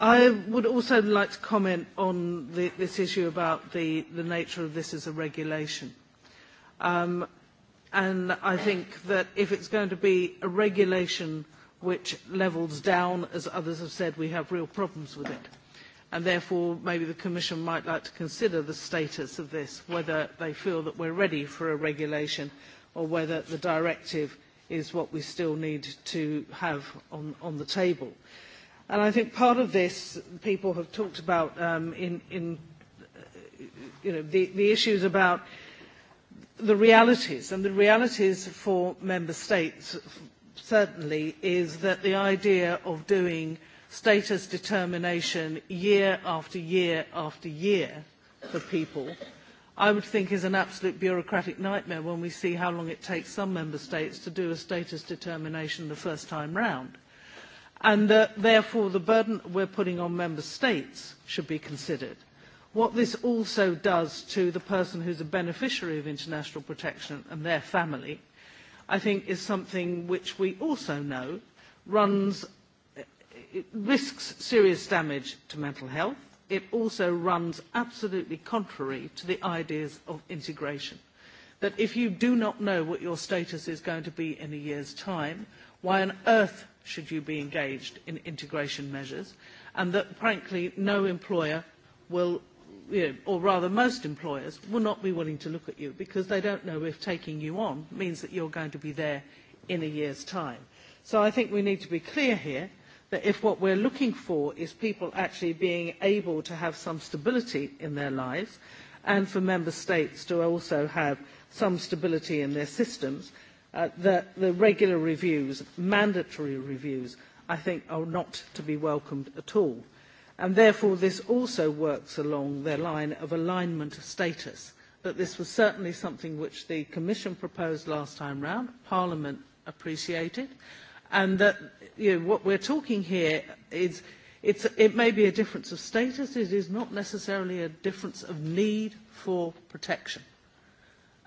I would also like to comment on the, this issue about the, the nature of this as a regulation. Um, and I think that if it's going to be a regulation which levels down, as others have said, we have real problems with it. And therefore, maybe the Commission might like to consider the status of this, whether they feel that we're ready for a regulation or whether the directive is what we still need to have on, on the table. And I think part of this, people have talked about um, in, in uh, you know, the, the issues about the realities and the realities for member states certainly is that the idea of doing status determination year after year after year for people, I would think is an absolute bureaucratic nightmare when we see how long it takes some member states to do a status determination the first time round. And uh, therefore the burden we're putting on member states should be considered. What this also does to the person who's a beneficiary of international protection and their family I think is something which we also know runs, it risks serious damage to mental health. It also runs absolutely contrary to the ideas of integration. That if you do not know what your status is going to be in a year's time, why on earth should you be engaged in integration measures? And that, frankly, no employer will you know, or rather most employers, will not be willing to look at you because they don't know if taking you on means that you're going to be there in a year's time. So I think we need to be clear here that if what we're looking for is people actually being able to have some stability in their lives and for member states to also have some stability in their systems, uh, that the regular reviews, mandatory reviews, I think are not to be welcomed at all and therefore this also works along their line of alignment of status, that this was certainly something which the Commission proposed last time round, Parliament appreciated, and that you know, what we're talking here is it's, it may be a difference of status, it is not necessarily a difference of need for protection.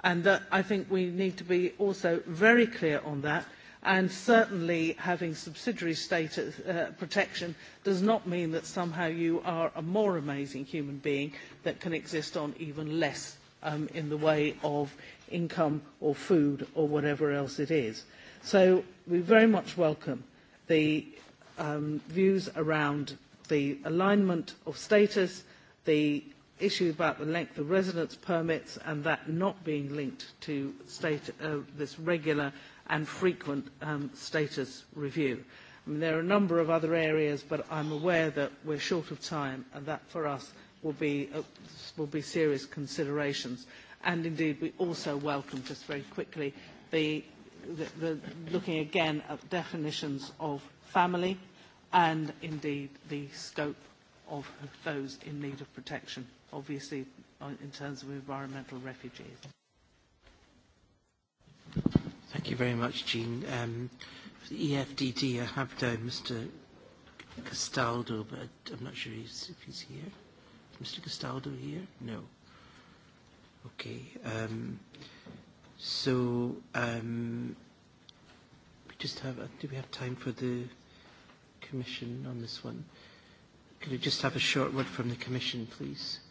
And that I think we need to be also very clear on that and certainly having subsidiary status uh, protection does not mean that somehow you are a more amazing human being that can exist on even less um, in the way of income or food or whatever else it is. So we very much welcome the um, views around the alignment of status, the issue about the length of residence permits and that not being linked to state, uh, this regular and frequent um, status review. I mean, there are a number of other areas, but I'm aware that we're short of time, and that for us will be, uh, will be serious considerations. And indeed, we also welcome, just very quickly, the, the, the looking again at definitions of family and indeed the scope of those in need of protection, obviously uh, in terms of environmental refugees. Thank you very much, Jean. Um, for the EFDD, I have down Mr. Castaldo, but I'm not sure he's, if he's here. Is Mr. Castaldo here? No. Okay. Um, so, um, we just have, uh, do we have time for the Commission on this one? Could we just have a short word from the Commission, please?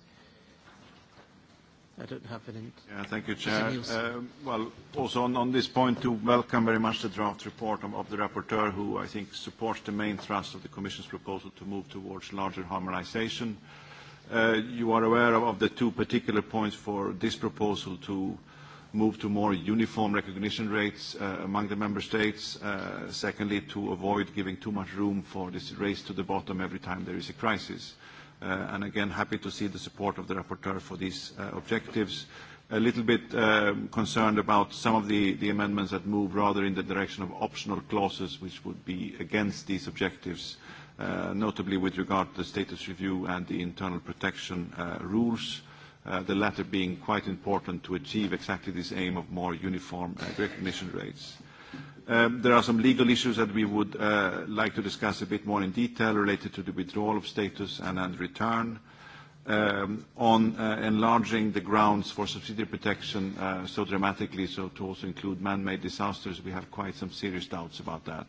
I don't have any Yeah, thank you, Chair. Uh, well, also on, on this point, to welcome very much the draft report of, of the rapporteur, who I think supports the main thrust of the Commission's proposal to move towards larger harmonization. Uh, you are aware of, of the two particular points for this proposal to move to more uniform recognition rates uh, among the member states. Uh, secondly, to avoid giving too much room for this race to the bottom every time there is a crisis. Uh, Uh, and again, happy to see the support of the rapporteur for these uh, objectives. A little bit um, concerned about some of the, the amendments that move rather in the direction of optional clauses, which would be against these objectives, uh, notably with regard to the status review and the internal protection uh, rules. Uh, the latter being quite important to achieve exactly this aim of more uniform uh, recognition rates. Uh, Um, there are some legal issues that we would uh, like to discuss a bit more in detail related to the withdrawal of status and, and return. Um, on uh, enlarging the grounds for subsidiary protection uh, so dramatically, so to also include man-made disasters, we have quite some serious doubts about that.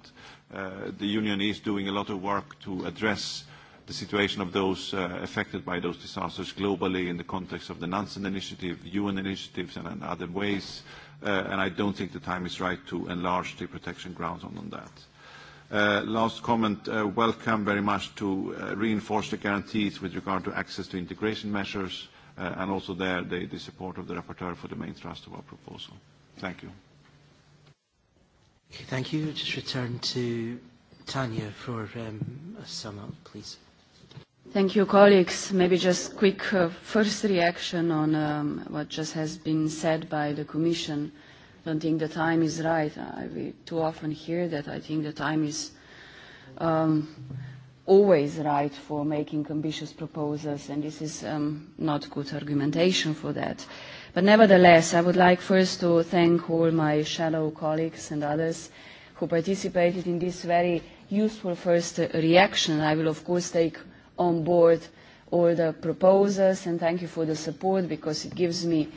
Uh, the Union is doing a lot of work to address the situation of those uh, affected by those disasters globally in the context of the Nansen Initiative, UN initiatives, and, and other ways uh, and I don't think the time is right to enlarge the protection grounds on, on that. Uh, last comment, uh, welcome very much to uh, reinforce the guarantees with regard to access to integration measures uh, and also there the, the support of the rapporteur for the main thrust of our proposal. Thank you. Okay, thank you. Just return to Tanya for um, a sum up, please. Thank you, colleagues. Maybe just quick uh, first reaction on um, what just has been said by the Commission. I don't think the time is right. I we too often hear that. I think the time is um, always right for making ambitious proposals, and this is um, not good argumentation for that. But nevertheless, I would like first to thank all my shadow colleagues and others who participated in this very useful first reaction. I will, of course, take on board all the proposals and thank you for the support because it gives me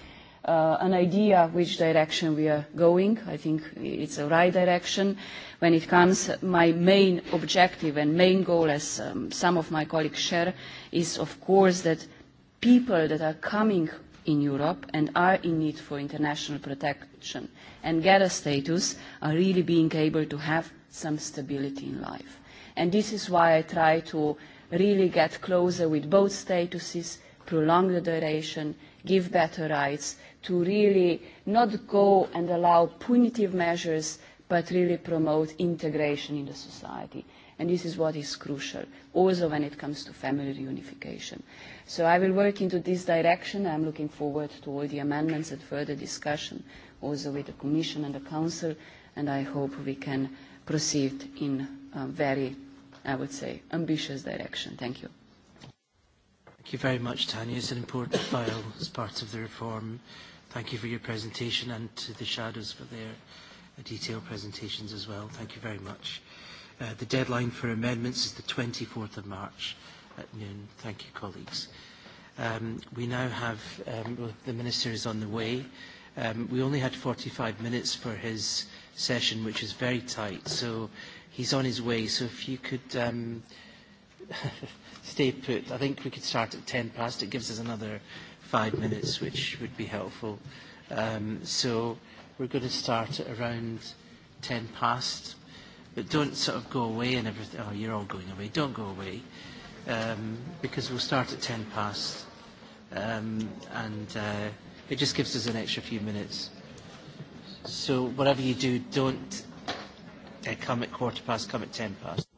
uh, an idea which direction we are going. I think it's the right direction. When it comes, my main objective and main goal, as um, some of my colleagues share, is of course that people that are coming in Europe and are in need for international protection and get a status are really being able to have some stability in life. And this is why I try to really get closer with both statuses, prolong the duration, give better rights, to really not go and allow punitive measures, but really promote integration in the society. And this is what is crucial, also when it comes to family reunification. So I will work into this direction. I'm looking forward to all the amendments and further discussion, also with the Commission and the Council, and I hope we can proceed in a very I would say, ambitious direction. Thank you. Thank you very much, Tanya. It's an important file as part of the reform. Thank you for your presentation and to the shadows for their detailed presentations as well. Thank you very much. Uh, the deadline for amendments is the 24th of March at noon. Thank you, colleagues. Um, we now have, um, well, the Minister is on the way. Um, we only had 45 minutes for his session, which is very tight. So he's on his way. So if you could um, stay put, I think we could start at 10 past. It gives us another five minutes, which would be helpful. Um, so we're going to start at around 10 past. But don't sort of go away and everything. Oh, you're all going away. Don't go away. Um, because we'll start at 10 past. Um, and uh, it just gives us an extra few minutes. So whatever you do, don't uh, come at quarter past, come at ten past.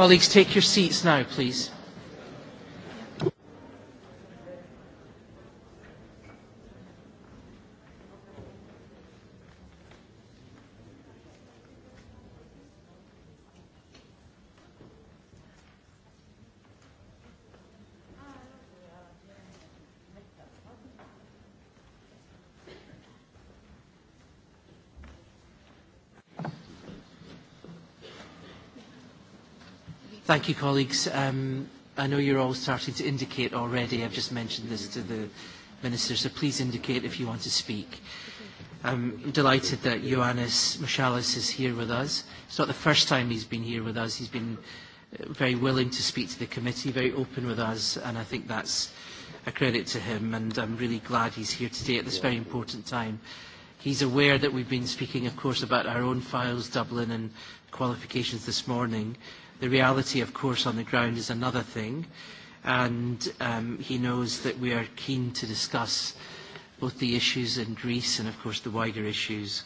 Colleagues, take your seats now, please. Thank you, colleagues. Um, I know you're all starting to indicate already. I've just mentioned this to the Minister, so please indicate if you want to speak. Um, I'm delighted that Ioannis Michalis is here with us. It's not the first time he's been here with us. He's been uh, very willing to speak to the committee, very open with us, and I think that's a credit to him, and I'm really glad he's here today at this very important time. He's aware that we've been speaking, of course, about our own files, Dublin, and qualifications this morning, The reality, of course, on the ground is another thing, and um, he knows that we are keen to discuss both the issues in Greece and, of course, the wider issues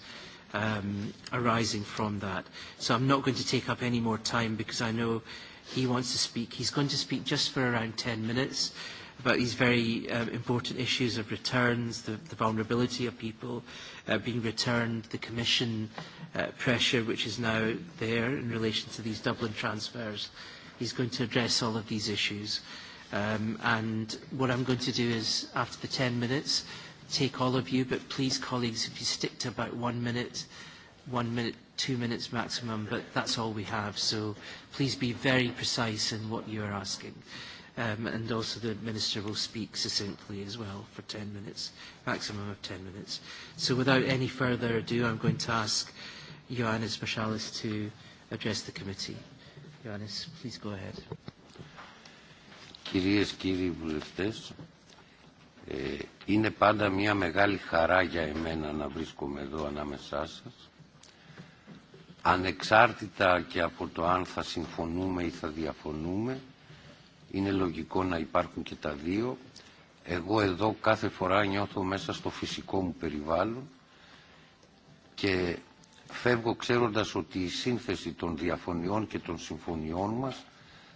um, arising from that. So I'm not going to take up any more time because I know he wants to speak. He's going to speak just for around 10 minutes about these very um, important issues of returns, the, the vulnerability of people uh, being returned, the Commission uh, pressure which is now there in relation to these Dublin transfers. He's going to address all of these issues. Um, and what I'm going to do is, after the 10 minutes, take all of you, but please, colleagues, if you stick to about one minute, one minute, two minutes maximum, but that's all we have. So please be very precise in what you are asking um, and also the Minister will speak succinctly as well for 10 minutes, maximum of 10 minutes. So without any further ado, I'm going to ask Ioannis Marsalis to address the committee. Ioannis, please go ahead. Κυρίες κύριοι βουλευτές, ε, είναι πάντα μια μεγάλη χαρά για εμένα να βρίσκομαι εδώ ανάμεσά σας ανεξάρτητα και από το αν θα συμφωνούμε ή θα διαφωνούμε, είναι λογικό να υπάρχουν και τα δύο. Εγώ εδώ κάθε φορά νιώθω μέσα στο φυσικό μου περιβάλλον και φεύγω ξέροντας ότι η σύνθεση των διαφωνιών και των συμφωνιών μας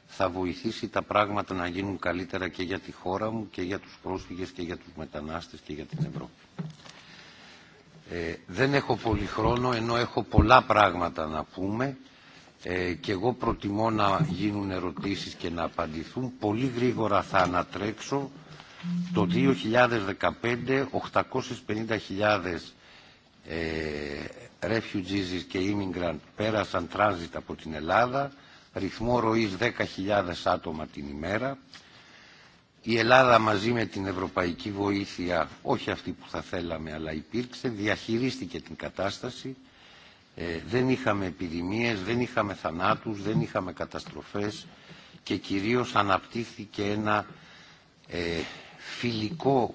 θα βοηθήσει τα πράγματα να γίνουν καλύτερα και για τη χώρα μου και για τους πρόσφυγες και για τους μετανάστες και για την Ευρώπη. Ε, δεν έχω πολύ χρόνο ενώ έχω πολλά πράγματα να πούμε ε, και εγώ προτιμώ να γίνουν ερωτήσεις και να απαντηθούν. Πολύ γρήγορα θα ανατρέξω. Το 2015 850.000 refugees και immigrant πέρασαν transit από την Ελλάδα, ρυθμό ροής 10.000 άτομα την ημέρα. Η Ελλάδα μαζί με την ευρωπαϊκή βοήθεια, όχι αυτή που θα θέλαμε αλλά υπήρξε, διαχειρίστηκε την κατάσταση ε, δεν είχαμε επιδημίες, δεν είχαμε θανάτους, δεν είχαμε καταστροφές και κυρίως αναπτύχθηκε ένα ε, φιλικό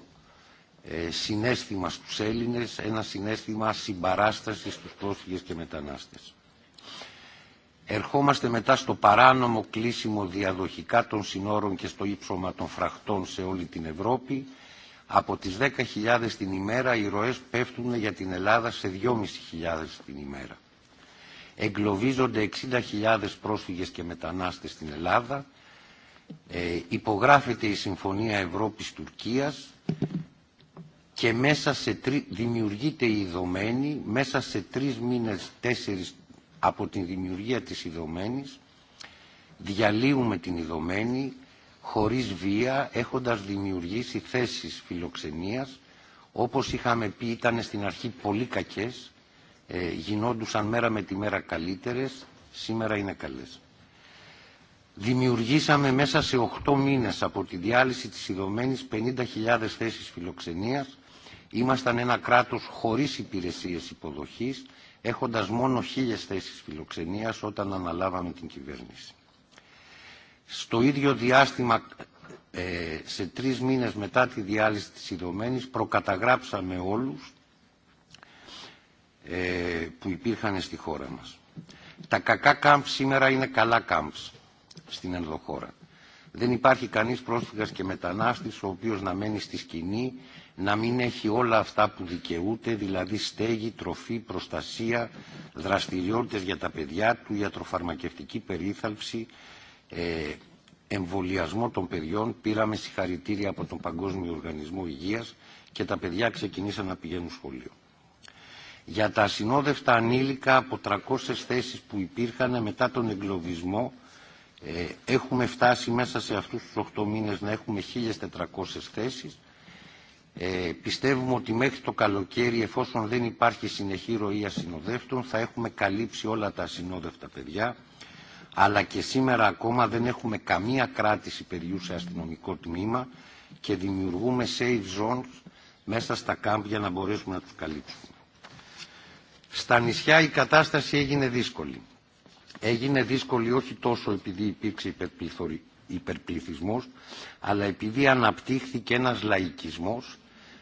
ε, συνέστημα στους Έλληνες, ένα συνέστημα συμπαράστασης στους πρόσφυγες και μετανάστες. Ερχόμαστε μετά στο παράνομο κλείσιμο διαδοχικά των συνόρων και στο ύψωμα των φραχτών σε όλη την Ευρώπη, Από τις 10.000 την ημέρα οι ροές πέφτουν για την Ελλάδα σε 2.500 την ημέρα. Εγκλωβίζονται 60.000 πρόσφυγες και μετανάστες στην Ελλάδα. Ε, υπογράφεται η Συμφωνία Ευρώπης-Τουρκίας και μέσα σε τρι... δημιουργείται η δομένη μέσα σε τρεις μήνες, τέσσερις από την δημιουργία της ειδωμένης, διαλύουμε την ειδωμένη, χωρίς βία, έχοντας δημιουργήσει θέσεις φιλοξενίας, όπως είχαμε πει ήταν στην αρχή πολύ κακές, ε, γινόντουσαν μέρα με τη μέρα καλύτερες, σήμερα είναι καλές. Δημιουργήσαμε μέσα σε 8 μήνες από τη διάλυση της ειδωμένης 50.000 θέσεις φιλοξενίας. Ήμασταν ένα κράτος χωρίς υπηρεσίες υποδοχής, έχοντας μόνο χίλιες θέσεις φιλοξενίας όταν αναλάβαμε την κυβέρνηση στο ίδιο διάστημα ε, σε τρεις μήνες μετά τη διάλυση της Ιδωμένης προκαταγράψαμε όλους ε, που υπήρχαν στη χώρα μας. Τα κακά κάμπ σήμερα είναι καλά κάμψ στην ενδοχώρα. Δεν υπάρχει κανείς πρόσφυγας και μετανάστης ο οποίος να μένει στη σκηνή να μην έχει όλα αυτά που δικαιούται, δηλαδή στέγη, τροφή, προστασία, δραστηριότητες για τα παιδιά του, ιατροφαρμακευτική περίθαλψη, ε, εμβολιασμό των παιδιών, πήραμε συγχαρητήρια από τον Παγκόσμιο Οργανισμό Υγείας και τα παιδιά ξεκινήσαν να πηγαίνουν σχολείο. Για τα ασυνόδευτα ανήλικα από 300 θέσεις που υπήρχαν μετά τον εγκλωβισμό ε, έχουμε φτάσει μέσα σε αυτούς τους 8 μήνες να έχουμε 1.400 θέσεις. Ε, πιστεύουμε ότι μέχρι το καλοκαίρι εφόσον δεν υπάρχει συνεχή ροή ασυνοδεύτων θα έχουμε καλύψει όλα τα ασυνόδευτα παιδιά αλλά και σήμερα ακόμα δεν έχουμε καμία κράτηση σε αστυνομικό τμήμα και δημιουργούμε safe zones μέσα στα κάμπ για να μπορέσουμε να τους καλύψουμε. Στα νησιά η κατάσταση έγινε δύσκολη. Έγινε δύσκολη όχι τόσο επειδή υπήρξε υπερπληθυσμός, αλλά επειδή αναπτύχθηκε ένας λαϊκισμός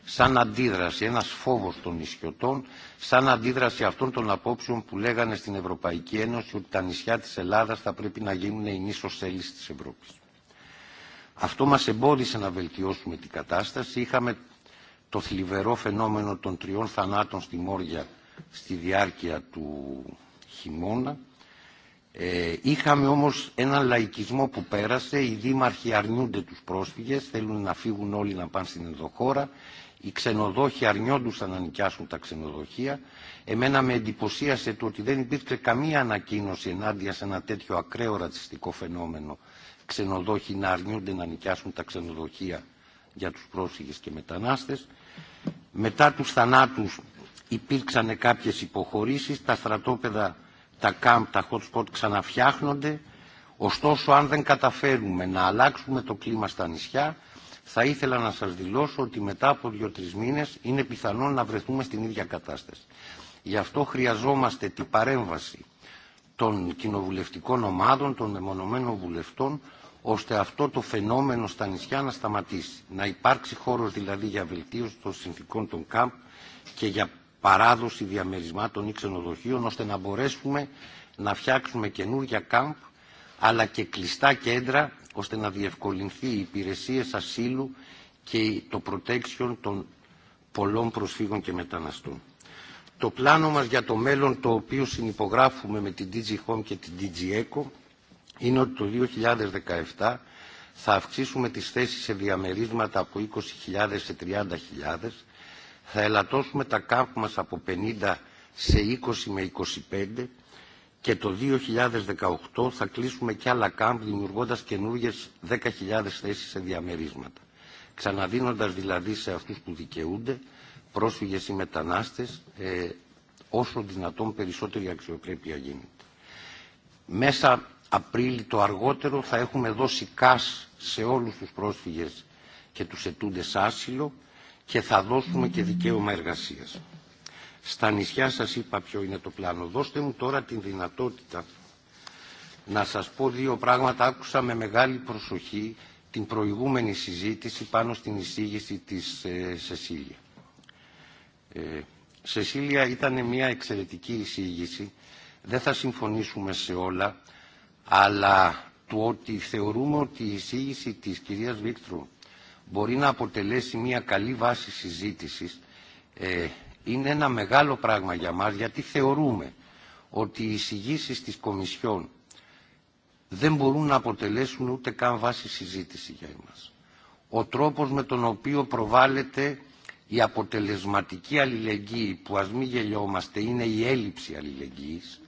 σαν αντίδραση, ένας φόβος των νησιωτών, σαν αντίδραση αυτών των απόψεων που λέγανε στην Ευρωπαϊκή Ένωση ότι τα νησιά της Ελλάδας θα πρέπει να γίνουν οι νήσος θέλης της Ευρώπης. Αυτό μας εμπόδισε να βελτιώσουμε την κατάσταση. Είχαμε το θλιβερό φαινόμενο των τριών θανάτων στη Μόρια στη διάρκεια του χειμώνα. Ε, είχαμε όμως έναν λαϊκισμό που πέρασε, οι δήμαρχοι αρνούνται τους πρόσφυγες, θέλουν να φύγουν όλοι να πάνε στην ενδοχώρα οι ξενοδόχοι αρνιόντουσαν να νοικιάσουν τα ξενοδοχεία, εμένα με εντυπωσίασε το ότι δεν υπήρξε καμία ανακοίνωση ενάντια σε ένα τέτοιο ακραίο ρατσιστικό φαινόμενο ξενοδόχοι να αρνιούνται να νοικιάσουν τα ξενοδοχεία για τους πρόσφυγες και μετανάστες. Μετά τους θανάτους υπήρξαν κάποιες υποχωρήσεις, τα στρατόπεδα, τα κάμπ, τα hot spot ξαναφτιάχνονται, ωστόσο αν δεν καταφέρουμε να αλλάξουμε το κλίμα στα νησιά, θα ήθελα να σας δηλώσω ότι μετά από δύο-τρεις μήνες είναι πιθανό να βρεθούμε στην ίδια κατάσταση. Γι' αυτό χρειαζόμαστε την παρέμβαση των κοινοβουλευτικών ομάδων, των μεμονωμένων βουλευτών, ώστε αυτό το φαινόμενο στα νησιά να σταματήσει. Να υπάρξει χώρος δηλαδή για βελτίωση των συνθήκων των ΚΑΜΠ και για παράδοση διαμερισμάτων ή ξενοδοχείων, ώστε να μπορέσουμε να φτιάξουμε καινούργια ΚΑΜΠ, αλλά και κλειστά κέντρα ώστε να διευκολυνθεί οι υπηρεσία ασύλου και το protection των πολλών προσφύγων και μεταναστών. Το πλάνο μας για το μέλλον το οποίο συνυπογράφουμε με την DG Home και την DG ECO είναι ότι το 2017 θα αυξήσουμε τις θέσεις σε διαμερίσματα από 20.000 σε 30.000, θα ελαττώσουμε τα κάμπ μας από 50 σε 20 με και το 2018 θα κλείσουμε κι άλλα κάμπ δημιουργώντας καινούργιες 10.000 θέσεις σε διαμερίσματα. Ξαναδίνοντας δηλαδή σε αυτούς που δικαιούνται, πρόσφυγες ή μετανάστες, ε, όσο δυνατόν περισσότερη αξιοπρέπεια γίνεται. Μέσα Απρίλη το αργότερο θα έχουμε δώσει ΚΑΣ σε όλους τους πρόσφυγες και τους ετούντες άσυλο και θα δώσουμε και δικαίωμα εργασίας. Στα νησιά σας είπα ποιο είναι το πλάνο. Δώστε μου τώρα την δυνατότητα να σας πω δύο πράγματα. Άκουσα με μεγάλη προσοχή την προηγούμενη συζήτηση πάνω στην εισήγηση της ε, Σεσίλια. Ε, Σεσίλια ήταν μια εξαιρετική εισήγηση. Δεν θα συμφωνήσουμε σε όλα, αλλά το ότι θεωρούμε ότι η εισήγηση της κυρίας Βίκτρου μπορεί να αποτελέσει μια καλή βάση συζήτησης ε, είναι ένα μεγάλο πράγμα για μας γιατί θεωρούμε ότι οι εισηγήσει της Κομισιόν δεν μπορούν να αποτελέσουν ούτε καν βάση συζήτηση για εμάς. Ο τρόπος με τον οποίο προβάλλεται η αποτελεσματική αλληλεγγύη που ας μην γελιόμαστε είναι η έλλειψη αλληλεγγύης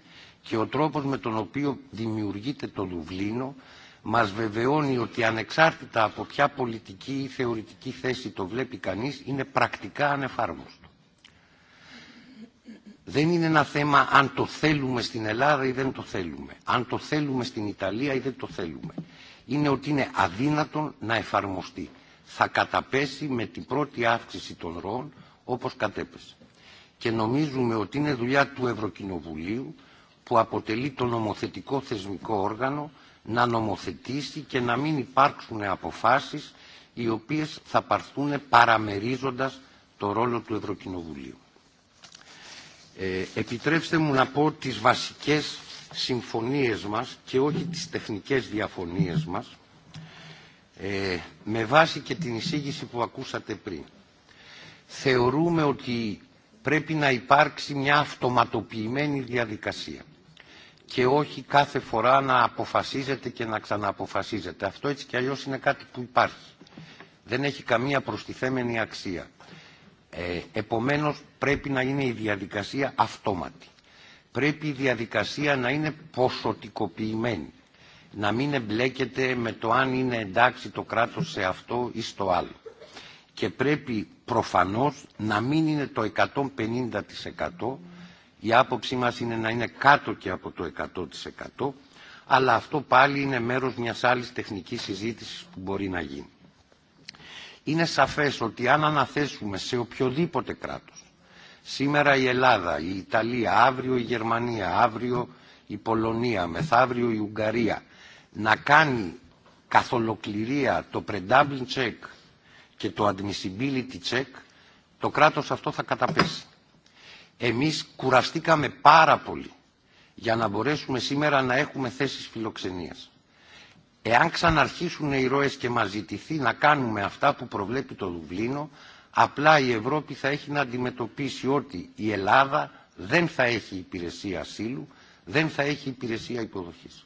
και ο τρόπος με τον οποίο δημιουργείται το Δουβλίνο μας βεβαιώνει ότι ανεξάρτητα από ποια πολιτική ή θεωρητική θέση το βλέπει κανείς είναι πρακτικά ανεφάρμοστο δεν είναι ένα θέμα αν το θέλουμε στην Ελλάδα ή δεν το θέλουμε, αν το θέλουμε στην Ιταλία ή δεν το θέλουμε. Είναι ότι είναι αδύνατον να εφαρμοστεί. Θα καταπέσει με την πρώτη αύξηση των ροών όπως κατέπεσε. Και νομίζουμε ότι είναι δουλειά του Ευρωκοινοβουλίου που αποτελεί το νομοθετικό θεσμικό όργανο να νομοθετήσει και να μην υπάρξουν αποφάσεις οι οποίες θα παρθούν παραμερίζοντας το ρόλο του Ευρωκοινοβουλίου. Ε, επιτρέψτε μου να πω τις βασικές συμφωνίες μας και όχι τις τεχνικές διαφωνίες μας ε, με βάση και την εισήγηση που ακούσατε πριν. Θεωρούμε ότι πρέπει να υπάρξει μια αυτοματοποιημένη διαδικασία και όχι κάθε φορά να αποφασίζεται και να ξανααποφασίζεται. Αυτό έτσι κι αλλιώς είναι κάτι που υπάρχει. Δεν έχει καμία προστιθέμενη αξία. Ε, επομένως πρέπει να είναι η διαδικασία αυτόματη. Πρέπει η διαδικασία να είναι ποσοτικοποιημένη. Να μην εμπλέκεται με το αν είναι εντάξει το κράτος σε αυτό ή στο άλλο. Και πρέπει προφανώς να μην είναι το 150% η άποψή μας είναι να είναι κάτω και από το 100% αλλά αυτό πάλι είναι μέρος μιας άλλης τεχνικής συζήτησης που μπορεί να γίνει. Είναι σαφές ότι αν αναθέσουμε σε οποιοδήποτε κράτος Σήμερα η Ελλάδα, η Ιταλία, αύριο η Γερμανία, αύριο η Πολωνία, μεθαύριο η Ουγγαρία να κάνει καθ' ολοκληρία το pre check και το admissibility check, το κράτος αυτό θα καταπέσει. Εμείς κουραστήκαμε πάρα πολύ για να μπορέσουμε σήμερα να έχουμε θέσεις φιλοξενίας. Εάν ξαναρχίσουν οι ροές και μας ζητηθεί να κάνουμε αυτά που προβλέπει το Δουβλίνο, Απλά η Ευρώπη θα έχει να αντιμετωπίσει ότι η Ελλάδα δεν θα έχει υπηρεσία ασύλου, δεν θα έχει υπηρεσία υποδοχής.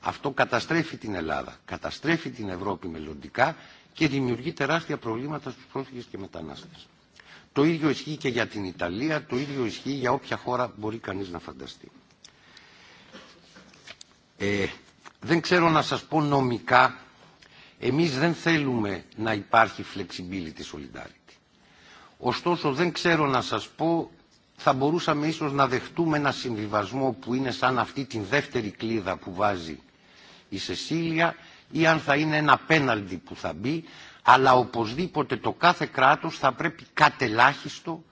Αυτό καταστρέφει την Ελλάδα, καταστρέφει την Ευρώπη μελλοντικά και δημιουργεί τεράστια προβλήματα στους πρόσφυγες και μετανάστες. Το ίδιο ισχύει και για την Ιταλία, το ίδιο ισχύει για όποια χώρα μπορεί κανείς να φανταστεί. Ε, δεν ξέρω να σας πω νομικά, εμείς δεν θέλουμε να υπάρχει flexibility solidarity. Ωστόσο δεν ξέρω να σας πω, θα μπορούσαμε ίσως να δεχτούμε ένα συμβιβασμό που είναι σαν αυτή την δεύτερη κλίδα που βάζει η Σεσίλια ή αν θα είναι ένα πέναλτι που θα μπει, αλλά οπωσδήποτε το κάθε κράτος θα πρέπει κατελάχιστο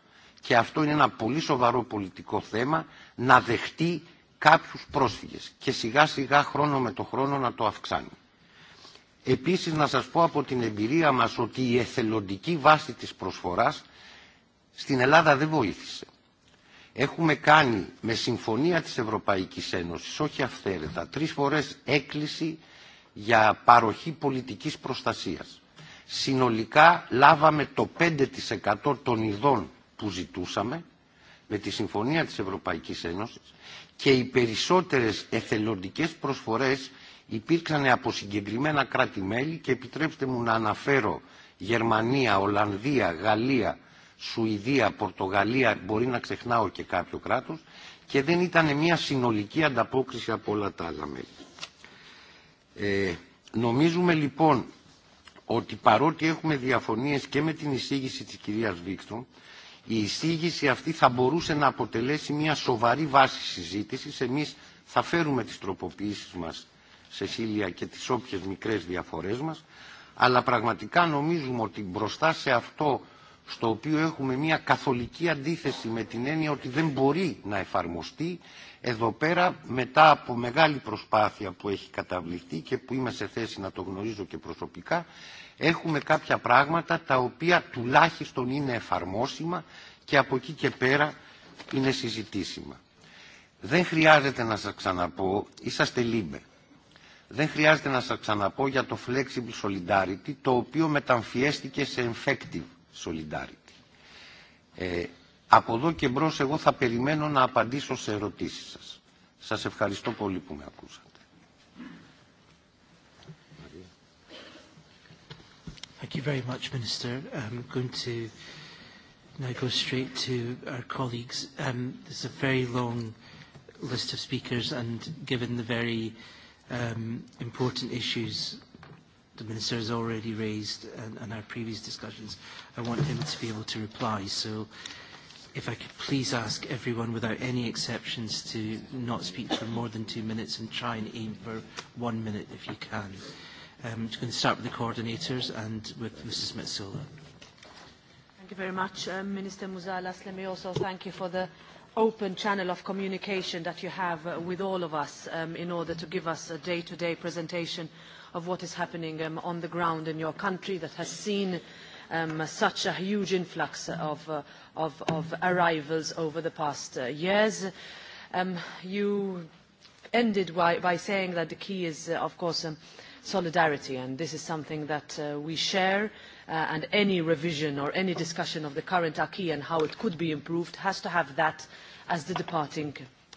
και αυτό είναι ένα πολύ σοβαρό πολιτικό θέμα, να δεχτεί κάποιους πρόσφυγες και σιγά σιγά χρόνο με το χρόνο να το αυξάνει. Επίσης να σας πω από την εμπειρία μας ότι η εθελοντική βάση της προσφοράς στην Ελλάδα δεν βοήθησε. Έχουμε κάνει με συμφωνία της Ευρωπαϊκής Ένωσης, όχι αυθαίρετα, τρεις φορές έκκληση για παροχή πολιτικής προστασίας. Συνολικά λάβαμε το 5% των ειδών που ζητούσαμε με τη Συμφωνία της Ευρωπαϊκής Ένωσης και οι περισσότερες εθελοντικές προσφορές υπήρξαν από συγκεκριμένα κράτη-μέλη και επιτρέψτε μου να αναφέρω Γερμανία, Ολλανδία, Γαλλία, Σουηδία, Πορτογαλία, μπορεί να ξεχνάω και κάποιο κράτος, και δεν ήταν μια συνολική ανταπόκριση από όλα τα άλλα μέλη. Ε, νομίζουμε λοιπόν ότι παρότι έχουμε διαφωνίες και με την εισήγηση της κυρίας Βίξτον, η εισήγηση αυτή θα μπορούσε να αποτελέσει μια σοβαρή βάση συζήτησης. Εμείς θα φέρουμε τις τροποποιήσεις μας, Σεσίλια, και τις όποιες μικρές διαφορές μας, αλλά πραγματικά νομίζουμε ότι μπροστά σε αυτό στο οποίο έχουμε μια καθολική αντίθεση με την έννοια ότι δεν μπορεί να εφαρμοστεί εδώ πέρα μετά από μεγάλη προσπάθεια που έχει καταβληθεί και που είμαι σε θέση να το γνωρίζω και προσωπικά έχουμε κάποια πράγματα τα οποία τουλάχιστον είναι εφαρμόσιμα και από εκεί και πέρα είναι συζητήσιμα. Δεν χρειάζεται να σας ξαναπώ, είσαστε λίμπε. Δεν χρειάζεται να σας ξαναπώ για το flexible solidarity το οποίο μεταμφιέστηκε σε effective Solidarity. Ε, από εδώ και μπρος εγώ θα περιμένω να απαντήσω σε ερωτήσεις σας. Σας ευχαριστώ πολύ που με ακούσατε. Thank you very much, Minister. I'm um, going to now go straight to our colleagues. Um, there's a very long list of speakers and given the very um, important issues the Minister has already raised and, and our previous discussions, I want him to be able to reply. So if I could please ask everyone without any exceptions to not speak for more than two minutes and try and aim for one minute if you can. Um, I'm going to start with the coordinators and with Mrs. Metsola. Thank you very much, um, Minister Muzalas. Let me also thank you for the open channel of communication that you have uh, with all of us um, in order to give us a day-to-day -day presentation of what is happening um, on the ground in your country that has seen um, such a huge influx of, uh, of, of arrivals over the past uh, years. Um, you ended by, by saying that the key is, uh, of course, um, solidarity, and this is something that uh, we share, uh, and any revision or any discussion of the current acquis and how it could be improved has to have that as the departing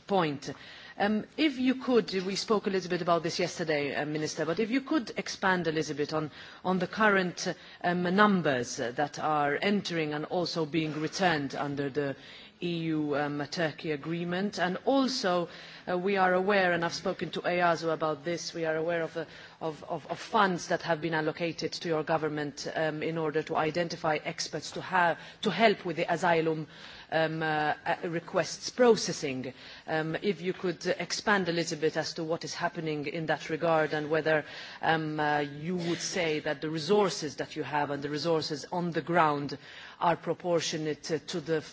point. Um, if you could, we spoke a little bit about this yesterday, uh, Minister, but if you could expand a little bit on, on the current uh, um, numbers that are entering and also being returned under the EU-Turkey um, agreement. And also, uh, we are aware, and I've spoken to EASO about this, we are aware of, the, uh, of, of, of funds that have been allocated to your government um, in order to identify experts to, have, to help with the asylum um, uh, uh, requests processing. Um, if you could expand a little bit as to what is happening in that regard and whether um, uh, you would say that the resources that you have and the resources on the ground are proportionate to the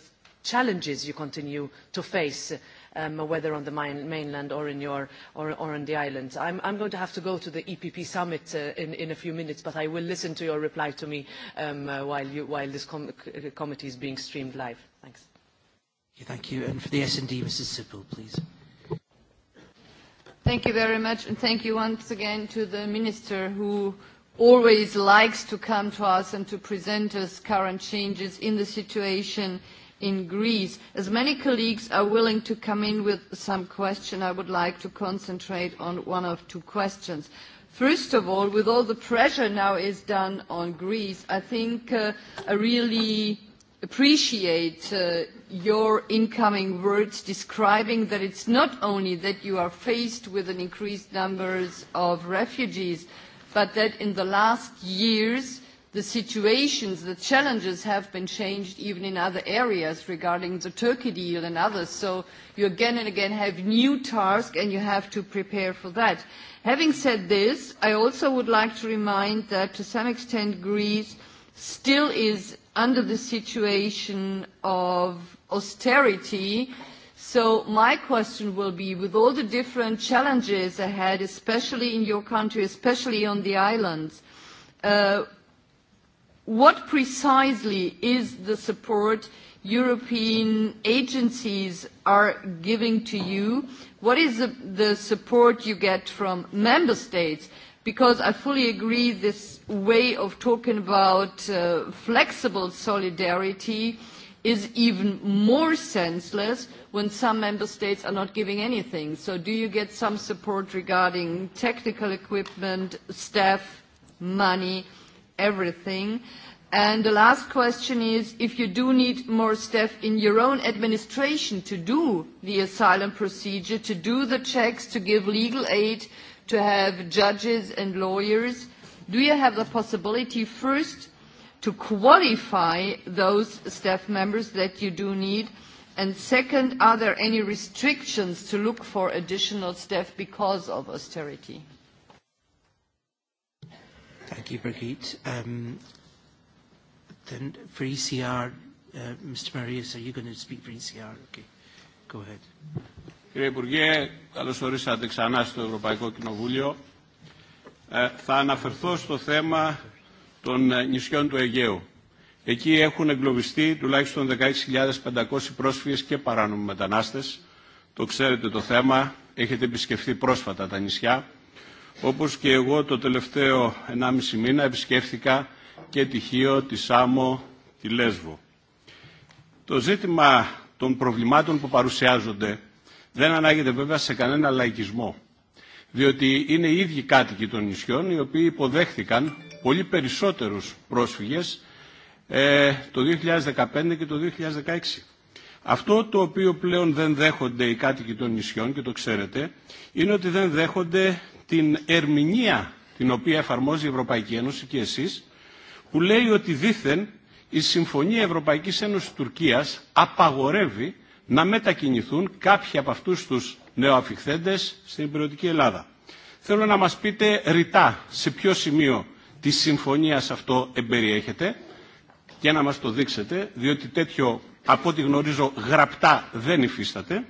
challenges you continue to face um, whether on the main, mainland or, in your, or, or on the island. I'm, I'm going to have to go to the EPP summit uh, in, in a few minutes, but I will listen to your reply to me um, uh, while, you, while this com committee is being streamed live. Thanks. Yeah, thank you. And for the S&D, Mrs. Sippel, please. Thank you very much, and thank you once again to the Minister who always likes to come to us and to present us current changes in the situation in Greece. As many colleagues are willing to come in with some question, I would like to concentrate on one of two questions. First of all, with all the pressure now is done on Greece, I think uh, a really appreciate uh, your incoming words describing that it's not only that you are faced with an increased numbers of refugees, but that in the last years the situations, the challenges have been changed even in other areas regarding the Turkey deal and others. So you again and again have new tasks and you have to prepare for that. Having said this, I also would like to remind that to some extent Greece still is under the situation of austerity. So my question will be, with all the different challenges ahead, especially in your country, especially on the islands, uh, what precisely is the support European agencies are giving to you? What is the, the support you get from member states? because I fully agree this way of talking about uh, flexible solidarity is even more senseless when some member states are not giving anything. So do you get some support regarding technical equipment, staff, money, everything? And the last question is, if you do need more staff in your own administration to do the asylum procedure, to do the checks, to give legal aid, to have judges and lawyers? Do you have the possibility first to qualify those staff members that you do need? And second, are there any restrictions to look for additional staff because of austerity? Thank you, Brigitte. Um, then for ECR, uh, Mr. Marius, are you going to speak for ECR? Okay, go ahead. Κύριε Υπουργέ, καλώ ορίσατε ξανά στο Ευρωπαϊκό Κοινοβούλιο. Ε, θα αναφερθώ στο θέμα των νησιών του Αιγαίου. Εκεί έχουν εγκλωβιστεί τουλάχιστον 16.500 πρόσφυγες και παράνομοι μετανάστες. Το ξέρετε το θέμα, έχετε επισκεφθεί πρόσφατα τα νησιά. Όπως και εγώ το τελευταίο 1,5 μήνα επισκέφθηκα και τη Χίο, τη Σάμο, τη Λέσβο. Το ζήτημα των προβλημάτων που παρουσιάζονται Δεν ανάγεται βέβαια σε κανένα λαϊκισμό, διότι είναι οι ίδιοι κάτοικοι των νησιών οι οποίοι υποδέχθηκαν πολύ περισσότερους πρόσφυγες ε, το 2015 και το 2016. Αυτό το οποίο πλέον δεν δέχονται οι κάτοικοι των νησιών και το ξέρετε είναι ότι δεν δέχονται την ερμηνεία την οποία εφαρμόζει η Ευρωπαϊκή Ένωση και εσείς που λέει ότι δήθεν η Συμφωνία Ευρωπαϊκής Ένωσης Τουρκίας απαγορεύει να μετακινηθούν κάποιοι από αυτούς τους νεοαφιχθέντες στην περιοδική Ελλάδα. Θέλω να μας πείτε ρητά σε ποιο σημείο της συμφωνίας αυτό εμπεριέχεται και να μας το δείξετε, διότι τέτοιο από ό,τι γνωρίζω γραπτά δεν υφίσταται.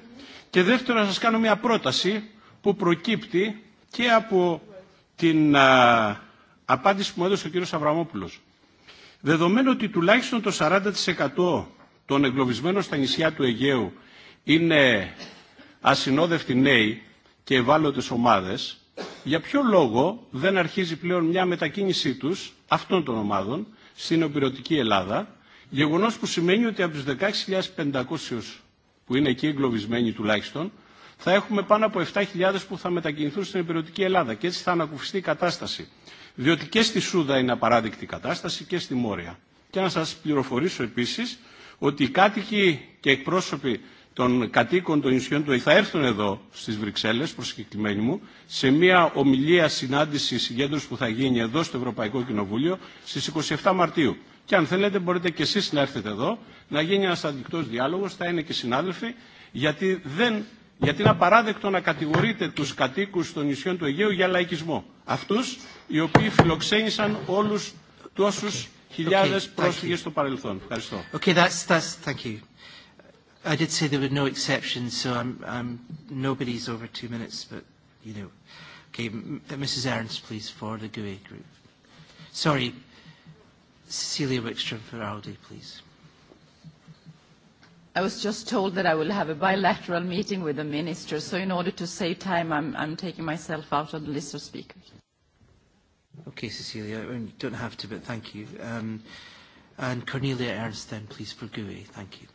Και δεύτερο να σας κάνω μια πρόταση που προκύπτει και από την α, απάντηση που μου έδωσε ο κ. Αβραμόπουλος. Δεδομένου ότι τουλάχιστον το 40% Τον εγκλωβισμένο στα νησιά του Αιγαίου είναι ασυνόδευτοι νέοι και ευάλωτες ομάδες, για ποιο λόγο δεν αρχίζει πλέον μια μετακίνησή τους αυτών των ομάδων στην οπηρετική Ελλάδα, γεγονός που σημαίνει ότι από τους 16.500 που είναι εκεί εγκλωβισμένοι τουλάχιστον, θα έχουμε πάνω από 7.000 που θα μετακινηθούν στην υπηρετική Ελλάδα και έτσι θα ανακουφιστεί η κατάσταση. Διότι και στη Σούδα είναι απαράδεικτη κατάσταση και στη Μόρια. Και να σας πληροφορήσω επίσης ότι οι κάτοικοι και εκπρόσωποι των κατοίκων των νησιών του θα έρθουν εδώ στις Βρυξέλλες, προσκεκλημένοι μου, σε μια ομιλία συνάντηση συγκέντρωση που θα γίνει εδώ στο Ευρωπαϊκό Κοινοβούλιο στις 27 Μαρτίου. Και αν θέλετε μπορείτε και εσείς να έρθετε εδώ, να γίνει ένας αντικτός διάλογος, θα είναι και συνάδελφοι, γιατί, δεν, γιατί είναι απαράδεκτο να κατηγορείτε τους κατοίκους των νησιών του Αιγαίου για λαϊκισμό. Αυτούς οι οποίοι φιλοξένησαν όλους τόσους χιλιάδες okay, πρόσφυγες στο Ευχαριστώ. Okay, that's, that's, thank you. I did say there were no exceptions, so I'm, I'm, nobody's over two minutes, but you know. Okay, M Mrs. Ernst, please, for the GUE group. Sorry, Cecilia Wickstrom for ALDE, please. I was just told that I will have a bilateral meeting with the minister, so in order to save time, I'm, I'm taking myself out of the list of speakers. Okay, Cecilia, you don't have to, but thank you. Um, and Cornelia Ernst then, please, for GUE. Thank you.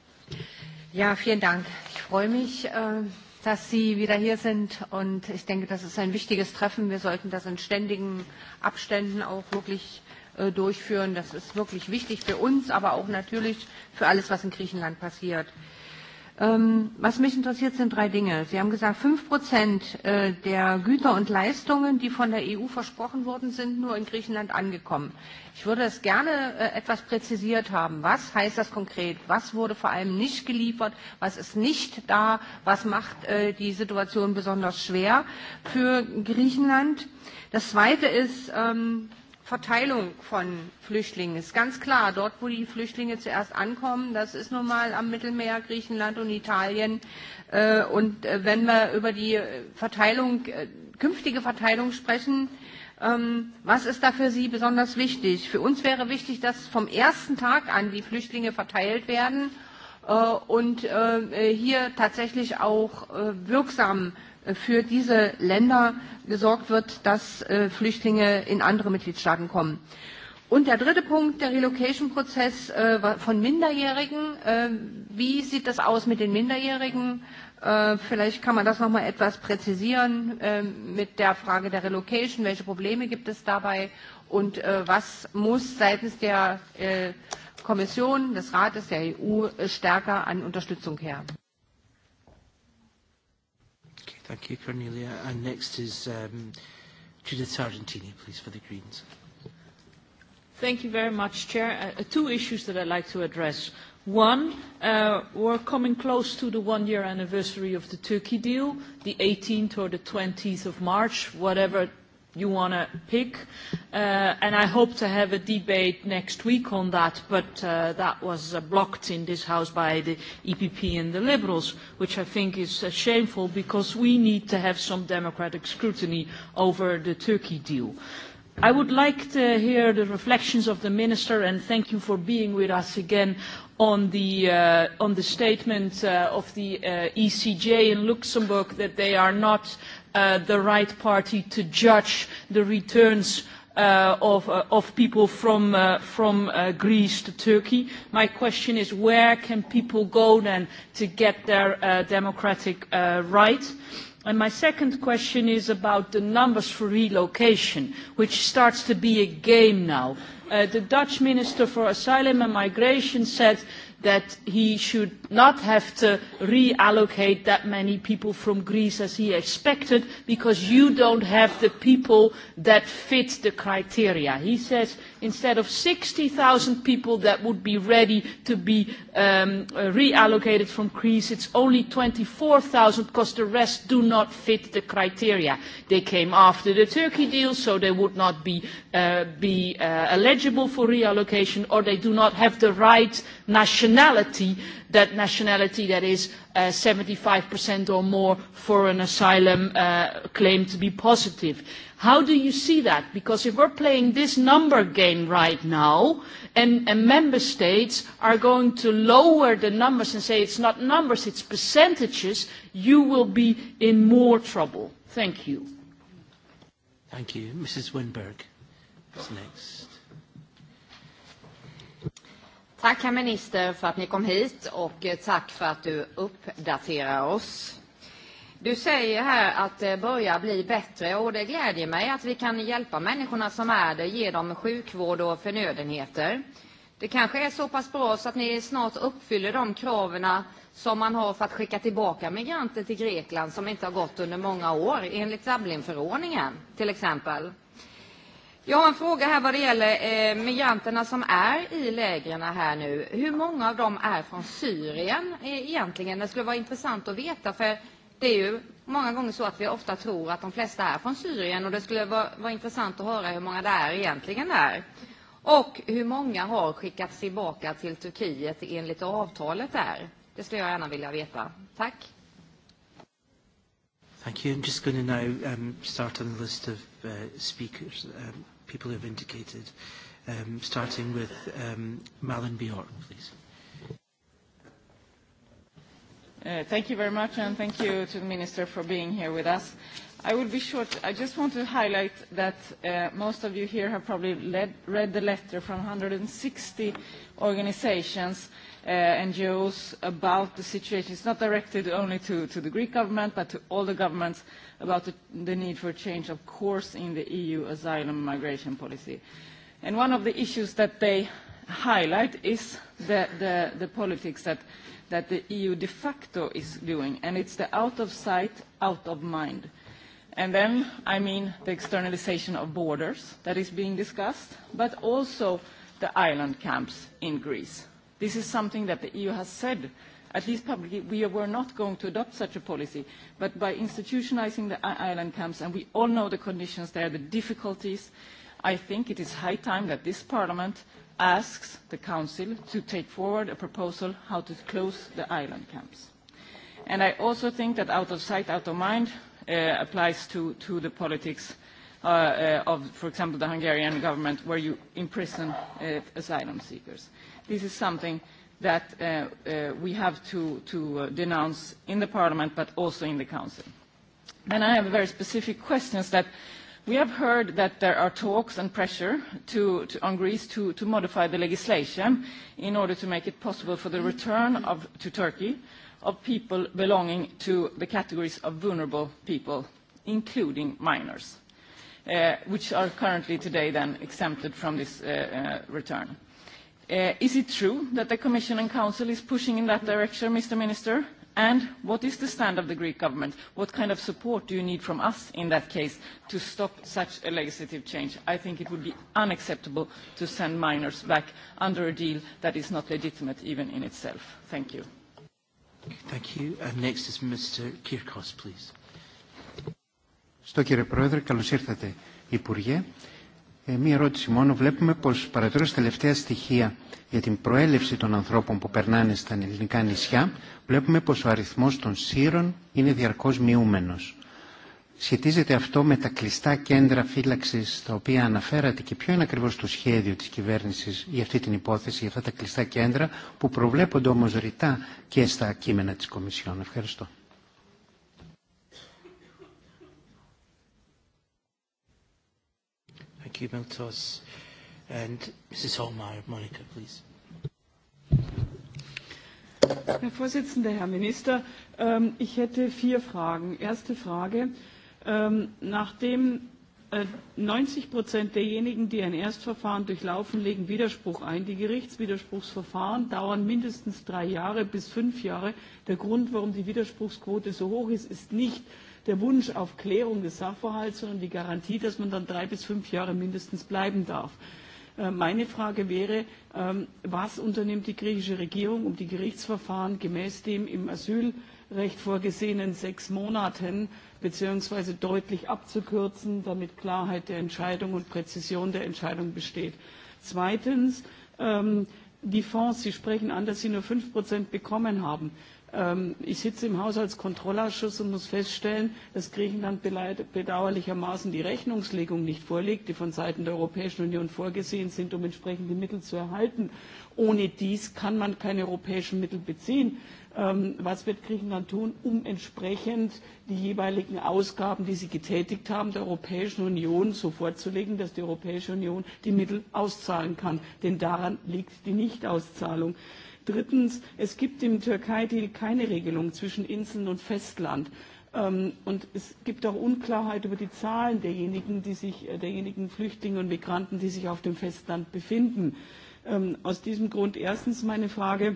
Ja, vielen Dank. Ich freue mich, ähm, dass Sie wieder hier sind und ich denke, das ist ein wichtiges Treffen. Wir sollten das in ständigen Abständen auch wirklich äh, durchführen. Das ist wirklich wichtig für uns, aber auch natürlich für alles, was in Griechenland passiert. Ähm, was mich interessiert, sind drei Dinge. Sie haben gesagt, fünf Prozent äh, der Güter und Leistungen, die von der EU versprochen wurden, sind nur in Griechenland angekommen. Ich würde es gerne äh, etwas präzisiert haben. Was heißt das konkret? Was wurde vor allem nicht geliefert? Was ist nicht da? Was macht äh, die Situation besonders schwer für Griechenland? Das Zweite ist, ähm, Verteilung von Flüchtlingen ist ganz klar. Dort, wo die Flüchtlinge zuerst ankommen, das ist nun mal am Mittelmeer, Griechenland und Italien. Äh, und äh, wenn wir über die äh, Verteilung, künftige Verteilung sprechen, ähm, was ist da für Sie besonders wichtig? Für uns wäre wichtig, dass vom ersten Tag an die Flüchtlinge verteilt werden und hier tatsächlich auch wirksam für diese Länder gesorgt wird, dass äh, Flüchtlinge in andere Mitgliedstaaten kommen. Und der dritte Punkt, der Relocation-Prozess äh, von Minderjährigen. Äh, wie sieht das aus mit den Minderjährigen? Äh, vielleicht kann man das nochmal etwas präzisieren äh, mit der Frage der Relocation. Welche Probleme gibt es dabei? Und äh, was muss seitens der äh, Kommission, des Rates, der EU äh, stärker an Unterstützung her? Thank you, Cornelia. And next is um, Judith Sargentini, please, for the Greens. Thank you very much, Chair. Uh, uh, two issues that I'd like to address. One, uh, we're coming close to the one-year anniversary of the Turkey deal, the 18th or the 20th of March, whatever you want to pick. Uh, and I hope to have a debate next week on that, but uh, that was uh, blocked in this House by the EPP and the Liberals, which I think is uh, shameful because we need to have some democratic scrutiny over the Turkey deal. I would like to hear the reflections of the Minister and thank you for being with us again on the, uh, on the statement uh, of the uh, ECJ in Luxembourg that they are not uh, Uh, the right party to judge the returns uh, of, uh, of people from, uh, from uh, Greece to Turkey. My question is where can people go then to get their uh, democratic uh, right? And my second question is about the numbers for relocation, which starts to be a game now. Uh, the Dutch Minister for Asylum and Migration said that he should not have to reallocate that many people from Greece as he expected because you don't have the people that fit the criteria. He says instead of 60,000 people that would be ready to be um, uh, reallocated from Greece, it's only 24,000 because the rest do not fit the criteria. They came after the Turkey deal, so they would not be, uh, be uh, eligible for reallocation, or they do not have the right nationality, that nationality that is uh, 75% or more for an asylum uh, claim to be positive. Uh, How do you see that? Because if we're playing this number game right now, and, and member states are going to lower the numbers and say it's not numbers, it's percentages, you will be in more trouble. Thank you. Thank you. Mrs. Winberg is next. Tack herr minister för att ni kom hit och eh, tack för att du uppdaterar oss. Du säger här att det börjar bli bättre och det glädjer mig att vi kan hjälpa människorna som är det, ge dem sjukvård och förnödenheter. Det kanske är så pass bra så att ni snart uppfyller de kraven som man har för att skicka tillbaka migranter till Grekland som inte har gått under många år enligt Dublinförordningen till exempel. Jag har en fråga här vad det gäller eh, migranterna som är i lägren här nu. Hur många av dem är från Syrien eh, egentligen? Det skulle vara intressant att veta för Det är ju många gånger så att vi ofta tror att de flesta är från Syrien och det skulle vara, vara intressant att höra hur många det är egentligen är. Och hur många har skickats tillbaka till Turkiet enligt avtalet där? Det skulle jag gärna vilja veta. Tack. Thank you. I'm just going to now um, start on the list of uh, speakers, um, people who have indicated, um, starting with um, Malin Bjork, please. Uh, thank you very much, and thank you to the Minister for being here with us. I will be short. I just want to highlight that uh, most of you here have probably led, read the letter from 160 organizations, uh, NGOs, about the situation. It's not directed only to, to the Greek government, but to all the governments about the, the need for change, of course, in the EU asylum and migration policy. And one of the issues that they highlight is the, the, the politics that that the EU de facto is doing, and it's the out of sight, out of mind. And then I mean the externalization of borders that is being discussed, but also the island camps in Greece. This is something that the EU has said, at least publicly, we were not going to adopt such a policy, but by institutionalizing the island camps, and we all know the conditions there, the difficulties, I think it is high time that this Parliament asks the Council to take forward a proposal how to close the island camps. And I also think that out of sight, out of mind uh, applies to, to the politics uh, uh, of, for example, the Hungarian government where you imprison uh, asylum seekers. This is something that uh, uh, we have to, to uh, denounce in the Parliament but also in the Council. Then I have very specific questions that We have heard that there are talks and pressure to, to, on Greece to, to modify the legislation in order to make it possible for the return of, to Turkey of people belonging to the categories of vulnerable people, including minors, uh, which are currently today then exempted from this uh, uh, return. Uh, is it true that the Commission and Council is pushing in that direction, Mr. Minister? And what is the stand of the Greek government? What kind of support do you need from us in that case to stop such a legislative change? I think it would be unacceptable to send minors back under a deal that is not legitimate even in itself. Thank you. Thank you. And uh, next is Mr. Kirkos, please. Στο κύριε Πρόεδρε, καλώς ήρθατε, Υπουργέ μία ερώτηση μόνο. Βλέπουμε πως παρατηρώντας τελευταία στοιχεία για την προέλευση των ανθρώπων που περνάνε στα ελληνικά νησιά, βλέπουμε πως ο αριθμός των σύρων είναι διαρκώς μειούμενος. Σχετίζεται αυτό με τα κλειστά κέντρα φύλαξη τα οποία αναφέρατε και ποιο είναι ακριβώ το σχέδιο τη κυβέρνηση για αυτή την υπόθεση, για αυτά τα κλειστά κέντρα που προβλέπονται όμω ρητά και στα κείμενα τη Κομισιόν. Ευχαριστώ. you, Miltos. And Mrs. Holmeyer, Monica, please. Herr Vorsitzender, Herr Minister, ähm, ich hätte vier Fragen. Erste Frage, ähm, nachdem äh, 90 Prozent derjenigen, die ein Erstverfahren durchlaufen, legen Widerspruch ein. Die Gerichtswiderspruchsverfahren dauern mindestens drei Jahre bis fünf Jahre. Der Grund, warum die Widerspruchsquote so hoch ist, ist nicht, der Wunsch auf Klärung des Sachverhalts, sondern die Garantie, dass man dann drei bis fünf Jahre mindestens bleiben darf. Äh, meine Frage wäre, ähm, was unternimmt die griechische Regierung, um die Gerichtsverfahren gemäß dem im Asylrecht vorgesehenen sechs Monaten bzw. deutlich abzukürzen, damit Klarheit der Entscheidung und Präzision der Entscheidung besteht? Zweitens, ähm, die Fonds, Sie sprechen an, dass Sie nur fünf Prozent bekommen haben. Ähm, ich sitze im Haushaltskontrollausschuss und muss feststellen, dass Griechenland bedauerlichermaßen die Rechnungslegung nicht vorlegt, die von Seiten der Europäischen Union vorgesehen sind, um entsprechende Mittel zu erhalten. Ohne dies kann man keine europäischen Mittel beziehen. Ähm, was wird Griechenland tun, um entsprechend die jeweiligen Ausgaben, die sie getätigt haben, der Europäischen Union so vorzulegen, dass die Europäische Union die Mittel auszahlen kann? Denn daran liegt die Nichtauszahlung. auszahlung Drittens, es gibt im Türkei-Deal keine Regelung zwischen Inseln und Festland. Ähm, und es gibt auch Unklarheit über die Zahlen derjenigen, die sich, äh, derjenigen Flüchtlinge und Migranten, die sich auf dem Festland befinden. Ähm, aus diesem Grund erstens meine Frage,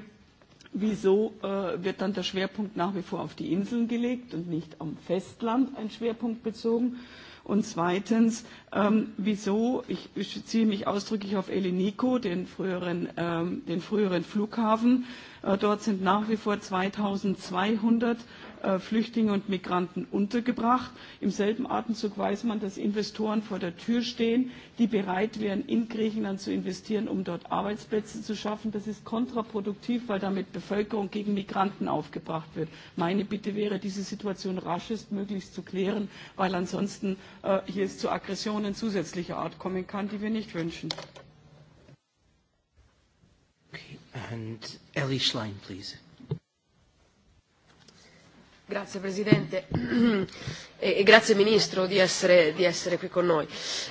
wieso äh, wird dann der Schwerpunkt nach wie vor auf die Inseln gelegt und nicht am Festland ein Schwerpunkt bezogen? Und zweitens, ähm, wieso, ich, ich ziehe mich ausdrücklich auf Elenico, den früheren, ähm, den früheren Flughafen, äh, dort sind nach wie vor 2200 Äh, Flüchtlinge und Migranten untergebracht. Im selben Atemzug weiß man, dass Investoren vor der Tür stehen, die bereit wären, in Griechenland zu investieren, um dort Arbeitsplätze zu schaffen. Das ist kontraproduktiv, weil damit Bevölkerung gegen Migranten aufgebracht wird. Meine Bitte wäre, diese Situation raschestmöglichst zu klären, weil ansonsten äh, hier es zu Aggressionen zusätzlicher Art kommen kann, die wir nicht wünschen. And Ellie Schlein, please. Grazie Presidente e, e grazie Ministro di essere, di essere qui con noi.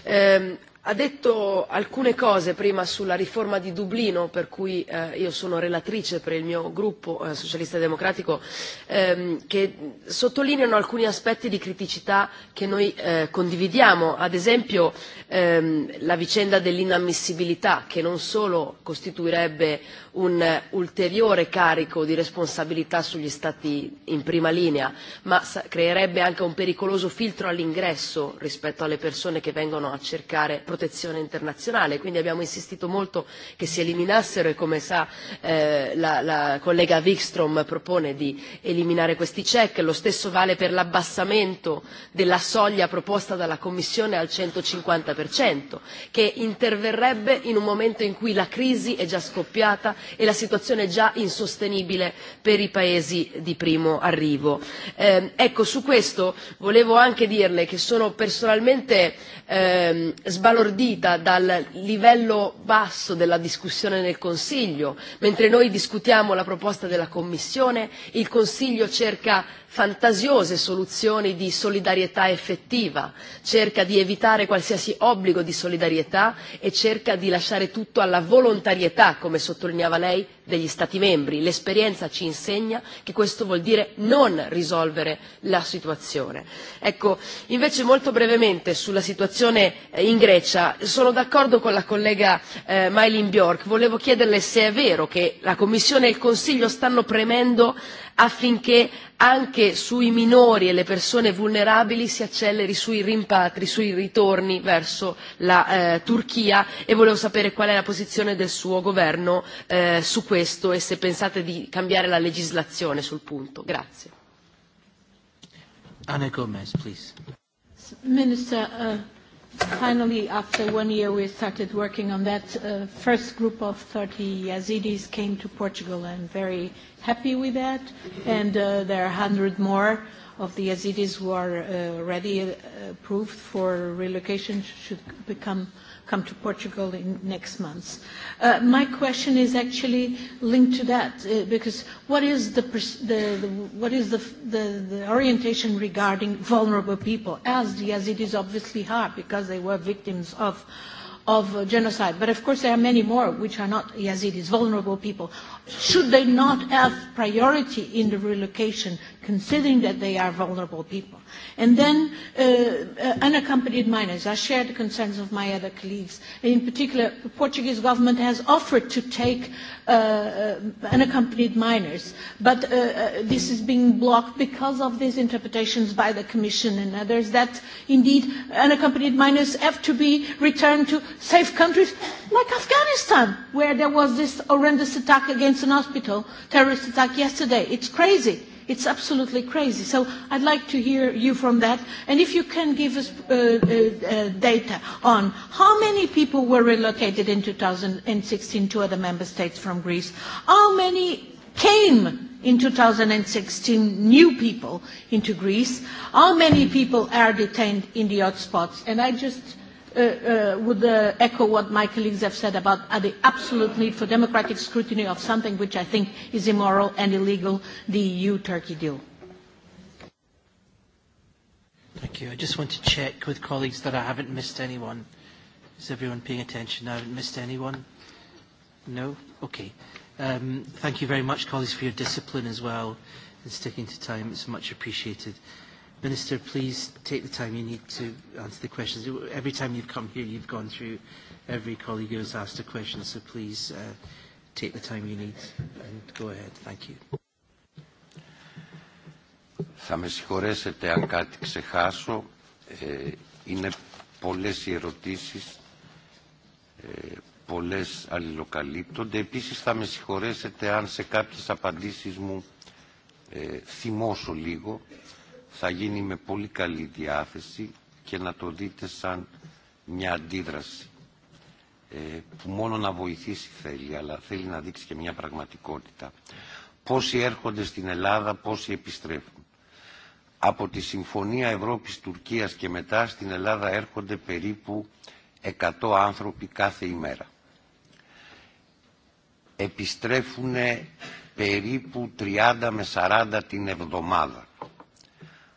Eh, Ha detto alcune cose prima sulla riforma di Dublino, per cui eh, io sono relatrice per il mio gruppo eh, socialista e democratico, ehm, che sottolineano alcuni aspetti di criticità che noi eh, condividiamo, ad esempio ehm, la vicenda dell'inammissibilità, che non solo costituirebbe un ulteriore carico di responsabilità sugli Stati in prima linea, ma creerebbe anche un pericoloso filtro all'ingresso rispetto alle persone che vengono a cercare protezione internazionale. Quindi abbiamo insistito molto che si eliminassero e come sa eh, la, la collega Wikstrom propone di eliminare questi check. Lo stesso vale per l'abbassamento della soglia proposta dalla Commissione al 150%, che interverrebbe in un momento in cui la crisi è già scoppiata e la situazione è già insostenibile per i paesi di primo arrivo. Eh, ecco, su questo volevo anche dirle che sono personalmente ehm, sbalordita inorridita dal livello basso della discussione nel Consiglio, mentre noi discutiamo la proposta della Commissione, il Consiglio cerca fantasiose soluzioni di solidarietà effettiva, cerca di evitare qualsiasi obbligo di solidarietà e cerca di lasciare tutto alla volontarietà, come sottolineava lei, degli Stati membri. L'esperienza ci insegna che questo vuol dire non risolvere la situazione. Ecco, invece molto brevemente sulla situazione eh, in Grecia, sono d'accordo con la collega eh, Mailin Bjork, volevo chiederle se è vero che la Commissione e il Consiglio stanno premendo affinché anche sui minori e le persone vulnerabili si acceleri sui rimpatri, sui ritorni verso la eh, Turchia e volevo sapere qual è la posizione del suo governo eh, su questo e se pensate di cambiare la legislazione sul punto. Grazie. Anna Gomez, please. Minister, uh, finally, after one year, we started working on that. Uh, first group of 30 Yazidis came to Portugal. I'm very happy with that. And uh, there are 100 more of the Yazidis who are uh, already uh, approved for relocation should become uh, come to Portugal in next month. Uh, my question is actually linked to that, uh, because what is, the, the, the, what is the, the, the orientation regarding vulnerable people, as the Yazidis obviously are, because they were victims of of genocide. But of course there are many more which are not Yazidis, vulnerable people. Should they not have priority in the relocation, considering that they are vulnerable people? And then uh, uh, unaccompanied minors. I share the concerns of my other colleagues. In particular, the Portuguese government has offered to take uh, uh, unaccompanied minors, but uh, uh, this is being blocked because of these interpretations by the Commission and others that indeed unaccompanied minors have to be returned to safe countries like Afghanistan, where there was this horrendous attack against parents in hospital, terrorist attack yesterday. It's crazy. It's absolutely crazy. So I'd like to hear you from that. And if you can give us uh, uh, uh data on how many people were relocated in 2016 to other member states from Greece, how many came in 2016 new people into Greece, how many people are detained in the hotspots. And I just Uh, uh, would uh, echo what my colleagues have said about uh, the absolute need for democratic scrutiny of something which I think is immoral and illegal, the EU-Turkey deal. Thank you. I just want to check with colleagues that I haven't missed anyone. Is everyone paying attention? I haven't missed anyone? No? Okay. Um, thank you very much, colleagues, for your discipline as well and sticking to time. It's much appreciated. Minister, please take the time you need to answer the questions. Every time you've come here, you've gone through every colleague who has asked a question, so please uh, take the time you need and go ahead. Thank you. Θα με συγχωρέσετε αν κάτι ξεχάσω. Ε, είναι πολλές οι ερωτήσεις, ε, πολλές αλληλοκαλύπτονται. Επίσης θα με συγχωρέσετε αν σε κάποιες απαντήσεις μου ε, θυμώσω λίγο θα γίνει με πολύ καλή διάθεση και να το δείτε σαν μια αντίδραση ε, που μόνο να βοηθήσει θέλει, αλλά θέλει να δείξει και μια πραγματικότητα. Πόσοι έρχονται στην Ελλάδα, πόσοι επιστρέφουν. Από τη Συμφωνία Ευρώπης-Τουρκίας και μετά στην Ελλάδα έρχονται περίπου 100 άνθρωποι κάθε ημέρα. Επιστρέφουν περίπου 30 με 40 την εβδομάδα.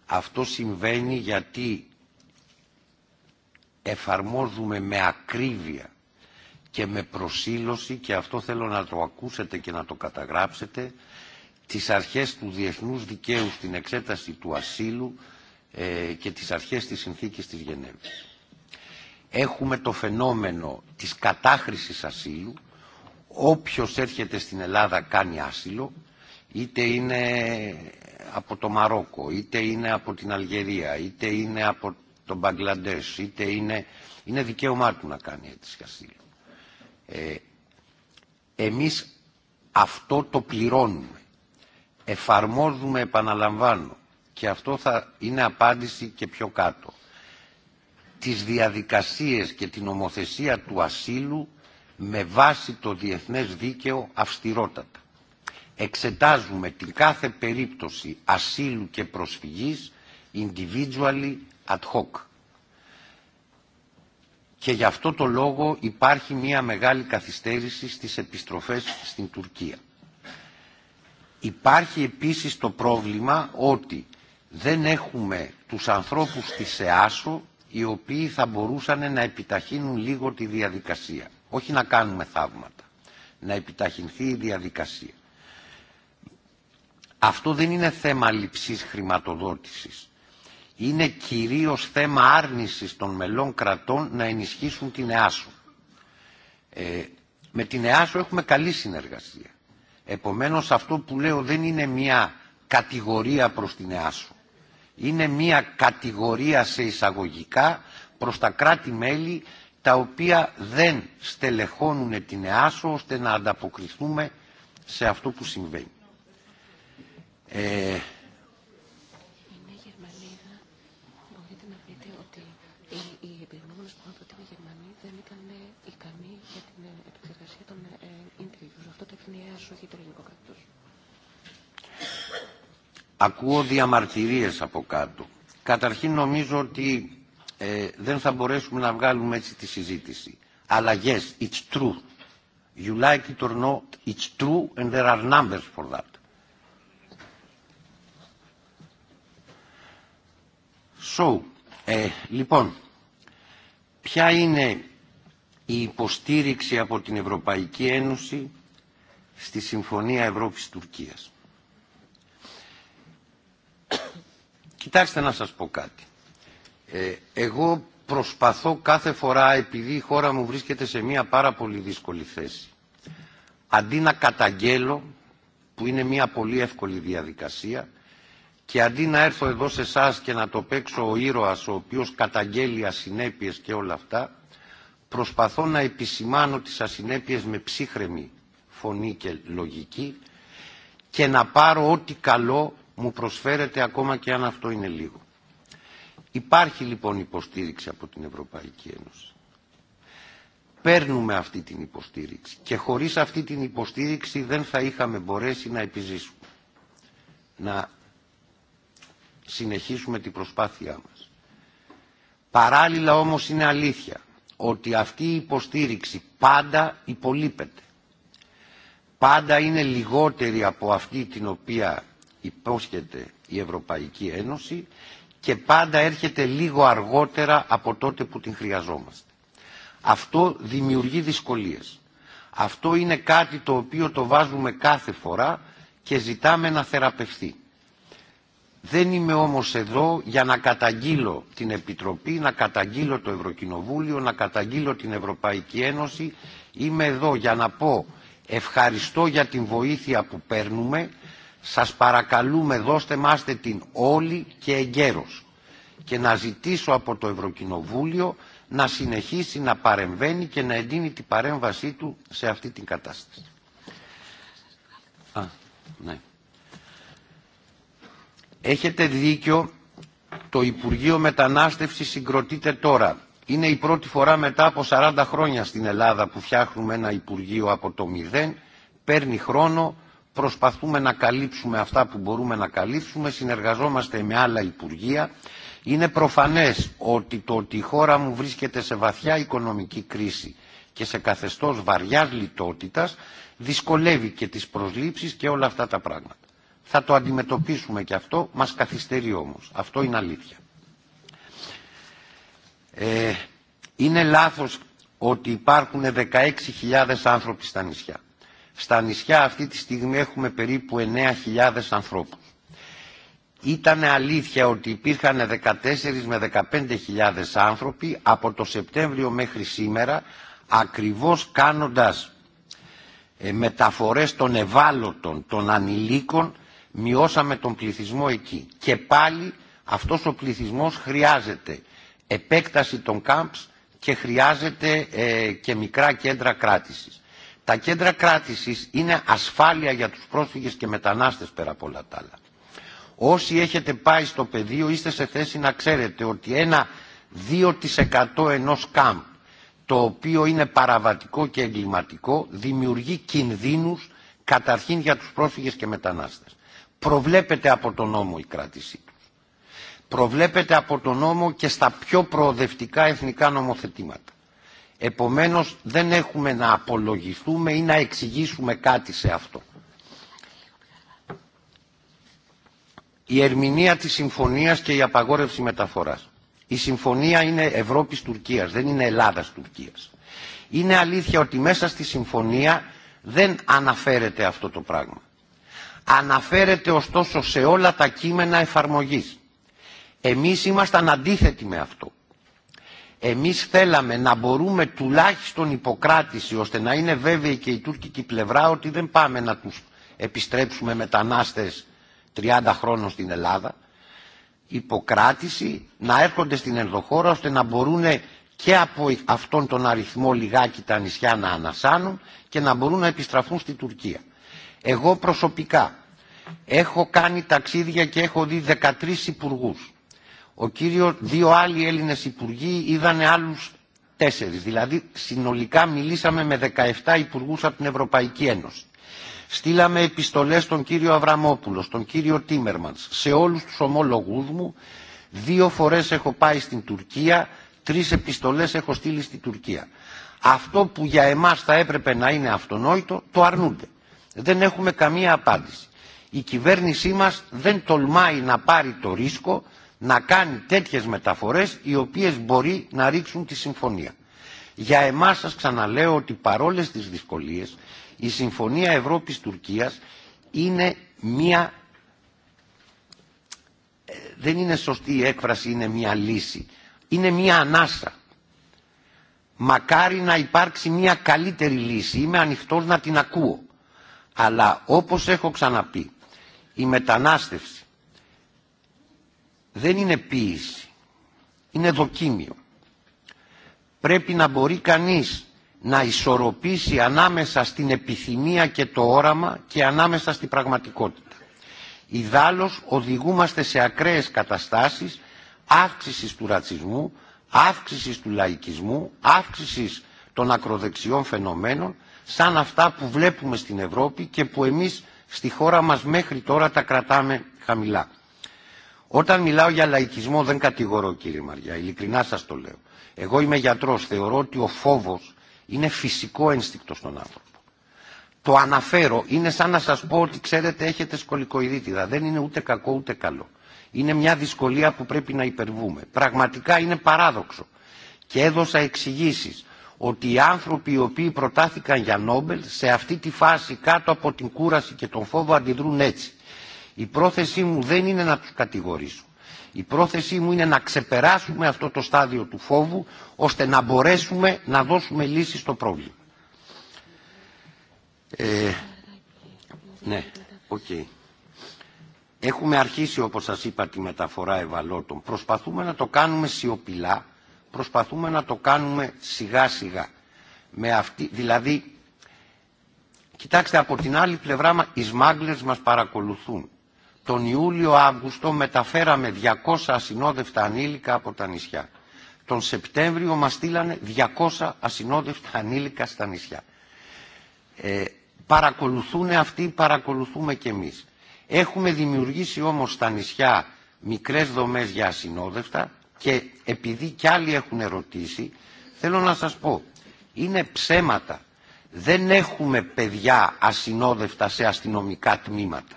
Αυτό συμβαίνει γιατί εφαρμόζουμε με ακρίβεια και με προσήλωση και αυτό θέλω να το ακούσετε και να το καταγράψετε τις αρχές του διεθνούς δικαίου στην εξέταση του ασύλου ε, και τις αρχές της συνθήκης της Γενέβης. Έχουμε το φαινόμενο της κατάχρησης ασύλου. Όποιος έρχεται στην Ελλάδα κάνει άσυλο, είτε είναι από το Μαρόκο, είτε είναι από την Αλγερία, είτε είναι από το Μπαγκλαντές, είτε είναι... Είναι δικαίωμά του να κάνει αίτηση ασύλου. Ε, εμείς αυτό το πληρώνουμε. Εφαρμόζουμε, επαναλαμβάνω, και αυτό θα είναι απάντηση και πιο κάτω. Τις διαδικασίες και την ομοθεσία του ασύλου με βάση το διεθνές δίκαιο αυστηρότατα εξετάζουμε την κάθε περίπτωση ασύλου και προσφυγής individually ad hoc. Και γι' αυτό το λόγο υπάρχει μια μεγάλη καθυστέρηση στις επιστροφές στην Τουρκία. Υπάρχει επίσης το πρόβλημα ότι δεν έχουμε τους ανθρώπους τη ΕΑΣΟ οι οποίοι θα μπορούσαν να επιταχύνουν λίγο τη διαδικασία. Όχι να κάνουμε θαύματα. Να επιταχυνθεί η διαδικασία. Αυτό δεν είναι θέμα λειψής χρηματοδότησης. Είναι κυρίως θέμα άρνησης των μελών κρατών να ενισχύσουν την ΕΑΣΟ. Ε, με την ΕΑΣΟ έχουμε καλή συνεργασία. Επομένως αυτό που λέω δεν είναι μια κατηγορία προς την ΕΑΣΟ. Είναι μια κατηγορία σε εισαγωγικά προς τα κράτη-μέλη τα οποία δεν στελεχώνουν την ΕΑΣΟ ώστε να ανταποκριθούμε σε αυτό που συμβαίνει. Eh, Ακούω διαμαρτυρίες από κάτω. Καταρχήν νομίζω ότι ε, δεν θα μπορέσουμε να βγάλουμε έτσι τη συζήτηση. Αλλά yes, it's true. You like it or not, it's true and there are numbers for that. So, ε, λοιπόν, ποια είναι η υποστήριξη από την Ευρωπαϊκή Ένωση στη Συμφωνία Ευρώπης-Τουρκίας. Κοιτάξτε να σας πω κάτι. Ε, εγώ προσπαθώ κάθε φορά, επειδή η χώρα μου βρίσκεται σε μια πάρα πολύ δύσκολη θέση, αντί να καταγγέλω, που είναι μια πολύ εύκολη διαδικασία, και αντί να έρθω εδώ σε εσά και να το παίξω ο ήρωας ο οποίος καταγγέλει ασυνέπειες και όλα αυτά, προσπαθώ να επισημάνω τις ασυνέπειες με ψύχρεμη φωνή και λογική και να πάρω ό,τι καλό μου προσφέρεται ακόμα και αν αυτό είναι λίγο. Υπάρχει λοιπόν υποστήριξη από την Ευρωπαϊκή Ένωση. Παίρνουμε αυτή την υποστήριξη και χωρίς αυτή την υποστήριξη δεν θα είχαμε μπορέσει να επιζήσουμε. Να συνεχίσουμε την προσπάθειά μας. Παράλληλα όμως είναι αλήθεια ότι αυτή η υποστήριξη πάντα υπολείπεται. Πάντα είναι λιγότερη από αυτή την οποία υπόσχεται η Ευρωπαϊκή Ένωση και πάντα έρχεται λίγο αργότερα από τότε που την χρειαζόμαστε. Αυτό δημιουργεί δυσκολίες. Αυτό είναι κάτι το οποίο το βάζουμε κάθε φορά και ζητάμε να θεραπευθεί. Δεν είμαι όμως εδώ για να καταγγείλω την Επιτροπή, να καταγγείλω το Ευρωκοινοβούλιο, να καταγγείλω την Ευρωπαϊκή Ένωση. Είμαι εδώ για να πω ευχαριστώ για την βοήθεια που παίρνουμε. Σας παρακαλούμε δώστε μας την όλη και εγκαίρως. Και να ζητήσω από το Ευρωκοινοβούλιο να συνεχίσει να παρεμβαίνει και να εντείνει την παρέμβασή του σε αυτή την κατάσταση. Α, ναι. Έχετε δίκιο, το Υπουργείο Μετανάστευση συγκροτείται τώρα. Είναι η πρώτη φορά μετά από 40 χρόνια στην Ελλάδα που φτιάχνουμε ένα Υπουργείο από το μηδέν. Παίρνει χρόνο, προσπαθούμε να καλύψουμε αυτά που μπορούμε να καλύψουμε, συνεργαζόμαστε με άλλα Υπουργεία. Είναι προφανές ότι το ότι η χώρα μου βρίσκεται σε βαθιά οικονομική κρίση και σε καθεστώς βαριάς λιτότητας δυσκολεύει και τις προσλήψεις και όλα αυτά τα πράγματα. Θα το αντιμετωπίσουμε και αυτό, μας καθυστερεί όμως. Αυτό είναι αλήθεια. Ε, είναι λάθος ότι υπάρχουν 16.000 άνθρωποι στα νησιά. Στα νησιά αυτή τη στιγμή έχουμε περίπου 9.000 ανθρώπους. Ήταν αλήθεια ότι υπήρχαν 14 με 15.000 άνθρωποι από το Σεπτέμβριο μέχρι σήμερα ακριβώς κάνοντας ε, μεταφορές των ευάλωτων, των ανηλίκων μειώσαμε τον πληθυσμό εκεί. Και πάλι αυτός ο πληθυσμός χρειάζεται επέκταση των κάμπς και χρειάζεται ε, και μικρά κέντρα κράτησης. Τα κέντρα κράτησης είναι ασφάλεια για τους πρόσφυγες και μετανάστες πέρα από όλα τα άλλα. Όσοι έχετε πάει στο πεδίο είστε σε θέση να ξέρετε ότι ένα 2% ενός κάμπ το οποίο είναι παραβατικό και εγκληματικό δημιουργεί κινδύνους καταρχήν για τους πρόσφυγες και μετανάστες προβλέπεται από τον νόμο η κράτησή του. Προβλέπεται από τον νόμο και στα πιο προοδευτικά εθνικά νομοθετήματα. Επομένως δεν έχουμε να απολογηθούμε ή να εξηγήσουμε κάτι σε αυτό. Η ερμηνεία της συμφωνίας και η απαγόρευση μεταφοράς. Η συμφωνία είναι Ευρώπης-Τουρκίας, δεν είναι Ελλάδας-Τουρκίας. Είναι αλήθεια ότι μέσα στη συμφωνία δεν αναφέρεται αυτό το πράγμα αναφέρεται ωστόσο σε όλα τα κείμενα εφαρμογής. Εμείς ήμασταν αντίθετοι με αυτό. Εμείς θέλαμε να μπορούμε τουλάχιστον υποκράτηση ώστε να είναι βέβαιη και η τουρκική πλευρά ότι δεν πάμε να τους επιστρέψουμε μετανάστες 30 χρόνων στην Ελλάδα. Υποκράτηση να έρχονται στην ενδοχώρα ώστε να μπορούν και από αυτόν τον αριθμό λιγάκι τα νησιά να ανασάνουν και να μπορούν να επιστραφούν στη Τουρκία. Εγώ προσωπικά έχω κάνει ταξίδια και έχω δει 13 υπουργούς. Ο κύριο, δύο άλλοι Έλληνες υπουργοί είδανε άλλους τέσσερις. Δηλαδή συνολικά μιλήσαμε με 17 υπουργούς από την Ευρωπαϊκή Ένωση. Στείλαμε επιστολές στον κύριο Αβραμόπουλο, στον κύριο Τίμερμαντς, σε όλους τους ομόλογούς μου. Δύο φορές έχω πάει στην Τουρκία, τρεις επιστολές έχω στείλει στην Τουρκία. Αυτό που για εμάς θα έπρεπε να είναι αυτονόητο, το αρνούνται. Δεν έχουμε καμία απάντηση. Η κυβέρνησή μας δεν τολμάει να πάρει το ρίσκο να κάνει τέτοιες μεταφορές οι οποίες μπορεί να ρίξουν τη συμφωνία. Για εμάς σας ξαναλέω ότι παρόλες τις δυσκολίες η Συμφωνία Ευρώπης-Τουρκίας είναι μία δεν είναι σωστή η έκφραση, είναι μία λύση. Είναι μία ανάσα. Μακάρι να υπάρξει μία καλύτερη λύση. Είμαι ανοιχτός να την ακούω. Αλλά όπως έχω ξαναπεί, η μετανάστευση δεν είναι ποιήση, είναι δοκίμιο. Πρέπει να μπορεί κανείς να ισορροπήσει ανάμεσα στην επιθυμία και το όραμα και ανάμεσα στην πραγματικότητα. Ιδάλλως οδηγούμαστε σε ακραίες καταστάσεις αύξησης του ρατσισμού, αύξησης του λαϊκισμού, αύξησης των ακροδεξιών φαινομένων σαν αυτά που βλέπουμε στην Ευρώπη και που εμείς στη χώρα μας μέχρι τώρα τα κρατάμε χαμηλά. Όταν μιλάω για λαϊκισμό δεν κατηγορώ κύριε Μαριά, ειλικρινά σας το λέω. Εγώ είμαι γιατρός, θεωρώ ότι ο φόβος είναι φυσικό ένστικτο στον άνθρωπο. Το αναφέρω, είναι σαν να σας πω ότι ξέρετε έχετε σκολικοειδίτιδα, δεν είναι ούτε κακό ούτε καλό. Είναι μια δυσκολία που πρέπει να υπερβούμε. Πραγματικά είναι παράδοξο. Και έδωσα εξηγήσεις ότι οι άνθρωποι οι οποίοι προτάθηκαν για Νόμπελ σε αυτή τη φάση κάτω από την κούραση και τον φόβο αντιδρούν έτσι. Η πρόθεσή μου δεν είναι να τους κατηγορήσω. Η πρόθεσή μου είναι να ξεπεράσουμε αυτό το στάδιο του φόβου ώστε να μπορέσουμε να δώσουμε λύση στο πρόβλημα. Ε, ναι, οκ. Okay. Έχουμε αρχίσει όπως σας είπα τη μεταφορά ευαλώτων. Προσπαθούμε να το κάνουμε σιωπηλά προσπαθούμε να το κάνουμε σιγά σιγά. Με αυτή, δηλαδή, κοιτάξτε από την άλλη πλευρά οι σμάγκλες μας παρακολουθούν. Τον Ιούλιο-Αύγουστο μεταφέραμε 200 ασυνόδευτα ανήλικα από τα νησιά. Τον Σεπτέμβριο μας στείλανε 200 ασυνόδευτα ανήλικα στα νησιά. Ε, παρακολουθούν αυτοί, παρακολουθούμε και εμείς. Έχουμε δημιουργήσει όμως στα νησιά μικρές δομές για ασυνόδευτα, Και επειδή κι άλλοι έχουν ερωτήσει, θέλω να σας πω, είναι ψέματα. Δεν έχουμε παιδιά ασυνόδευτα σε αστυνομικά τμήματα.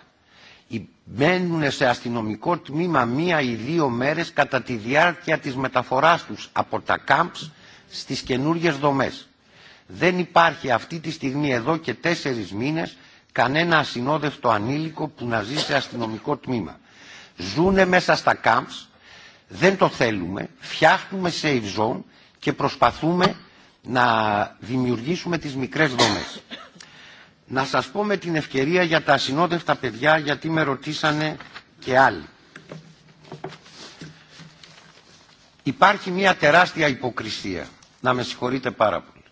Μένουν σε αστυνομικό τμήμα μία ή δύο μέρες κατά τη διάρκεια της μεταφοράς τους από τα κάμψ στις καινούργιες δομές. Δεν υπάρχει αυτή τη στιγμή εδώ και τέσσερις μήνες κανένα ασυνόδευτο ανήλικο που να ζει σε αστυνομικό τμήμα. Ζούνε μέσα στα κάμψ, Δεν το θέλουμε, φτιάχνουμε safe zone και προσπαθούμε να δημιουργήσουμε τις μικρές δομές. Να σας πω με την ευκαιρία για τα ασυνόδευτα παιδιά, γιατί με ρωτήσανε και άλλοι. Υπάρχει μια τεράστια υποκρισία, να με συγχωρείτε πάρα πολύ.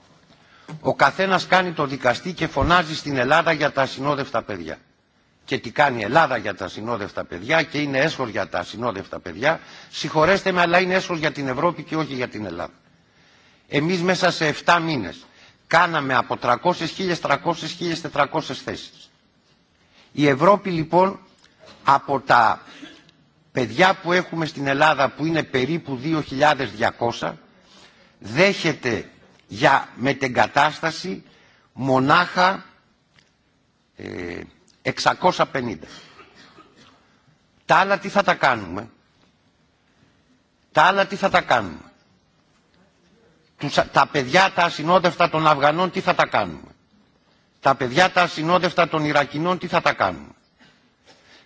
Ο καθένας κάνει το δικαστή και φωνάζει στην Ελλάδα για τα ασυνόδευτα παιδιά και τι κάνει η Ελλάδα για τα συνόδευτα παιδιά και είναι έσχος για τα συνόδευτα παιδιά, συγχωρέστε με, αλλά είναι έσχος για την Ευρώπη και όχι για την Ελλάδα. Εμείς μέσα σε 7 μήνες κάναμε από 300000 1.300, 1.400 θέσεις. Η Ευρώπη λοιπόν από τα παιδιά που έχουμε στην Ελλάδα που είναι περίπου 2.200 δέχεται για μετεγκατάσταση μονάχα ε, 650. Τα άλλα τι θα τα κάνουμε. Τα άλλα τι θα τα κάνουμε. Τους, τα παιδιά τα ασυνόδευτα των Αφγανών τι θα τα κάνουμε. Τα παιδιά τα ασυνόδευτα των Ιρακινών τι θα τα κάνουμε.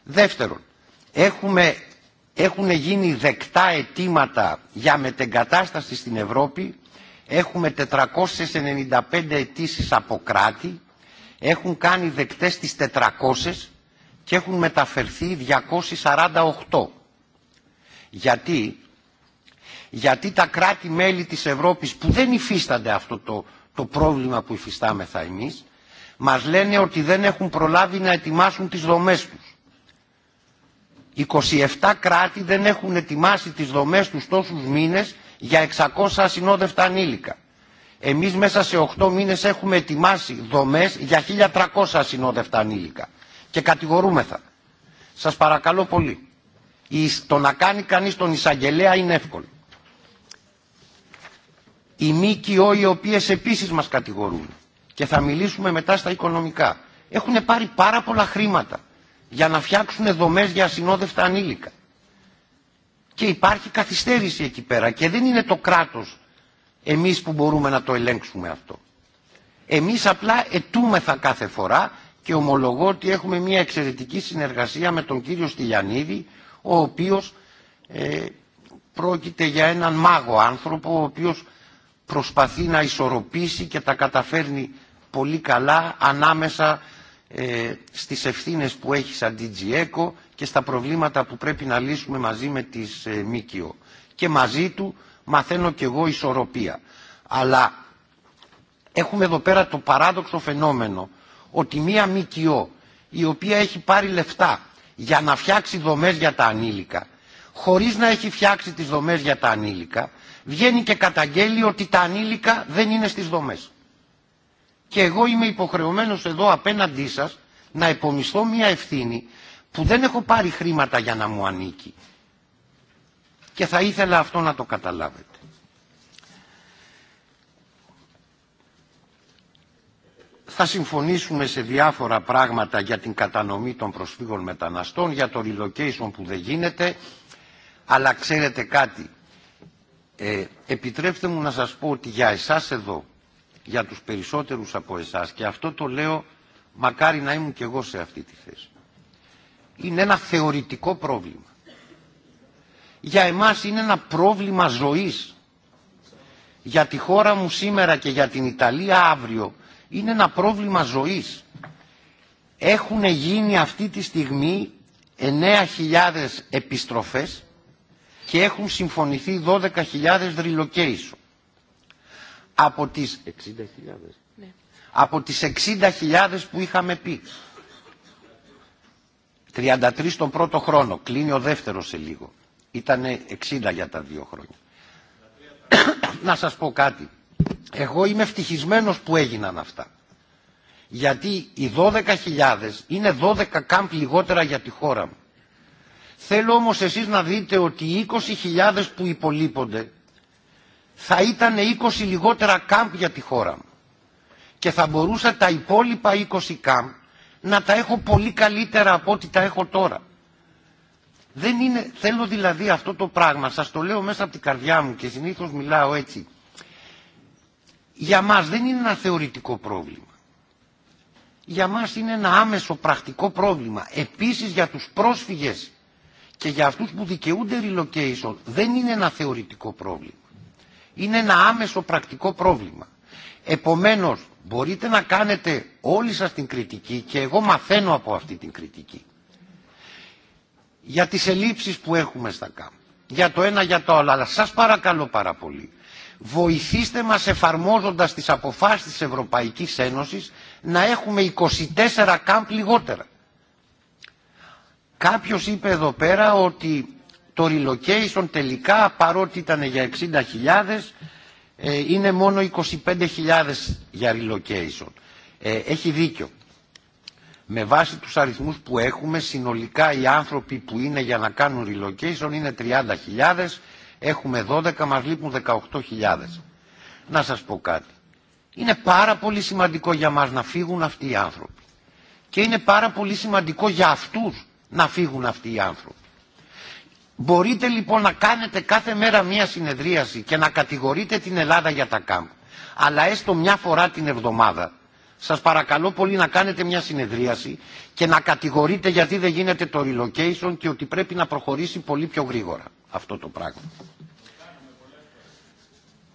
Δεύτερον, έχουμε, έχουν γίνει δεκτά αιτήματα για μετεγκατάσταση στην Ευρώπη. Έχουμε 495 αιτήσει από κράτη έχουν κάνει δεκτές τις 400 και έχουν μεταφερθεί 248. Γιατί, γιατί τα κράτη-μέλη της Ευρώπης που δεν υφίστανται αυτό το, το πρόβλημα που υφιστάμεθα εμείς, μας λένε ότι δεν έχουν προλάβει να ετοιμάσουν τις δομές τους. 27 κράτη δεν έχουν ετοιμάσει τις δομές τους τόσους μήνες για 600 ασυνόδευτα ανήλικα. Εμείς μέσα σε 8 μήνες έχουμε ετοιμάσει δομές για 1.300 συνόδευτα ανήλικα και κατηγορούμεθα. Σας παρακαλώ πολύ. Το να κάνει κανείς τον εισαγγελέα είναι εύκολο. Οι ΜΚΟ οι οποίες επίσης μας κατηγορούν και θα μιλήσουμε μετά στα οικονομικά έχουν πάρει πάρα πολλά χρήματα για να φτιάξουν δομές για ασυνόδευτα ανήλικα. Και υπάρχει καθυστέρηση εκεί πέρα και δεν είναι το κράτος εμείς που μπορούμε να το ελέγξουμε αυτό. Εμείς απλά ετούμεθα κάθε φορά και ομολογώ ότι έχουμε μια εξαιρετική συνεργασία με τον κύριο Στυλιανίδη, ο οποίος ε, πρόκειται για έναν μάγο άνθρωπο, ο οποίος προσπαθεί να ισορροπήσει και τα καταφέρνει πολύ καλά ανάμεσα ε, στις ευθύνες που έχει σαν DGECO και στα προβλήματα που πρέπει να λύσουμε μαζί με τις ε, ΜΚΟ. Και μαζί του μαθαίνω κι εγώ ισορροπία. Αλλά έχουμε εδώ πέρα το παράδοξο φαινόμενο ότι μία ΜΚΟ η οποία έχει πάρει λεφτά για να φτιάξει δομές για τα ανήλικα, χωρίς να έχει φτιάξει τις δομές για τα ανήλικα, βγαίνει και καταγγέλει ότι τα ανήλικα δεν είναι στις δομές. Και εγώ είμαι υποχρεωμένος εδώ απέναντί σας να υπομισθώ μια ευθύνη που δεν έχω πάρει χρήματα για να μου ανήκει και θα ήθελα αυτό να το καταλάβετε. Θα συμφωνήσουμε σε διάφορα πράγματα για την κατανομή των προσφύγων μεταναστών, για το relocation που δεν γίνεται, αλλά ξέρετε κάτι, ε, επιτρέψτε μου να σας πω ότι για εσάς εδώ, για τους περισσότερους από εσάς, και αυτό το λέω μακάρι να ήμουν και εγώ σε αυτή τη θέση, είναι ένα θεωρητικό πρόβλημα για εμάς είναι ένα πρόβλημα ζωής. Για τη χώρα μου σήμερα και για την Ιταλία αύριο είναι ένα πρόβλημα ζωής. Έχουν γίνει αυτή τη στιγμή 9.000 επιστροφές και έχουν συμφωνηθεί 12.000 relocation. Από τις 60.000 ναι. από τις 60.000 που είχαμε πει. 33 τον πρώτο χρόνο, κλείνει ο δεύτερος σε λίγο ήταν 60 για τα δύο χρόνια. Να σας πω κάτι. Εγώ είμαι ευτυχισμένος που έγιναν αυτά. Γιατί οι 12.000 είναι 12 κάμπ λιγότερα για τη χώρα μου. Θέλω όμως εσείς να δείτε ότι οι 20.000 που υπολείπονται θα ήταν 20 λιγότερα κάμπ για τη χώρα μου. Και θα μπορούσα τα υπόλοιπα 20 κάμπ να τα έχω πολύ καλύτερα από ό,τι τα έχω τώρα. Δεν είναι, θέλω δηλαδή αυτό το πράγμα, σας το λέω μέσα από την καρδιά μου και συνήθως μιλάω έτσι. Για μας δεν είναι ένα θεωρητικό πρόβλημα. Για μας είναι ένα άμεσο πρακτικό πρόβλημα. Επίσης για τους πρόσφυγες και για αυτούς που δικαιούνται relocation δεν είναι ένα θεωρητικό πρόβλημα. Είναι ένα άμεσο πρακτικό πρόβλημα. Επομένως, μπορείτε να κάνετε όλη σας την κριτική και εγώ μαθαίνω από αυτή την κριτική για τις ελλείψεις που έχουμε στα ΚΑΜ. Για το ένα, για το άλλο. Αλλά σας παρακαλώ πάρα πολύ. Βοηθήστε μας εφαρμόζοντας τις αποφάσεις της Ευρωπαϊκής Ένωσης να έχουμε 24 ΚΑΜΠ λιγότερα. Κάποιος είπε εδώ πέρα ότι το relocation τελικά παρότι ήταν για 60.000 ε, είναι μόνο 25.000 για relocation. Ε, έχει δίκιο με βάση τους αριθμούς που έχουμε συνολικά οι άνθρωποι που είναι για να κάνουν relocation είναι 30.000, έχουμε 12, μας λείπουν 18.000. Να σας πω κάτι. Είναι πάρα πολύ σημαντικό για μας να φύγουν αυτοί οι άνθρωποι. Και είναι πάρα πολύ σημαντικό για αυτούς να φύγουν αυτοί οι άνθρωποι. Μπορείτε λοιπόν να κάνετε κάθε μέρα μία συνεδρίαση και να κατηγορείτε την Ελλάδα για τα κάμπ. Αλλά έστω μια φορά την εβδομάδα Σας παρακαλώ πολύ να κάνετε μια συνεδρίαση και να κατηγορείτε γιατί δεν γίνεται το relocation και ότι πρέπει να προχωρήσει πολύ πιο γρήγορα αυτό το πράγμα.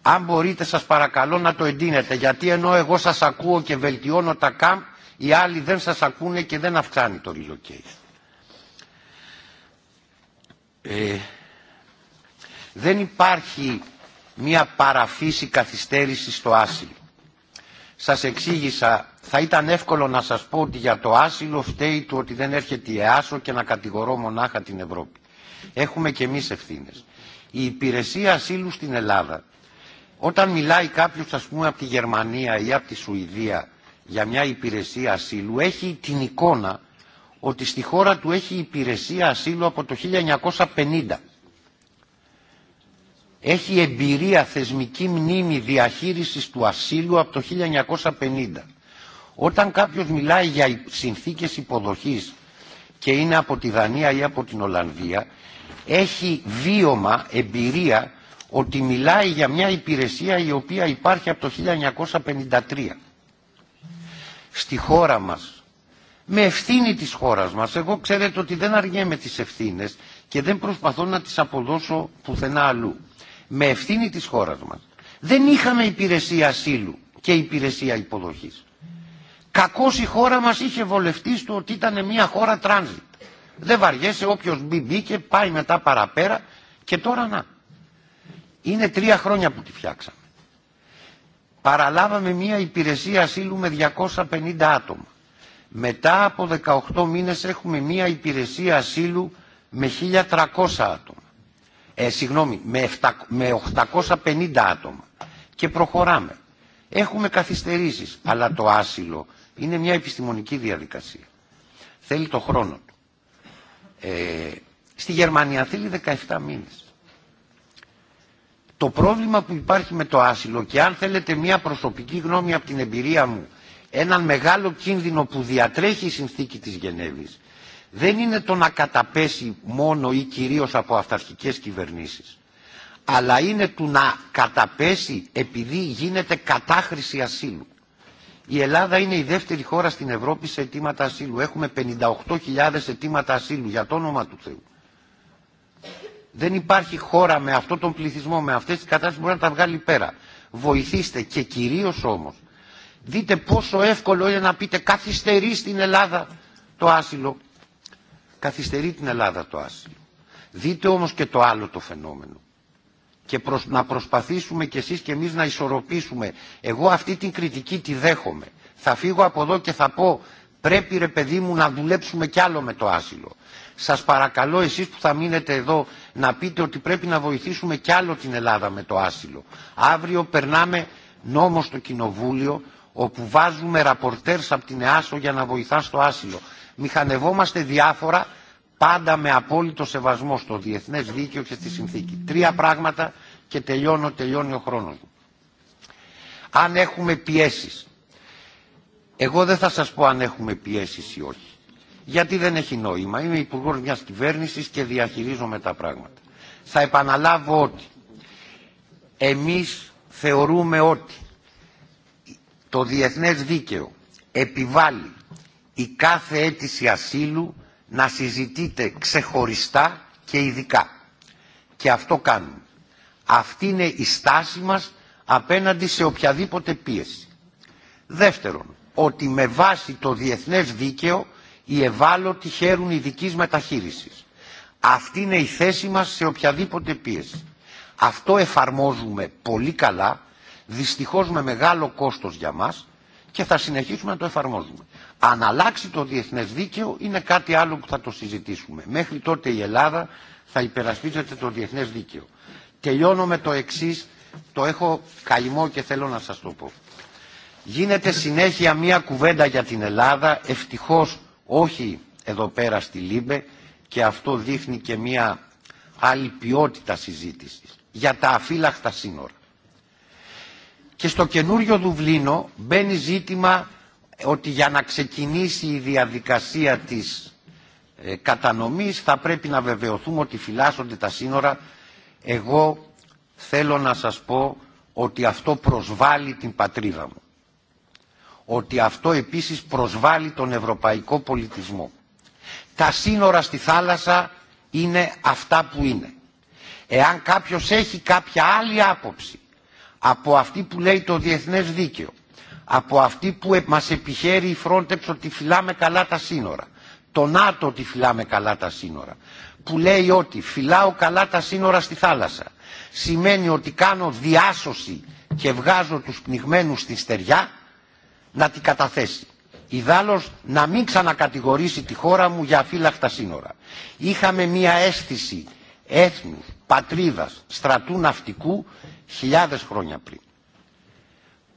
Αν μπορείτε σας παρακαλώ να το εντείνετε γιατί ενώ εγώ σας ακούω και βελτιώνω τα κάμπ οι άλλοι δεν σας ακούνε και δεν αυξάνει το relocation. Ε, δεν υπάρχει μια παραφύση καθυστέρηση στο άσυλο σας εξήγησα, θα ήταν εύκολο να σας πω ότι για το άσυλο φταίει του ότι δεν έρχεται η ΕΑΣΟ και να κατηγορώ μονάχα την Ευρώπη. Έχουμε και εμείς ευθύνες. Η υπηρεσία ασύλου στην Ελλάδα, όταν μιλάει κάποιος ας πούμε από τη Γερμανία ή από τη Σουηδία για μια υπηρεσία ασύλου, έχει την εικόνα ότι στη χώρα του έχει υπηρεσία ασύλου από το 1950 έχει εμπειρία θεσμική μνήμη διαχείρισης του ασύλου από το 1950. Όταν κάποιος μιλάει για συνθήκες υποδοχής και είναι από τη Δανία ή από την Ολλανδία, έχει βίωμα, εμπειρία, ότι μιλάει για μια υπηρεσία η οποία υπάρχει από το 1953. Στη χώρα μας, με ευθύνη της χώρας μας, εγώ ξέρετε ότι δεν αργέμαι τις ευθύνες και δεν προσπαθώ να τις αποδώσω πουθενά αλλού με ευθύνη της χώρας μας. Δεν είχαμε υπηρεσία ασύλου και υπηρεσία υποδοχής. Κακώς η χώρα μας είχε βολευτεί στο ότι ήταν μια χώρα τράνζιτ. Δεν βαριέσαι όποιος μπει μπήκε, πάει μετά παραπέρα και τώρα να. Είναι τρία χρόνια που τη φτιάξαμε. Παραλάβαμε μια υπηρεσία ασύλου με 250 άτομα. Μετά από 18 μήνες έχουμε μια υπηρεσία ασύλου με 1.300 άτομα ε, eh, συγγνώμη, με, 7, με 850 άτομα και προχωράμε. Έχουμε καθυστερήσεις, αλλά το άσυλο είναι μια επιστημονική διαδικασία. Θέλει το χρόνο του. Ε, στη Γερμανία θέλει 17 μήνες. Το πρόβλημα που υπάρχει με το άσυλο και αν θέλετε μια προσωπική γνώμη από την εμπειρία μου, έναν μεγάλο κίνδυνο που διατρέχει η συνθήκη της Γενέβης, δεν είναι το να καταπέσει μόνο ή κυρίως από αυταρχικές κυβερνήσεις, αλλά είναι του να καταπέσει επειδή γίνεται κατάχρηση ασύλου. Η Ελλάδα είναι η δεύτερη χώρα στην Ευρώπη σε αιτήματα ασύλου. Έχουμε 58.000 αιτήματα ασύλου, για το όνομα του Θεού. Δεν υπάρχει χώρα με αυτόν τον πληθυσμό, με αυτές τις κατάστασεις που μπορεί να τα βγάλει πέρα. Βοηθήστε και κυρίως όμως. Δείτε πόσο εύκολο είναι να πείτε καθυστερεί στην Ελλάδα το άσυλο καθυστερεί την Ελλάδα το άσυλο. Δείτε όμως και το άλλο το φαινόμενο. Και προς, να προσπαθήσουμε κι εσείς και εμείς να ισορροπήσουμε. Εγώ αυτή την κριτική τη δέχομαι. Θα φύγω από εδώ και θα πω πρέπει ρε παιδί μου να δουλέψουμε κι άλλο με το άσυλο. Σας παρακαλώ εσείς που θα μείνετε εδώ να πείτε ότι πρέπει να βοηθήσουμε κι άλλο την Ελλάδα με το άσυλο. Αύριο περνάμε νόμο στο Κοινοβούλιο όπου βάζουμε ραπορτέρς από την ΕΑΣΟ για να βοηθά στο άσυλο μηχανευόμαστε διάφορα πάντα με απόλυτο σεβασμό στο διεθνές δίκαιο και στη συνθήκη. Τρία πράγματα και τελειώνω, τελειώνει ο χρόνος μου. Αν έχουμε πιέσεις, εγώ δεν θα σας πω αν έχουμε πιέσεις ή όχι. Γιατί δεν έχει νόημα. Είμαι υπουργό μιας κυβέρνησης και διαχειρίζομαι τα πράγματα. Θα επαναλάβω ότι εμείς θεωρούμε ότι το διεθνές δίκαιο επιβάλλει η κάθε αίτηση ασύλου να συζητείται ξεχωριστά και ειδικά. Και αυτό κάνουμε. Αυτή είναι η στάση μας απέναντι σε οποιαδήποτε πίεση. Δεύτερον, ότι με βάση το διεθνές δίκαιο οι ευάλωτοι χαίρουν ειδική μεταχείρισης. Αυτή είναι η θέση μας σε οποιαδήποτε πίεση. Αυτό εφαρμόζουμε πολύ καλά, δυστυχώς με μεγάλο κόστος για μας και θα συνεχίσουμε να το εφαρμόζουμε. Αν αλλάξει το διεθνές δίκαιο είναι κάτι άλλο που θα το συζητήσουμε. Μέχρι τότε η Ελλάδα θα υπερασπίζεται το διεθνές δίκαιο. Τελειώνω με το εξή, το έχω καημό και θέλω να σας το πω. Γίνεται συνέχεια μία κουβέντα για την Ελλάδα, ευτυχώς όχι εδώ πέρα στη Λίμπε και αυτό δείχνει και μία άλλη ποιότητα συζήτησης για τα αφύλακτα σύνορα. Και στο καινούριο Δουβλίνο μπαίνει ζήτημα ότι για να ξεκινήσει η διαδικασία της ε, κατανομής θα πρέπει να βεβαιωθούμε ότι φυλάσσονται τα σύνορα. Εγώ θέλω να σας πω ότι αυτό προσβάλλει την πατρίδα μου. Ότι αυτό επίσης προσβάλλει τον ευρωπαϊκό πολιτισμό. Τα σύνορα στη θάλασσα είναι αυτά που είναι. Εάν κάποιος έχει κάποια άλλη άποψη από αυτή που λέει το διεθνές δίκαιο, από αυτή που μας επιχαίρει η Frontex ότι φυλάμε καλά τα σύνορα. Το ΝΑΤΟ ότι φυλάμε καλά τα σύνορα. Που λέει ότι φυλάω καλά τα σύνορα στη θάλασσα. Σημαίνει ότι κάνω διάσωση και βγάζω τους πνιγμένους στη στεριά να την καταθέσει. Ιδάλλως να μην ξανακατηγορήσει τη χώρα μου για αφύλακτα σύνορα. Είχαμε μία αίσθηση έθνους, πατρίδας, στρατού ναυτικού χιλιάδες χρόνια πριν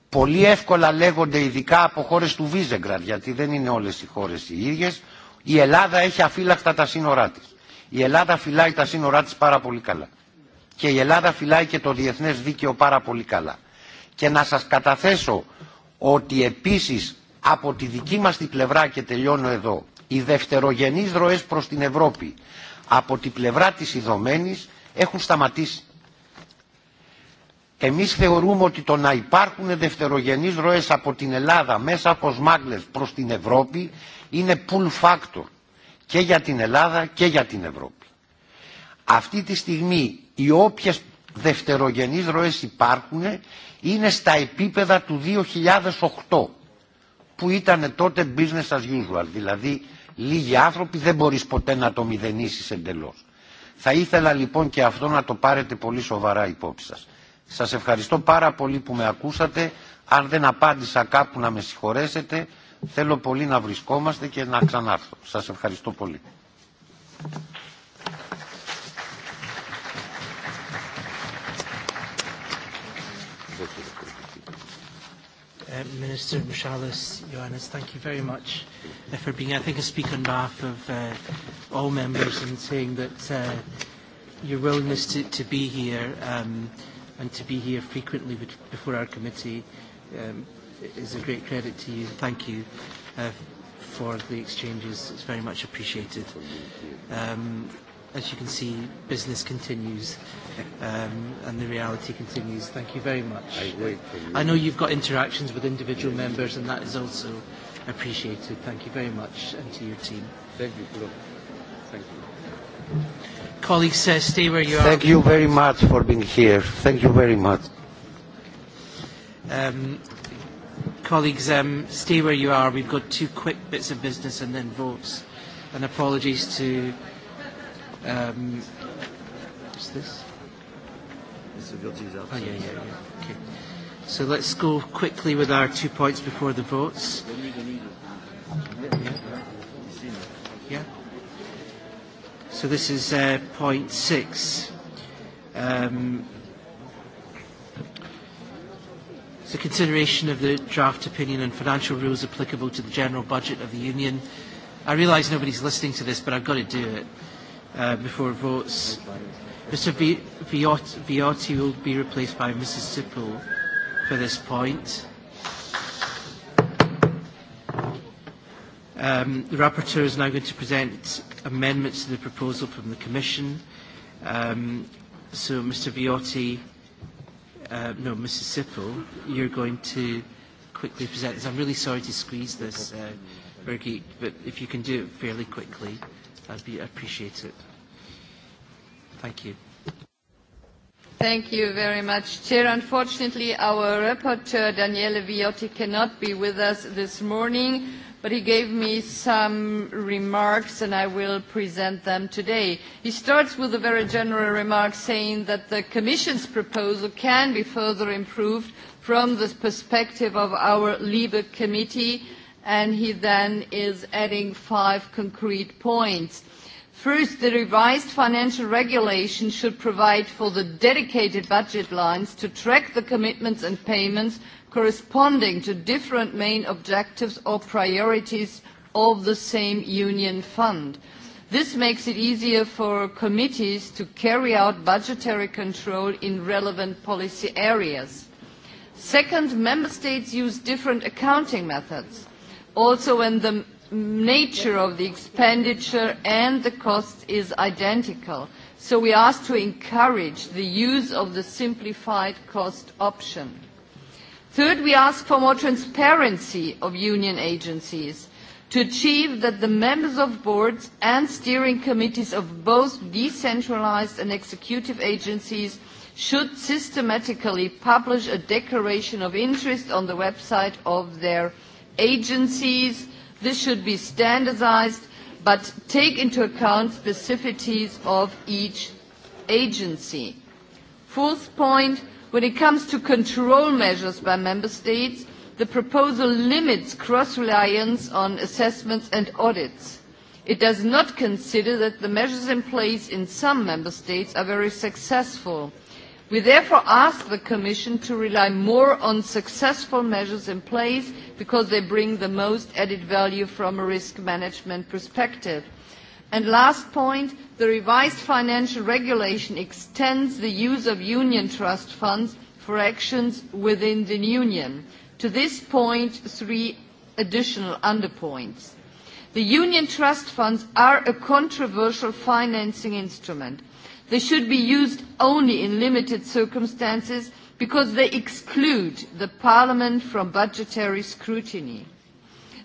πολύ εύκολα λέγονται ειδικά από χώρες του Βίζεγκραντ, γιατί δεν είναι όλες οι χώρες οι ίδιες. Η Ελλάδα έχει αφύλακτα τα σύνορά της. Η Ελλάδα φυλάει τα σύνορά της πάρα πολύ καλά. Και η Ελλάδα φυλάει και το διεθνές δίκαιο πάρα πολύ καλά. Και να σας καταθέσω ότι επίσης από τη δική μας την πλευρά και τελειώνω εδώ, οι δευτερογενείς ροές προς την Ευρώπη από την πλευρά της ειδωμένης έχουν σταματήσει. Εμείς θεωρούμε ότι το να υπάρχουν δευτερογενείς ροές από την Ελλάδα μέσα από σμάγκλες προς την Ευρώπη είναι pull factor και για την Ελλάδα και για την Ευρώπη. Αυτή τη στιγμή οι όποιες δευτερογενείς ροές υπάρχουν είναι στα επίπεδα του 2008 που ήταν τότε business as usual, δηλαδή λίγοι άνθρωποι δεν μπορείς ποτέ να το μηδενίσεις εντελώς. Θα ήθελα λοιπόν και αυτό να το πάρετε πολύ σοβαρά υπόψη σας. Σας ευχαριστώ πάρα πολύ που με ακούσατε. Αν δεν απάντησα κάπου να με συγχωρέσετε, θέλω πολύ να βρισκόμαστε και να ξανάρθω. Σας ευχαριστώ πολύ. Uh, Minister Michalis Ioannis, thank you very much uh, for being, I think, I speak on behalf of uh, all members and saying that uh, your willingness to, to be here um, and to be here frequently before our committee um, is a great credit to you. Thank you uh, for the exchanges. It's very much appreciated. Um, as you can see, business continues um, and the reality continues. Thank you very much. I, wait for you. I know you've got interactions with individual yes. members and that is also appreciated. Thank you very much and to your team. Thank you, Thank you colleague says uh, stay where you are. Thank you very much for being here. Thank you very much. Um, colleagues, um, stay where you are. We've got two quick bits of business and then votes. And apologies to... Um, what's this? Oh, yeah, yeah, yeah. Okay. So let's go quickly with our two points before the votes. Yeah. So this is uh, point six. Um, It's a consideration of the draft opinion and financial rules applicable to the general budget of the Union. I realise nobody's listening to this, but I've got to do it uh, before votes. Mr. Viotti will be replaced by Mrs. Sippel for this point. Um, the rapporteur is now going to present amendments to the proposal from the Commission. Um, so, Mr. Viotti, uh, no, Mrs. Sippel, you're going to quickly present this. I'm really sorry to squeeze this, uh, Birgit, but if you can do it fairly quickly, I'd be, appreciate it. Thank you. Thank you very much, Chair. Unfortunately, our rapporteur, Daniele Viotti, cannot be with us this morning but he gave me some remarks and I will present them today. He starts with a very general remark saying that the Commission's proposal can be further improved from the perspective of our LIBE committee and he then is adding five concrete points. First, the revised financial regulation should provide for the dedicated budget lines to track the commitments and payments corresponding to different main objectives or priorities of the same union fund. This makes it easier for committees to carry out budgetary control in relevant policy areas. Second, member states use different accounting methods, also when the nature of the expenditure and the cost is identical. So we ask to encourage the use of the simplified cost option. Third, we ask for more transparency of union agencies to achieve that the members of boards and steering committees of both decentralized and executive agencies should systematically publish a declaration of interest on the website of their agencies. This should be standardized but take into account specificities of each agency. Fourth point, When it comes to control measures by member states, the proposal limits cross-reliance on assessments and audits. It does not consider that the measures in place in some member states are very successful. We therefore ask the Commission to rely more on successful measures in place because they bring the most added value from a risk management perspective. And last point, the revised financial regulation extends the use of union trust funds for actions within the union. To this point, three additional underpoints. The union trust funds are a controversial financing instrument. They should be used only in limited circumstances because they exclude the parliament from budgetary scrutiny.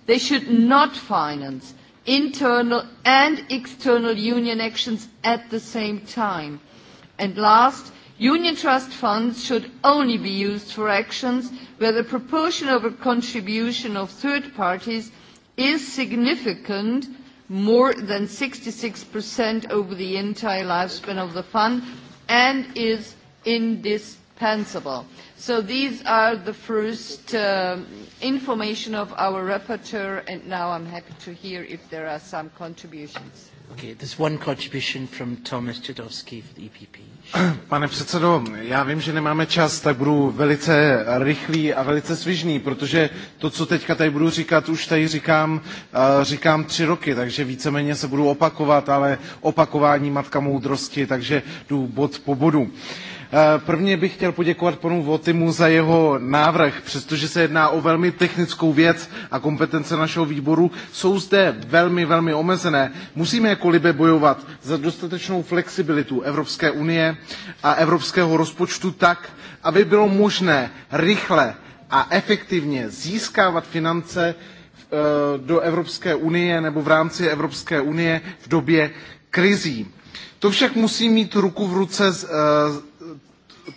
They should not finance internal and external union actions at the same time. And last, union trust funds should only be used for actions where the proportion of a contribution of third parties is significant more than 66% over the entire lifespan of the fund and is indispensable. So these are the first uh, information of our rapporteur, and now I'm happy to hear if there are some contributions. Okay, there's one contribution from Thomas Tudovsky for the EPP. Pane předsedo, já vím, že nemáme čas, tak budu velice rychlý a velice svižný, protože to, co teďka tady budu říkat, už tady říkám, říkám tři roky, takže víceméně se budu opakovat, ale opakování matka moudrosti, takže jdu bod po bodu. Uh, Eh, prvně bych chtěl poděkovat panu Votimu za jeho návrh, přestože se jedná o velmi technickou věc a kompetence našeho výboru jsou zde velmi, velmi omezené. Musíme jako Libe bojovat za dostatečnou flexibilitu Evropské unie a evropského rozpočtu tak, aby bylo možné rychle a efektivně získávat finance eh, do Evropské unie nebo v rámci Evropské unie v době krizí. To však musí mít ruku v ruce s eh,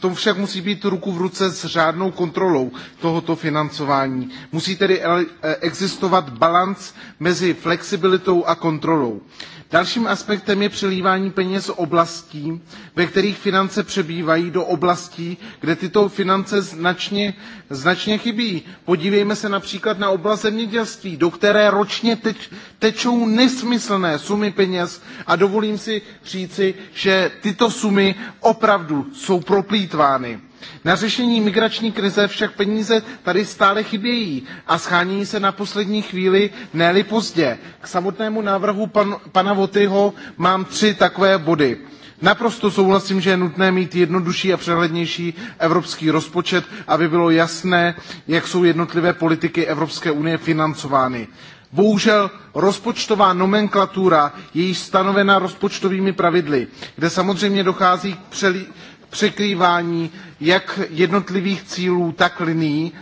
to však musí být ruku v ruce s řádnou kontrolou tohoto financování. Musí tedy eh, existovat balans mezi flexibilitou a kontrolou. Uh, Dalším aspektem je přelívání peněz oblastí, ve kterých finance přebývají do oblastí, kde tyto finance značně, značně chybí. Podívejme se například na oblast zemědělství, do které ročně teč, tečou nesmyslné sumy peněz a dovolím si říci, že tyto sumy opravdu jsou proplýtvány. Na řešení migrační krize však peníze tady stále chybějí a schání se na poslední chvíli, ne pozdě. K samotnému návrhu pan, pana Votyho mám tři takové body. Naprosto souhlasím, že je nutné mít jednodušší a přehlednější evropský rozpočet, aby bylo jasné, jak jsou jednotlivé politiky Evropské unie financovány. Bohužel rozpočtová nomenklatura je již stanovena rozpočtovými pravidly, kde samozřejmě dochází k přelí překrývání jak jednotlivých cílů, tak liní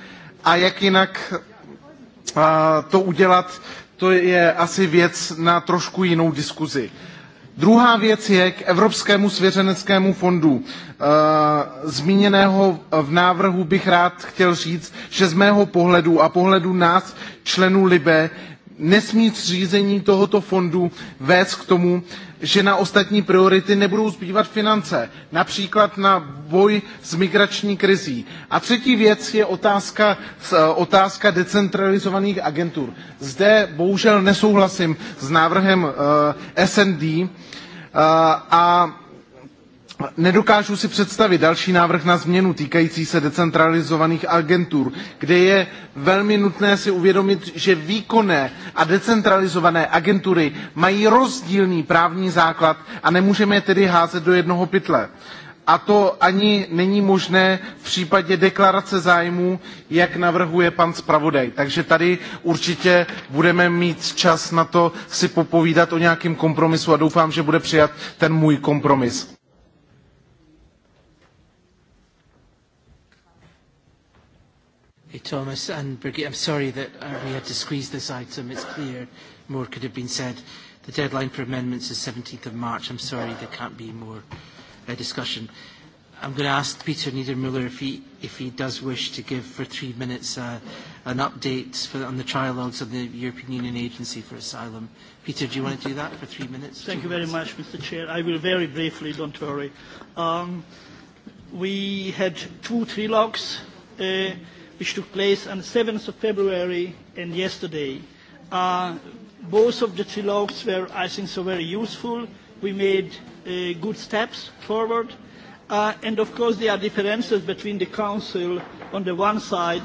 a jak jinak to udělat, to je asi věc na trošku jinou diskuzi. Druhá věc je k Evropskému svěřeneckému fondu. Zmíněného v návrhu bych rád chtěl říct, že z mého pohledu a pohledu nás, členů Libe, nesmí zřízení tohoto fondu vést k tomu, že na ostatní priority nebudou zbývat finance, například na boj s migrační krizí. A třetí věc je otázka, eh, otázka decentralizovaných agentur. Zde bohužel nesouhlasím s návrhem uh, eh, SND uh, eh, a Nedokážu si představit další návrh na změnu týkající se decentralizovaných agentur, kde je velmi nutné si uvědomit, že výkonné a decentralizované agentury mají rozdílný právní základ a nemůžeme je tedy házet do jednoho pytle. A to ani není možné v případě deklarace zájmů, jak navrhuje pan zpravodaj. Takže tady určitě budeme mít čas na to si popovídat o nějakém kompromisu a doufám, že bude přijat ten můj kompromis. Thomas and Birgit. I'm sorry that uh, we had to squeeze this item. It's clear more could have been said. The deadline for amendments is 17th of March. I'm sorry there can't be more uh, discussion. I'm going to ask Peter Niedermüller if he, if he does wish to give for three minutes uh, an update for, on the trialogues of the European Union Agency for Asylum. Peter, do you want to do that for three minutes? Thank you minutes? very much, Mr. Chair. I will very briefly, don't worry. Um, we had two trilogues. Uh, which took place on the 7th of February and yesterday. Uh, both of the trilogues were, I think, so very useful. We made uh, good steps forward. Uh, and of course, there are differences between the Council on the one side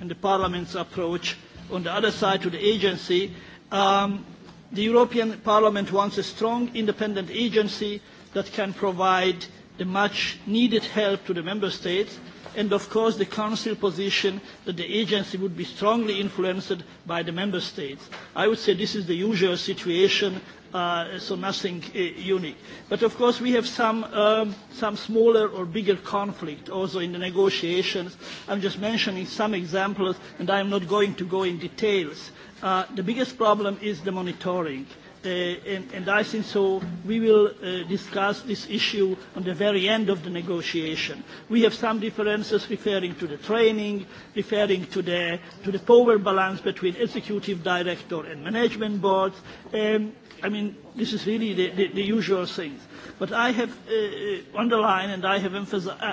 and the Parliament's approach on the other side to the agency. Um, the European Parliament wants a strong, independent agency that can provide the much needed help to the Member States and of course the Council position that the agency would be strongly influenced by the Member States. I would say this is the usual situation, uh, so nothing uh, unique. But of course we have some, um, some smaller or bigger conflict also in the negotiations. I'm just mentioning some examples and I'm not going to go in details. Uh, the biggest problem is the monitoring. Uh, uh, and, and I think so we will uh, discuss this issue on the very end of the negotiation. We have some differences referring to the training, referring to the, to the power balance between executive director and management boards. Um, I mean, this is really the, the, the usual things. But I have uh, uh, underlined and I have,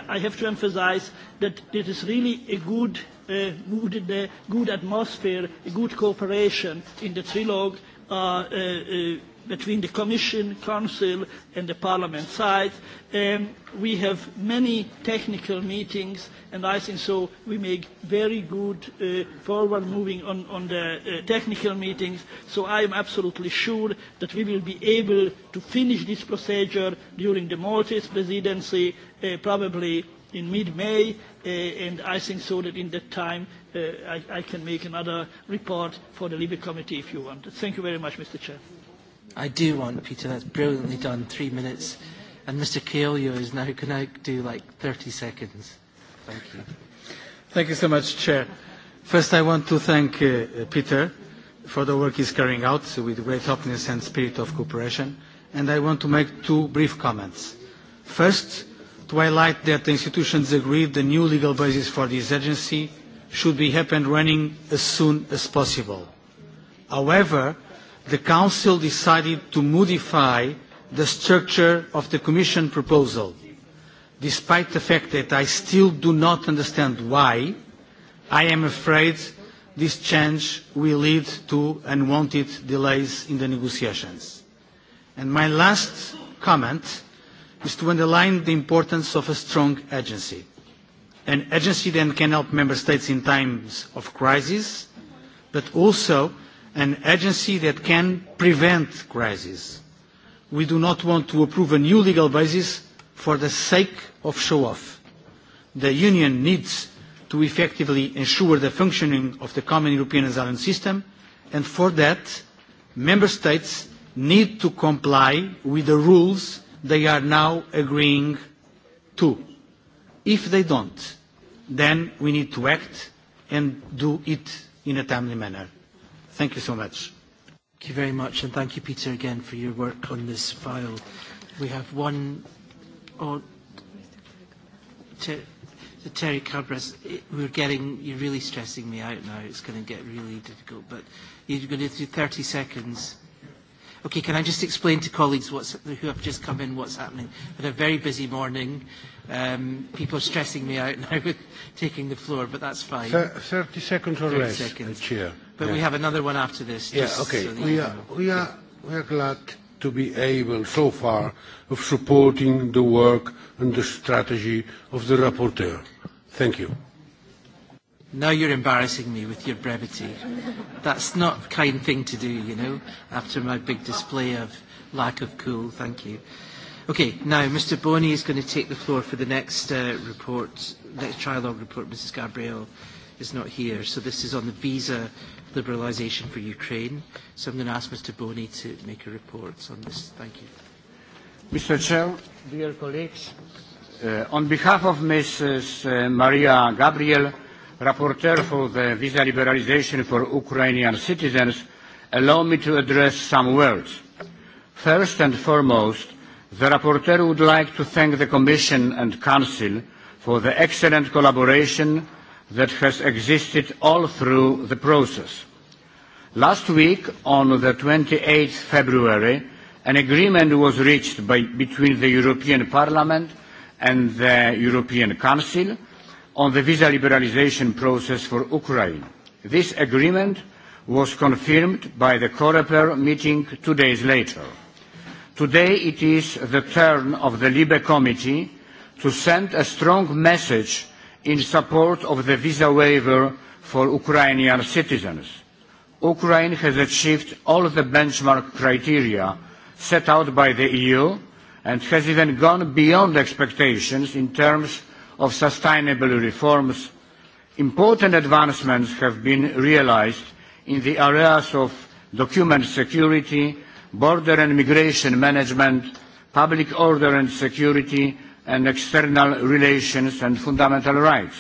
I have to emphasize that it is really a good, uh, good, uh, good atmosphere, a good cooperation in the trilogue Uh, uh, uh, between the Commission, Council and the Parliament side. Um, we have many technical meetings and I think so we make very good uh, forward moving on, on the uh, technical meetings. So I am absolutely sure that we will be able to finish this procedure during the Maltese presidency, uh, probably in mid-May uh, and I think so that in that time uh, I, I can make another report for the Libre Committee if you want. Thank you very much, Mr. Chair. I do want, Peter, that's brilliantly done, three minutes. And Mr. Keolio is now going to do like 30 seconds. Thank you. Thank you so much, Chair. First, I want to thank uh, Peter for the work he's carrying out so with great openness and spirit of cooperation. And I want to make two brief comments. First, to highlight that the institutions agreed the new legal basis for this agency should be up and running as soon as possible. However, the Council decided to modify the structure of the Commission proposal. Despite the fact that I still do not understand why, I am afraid this change will lead to unwanted delays in the negotiations. And my last comment is to underline the importance of a strong agency. An agency that can help member states in times of crisis, but also an agency that can prevent crises. We do not want to approve a new legal basis for the sake of show-off. The Union needs to effectively ensure the functioning of the common European asylum system, and for that, member states need to comply with the rules they are now agreeing to. If they don't, then we need to act and do it in a timely manner. Thank you so much. Thank you very much, and thank you, Peter, again for your work on this file. We have one... Oh, ter, Terry Cabras, we're getting... You're really stressing me out now. It's going to get really difficult, but you're going to do 30 seconds Okay, can I just explain to colleagues what's, who have just come in what's happening? I had a very busy morning. Um, people are stressing me out now with taking the floor, but that's fine. 30 seconds or 30 less, seconds. Chair. But yeah. we have another one after this. Yeah, okay. So we, are, we, are, we are glad to be able so far of supporting the work and the strategy of the rapporteur. Thank you. Now you're embarrassing me with your brevity. That's not the kind thing to do, you know, after my big display of lack of cool. Thank you. Okay, now Mr. Boney is going to take the floor for the next uh, report, next trialogue report. Mrs. Gabriel is not here, so this is on the visa liberalisation for Ukraine. So I'm going to ask Mr. Boney to make a report on this. Thank you. Mr. Chair, dear colleagues, uh, on behalf of Mrs. Uh, Maria Gabriel, rapporteur for the visa liberalization for Ukrainian citizens, allow me to address some words. First and foremost, the rapporteur would like to thank the Commission and Council for the excellent collaboration that has existed all through the process. Last week, on the 28th February, an agreement was reached by, between the European Parliament and the European Council on the visa liberalization process for Ukraine. This agreement was confirmed by the COREPER meeting two days later. Today it is the turn of the LIBE committee to send a strong message in support of the visa waiver for Ukrainian citizens. Ukraine has achieved all the benchmark criteria set out by the EU and has even gone beyond expectations in terms of sustainable reforms, important advancements have been realized in the areas of document security, border and migration management, public order and security, and external relations and fundamental rights.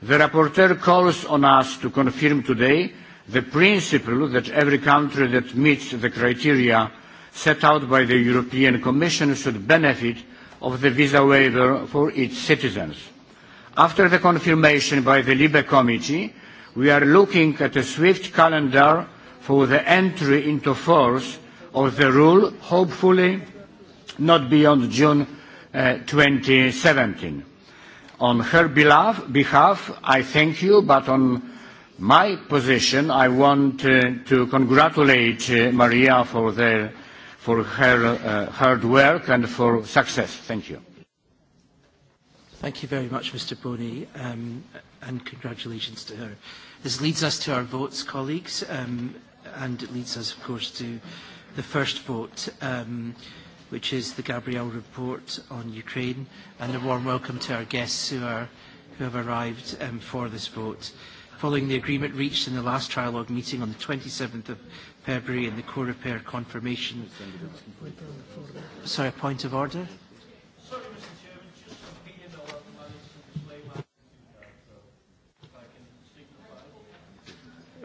The rapporteur calls on us to confirm today the principle that every country that meets the criteria set out by the European Commission should benefit of the visa waiver for its citizens. After the confirmation by the LIBE Committee, we are looking at a swift calendar for the entry into force of the rule, hopefully not beyond June uh, 2017. On her behalf, I thank you, but on my position, I want uh, to congratulate uh, Maria for the for her uh, hard work and for success. Thank you. Thank you very much, Mr. Boney, um, and congratulations to her. This leads us to our votes, colleagues, um, and it leads us, of course, to the first vote, um, which is the Gabrielle report on Ukraine, and a warm welcome to our guests who, are, who have arrived um, for this vote. Following the agreement reached in the last trialogue meeting on the 27th of February and the co-repair confirmation. Sorry, a point of order?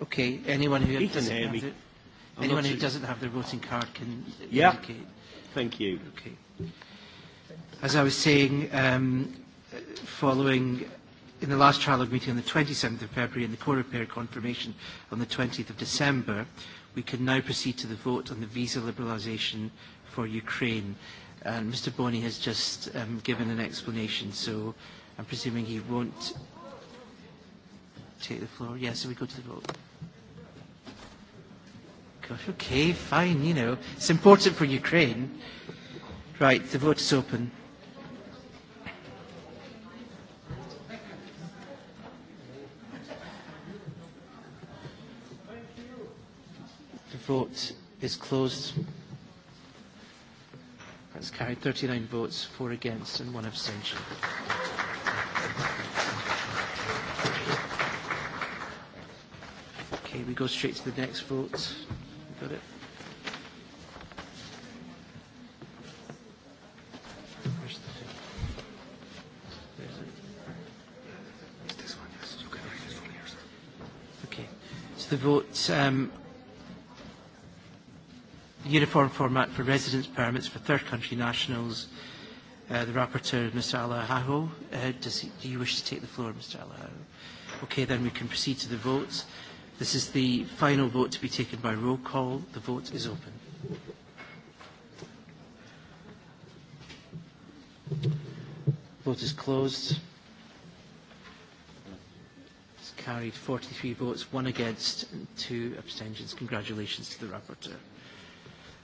Okay, anyone who, doesn't have, their, anyone who doesn't have their voting card can yeah. indicate. Thank you. Okay. As I was saying, um, following in the last trilogue meeting on the 27th of February and the co-repair confirmation on the 20th of December, we can now proceed to the vote on the visa liberalisation for Ukraine. And Mr Bonney has just um, given an explanation, so I'm presuming he won't take the floor. Yes, yeah, so we go to the vote. Gosh, okay, fine, you know. It's important for Ukraine. Right, the vote is open. vote is closed. That's carried 39 votes, four against and one abstention. Okay, we go straight to the next vote. Got it. the vote um, uniform format for residence permits for third country nationals. Uh, the rapporteur, Mr. Alahaho, Uh, does he, do you wish to take the floor, Mr. Alahaho? Okay, then we can proceed to the votes. This is the final vote to be taken by roll call. The vote is open. Vote is closed. It's carried 43 votes, one against and two abstentions. Congratulations to the rapporteur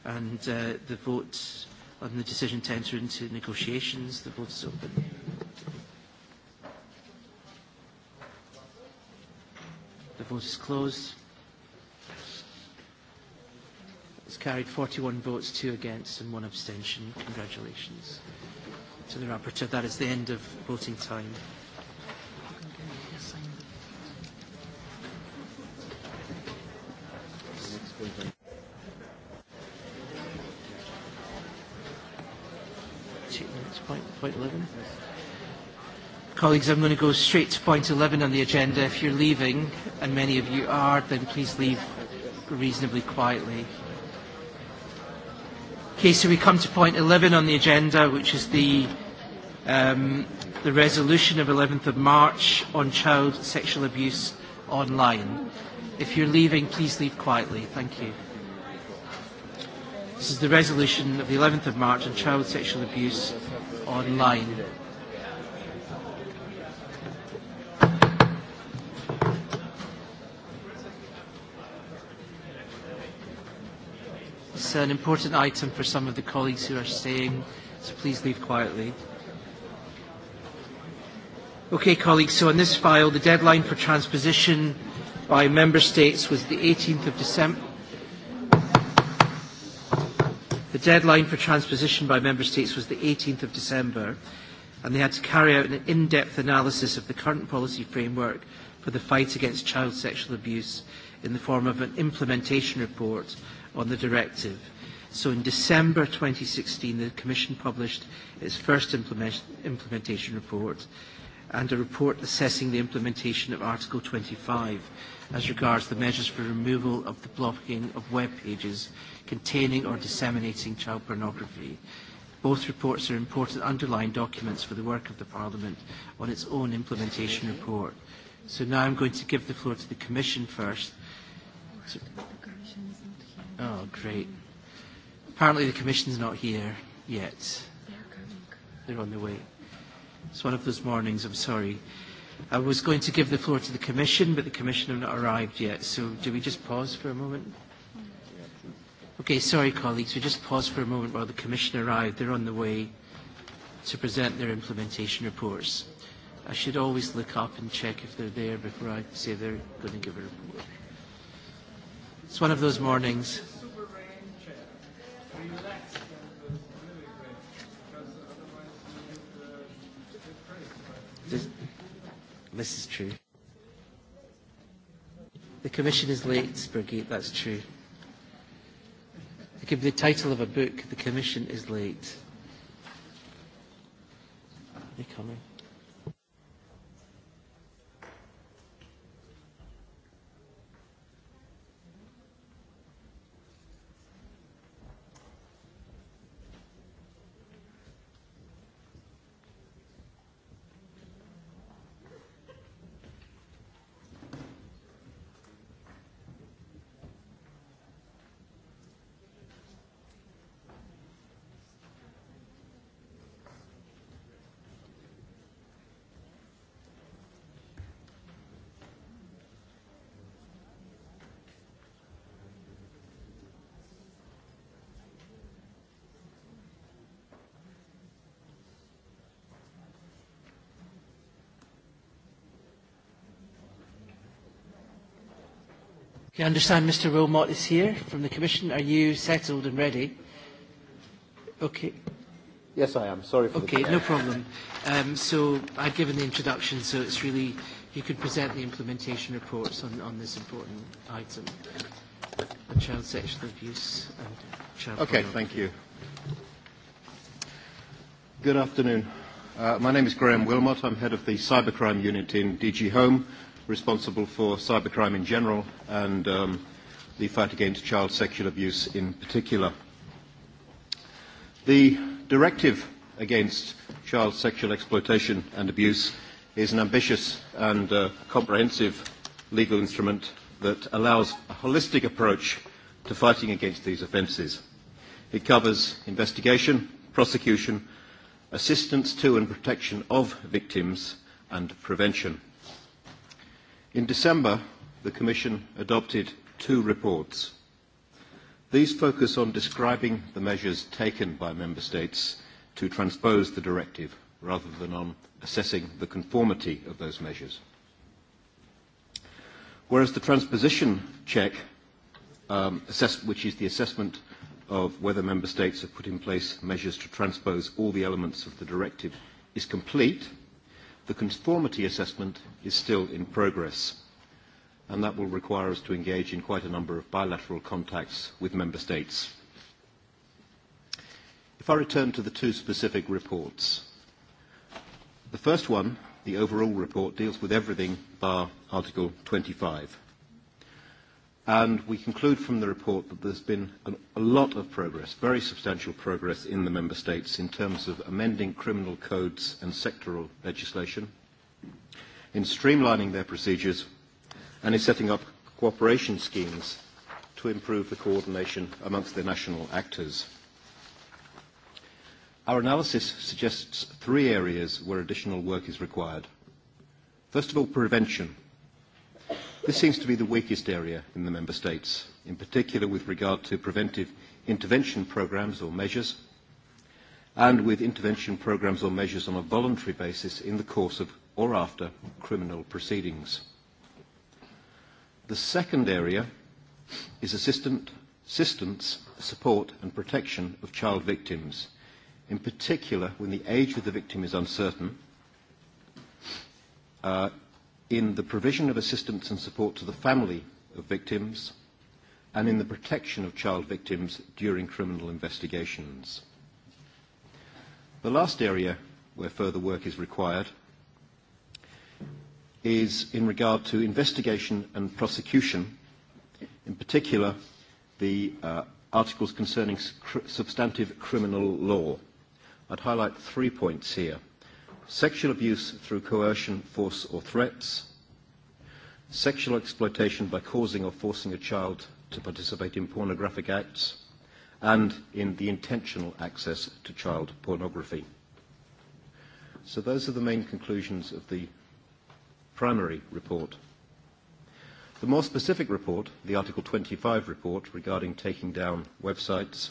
and uh, the vote on the decision to enter into negotiations. The vote is open. The vote is closed. It's carried 41 votes, two against and one abstention. Congratulations to the rapporteur. That is the end of voting time. Thank you. point, point 11? Colleagues, I'm going to go straight to point 11 on the agenda. If you're leaving, and many of you are, then please leave reasonably quietly. Okay, so we come to point 11 on the agenda, which is the, um, the resolution of 11th of March on child sexual abuse online. If you're leaving, please leave quietly. Thank you. This is the resolution of the 11th of March on child sexual abuse online. It's an important item for some of the colleagues who are staying, so please leave quietly. Okay, colleagues, so on this file, the deadline for transposition by Member States was the 18th of December, The deadline for transposition by Member States was the 18th of December, and they had to carry out an in-depth analysis of the current policy framework for the fight against child sexual abuse in the form of an implementation report on the directive. So in December 2016, the Commission published its first implement implementation report and a report assessing the implementation of Article 25 as regards the measures for removal of the blocking of web pages containing or disseminating child pornography. Both reports are important underlying documents for the work of the Parliament on its own implementation report. So now I'm going to give the floor to the Commission first. So, oh, great. Apparently the Commission's not here yet. They're on the way. It's one of those mornings, I'm sorry. I was going to give the floor to the Commission, but the Commission have not arrived yet. So do we just pause for a moment? Okay, sorry colleagues, we just pause for a moment while the Commission arrived. They're on the way to present their implementation reports. I should always look up and check if they're there before I say they're going to give a report. It's one of those mornings. This, this is true. The Commission is late, Spurgate, that's true. It could be the title of a book, The Commission is Late. Are they coming? Okay, I understand Mr. Wilmot is here from the Commission. Are you settled and ready? Okay. Yes, I am. Sorry for okay, the... Okay, no problem. Um, so I've given the introduction, so it's really, you could present the implementation reports on, on this important item, the child sexual abuse and child Okay, thank you. Good afternoon. Uh, my name is Graham Wilmot. I'm head of the Cybercrime Unit in DG Home responsible for cybercrime in general and um, the fight against child sexual abuse in particular. The directive against child sexual exploitation and abuse is an ambitious and uh, comprehensive legal instrument that allows a holistic approach to fighting against these offences. It covers investigation, prosecution, assistance to and protection of victims and prevention. In December, the Commission adopted two reports. These focus on describing the measures taken by Member States to transpose the directive rather than on assessing the conformity of those measures. Whereas the transposition check, um, assess which is the assessment of whether Member States have put in place measures to transpose all the elements of the directive, is complete – the conformity assessment is still in progress, and that will require us to engage in quite a number of bilateral contacts with Member States. If I return to the two specific reports, the first one, the overall report, deals with everything bar Article 25. And we conclude from the report that there's been an, a lot of progress, very substantial progress in the Member States in terms of amending criminal codes and sectoral legislation, in streamlining their procedures, and in setting up cooperation schemes to improve the coordination amongst the national actors. Our analysis suggests three areas where additional work is required. First of all, prevention – This seems to be the weakest area in the Member States, in particular with regard to preventive intervention programmes or measures, and with intervention programmes or measures on a voluntary basis in the course of or after criminal proceedings. The second area is assistance, support and protection of child victims, in particular when the age of the victim is uncertain, uh, in the provision of assistance and support to the family of victims and in the protection of child victims during criminal investigations. The last area where further work is required is in regard to investigation and prosecution, in particular the uh, articles concerning cr substantive criminal law. I'd highlight three points here sexual abuse through coercion, force or threats, sexual exploitation by causing or forcing a child to participate in pornographic acts, and in the intentional access to child pornography. So those are the main conclusions of the primary report. The more specific report, the Article 25 report regarding taking down websites,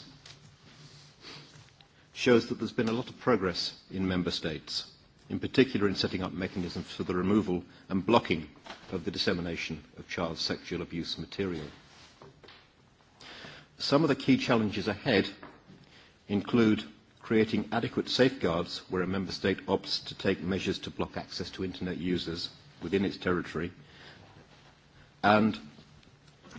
shows that there's been a lot of progress in member states in particular in setting up mechanisms for the removal and blocking of the dissemination of child sexual abuse material. Some of the key challenges ahead include creating adequate safeguards where a member state opts to take measures to block access to internet users within its territory and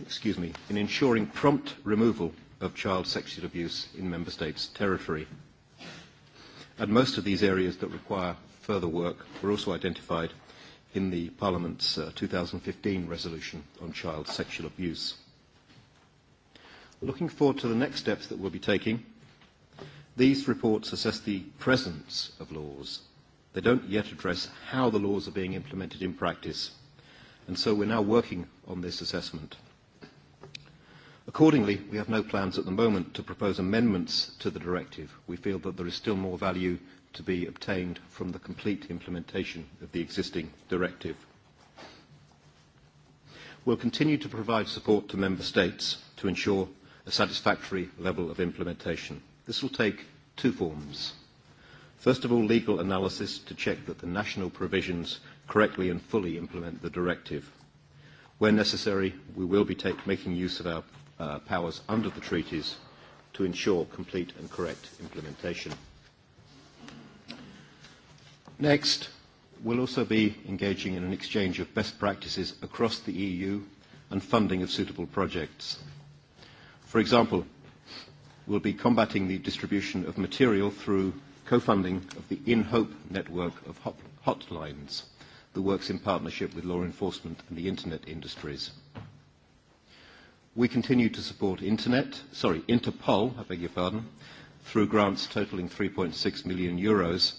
excuse me in ensuring prompt removal of child sexual abuse in member states territory and most of these areas that require further work were also identified in the Parliament's uh, 2015 resolution on child sexual abuse. Looking forward to the next steps that we'll be taking, these reports assess the presence of laws. They don't yet address how the laws are being implemented in practice, and so we're now working on this assessment. Accordingly, we have no plans at the moment to propose amendments to the directive. We feel that there is still more value to be obtained from the complete implementation of the existing directive. We'll continue to provide support to Member States to ensure a satisfactory level of implementation. This will take two forms. First of all, legal analysis to check that the national provisions correctly and fully implement the directive. Where necessary, we will be take, making use of our uh, powers under the treaties to ensure complete and correct implementation. Next, we'll also be engaging in an exchange of best practices across the EU and funding of suitable projects. For example, we'll be combating the distribution of material through co-funding of the InHope network of hotlines that works in partnership with law enforcement and the internet industries. We continue to support internet, sorry, Interpol, I beg your pardon, through grants totaling 3.6 million euros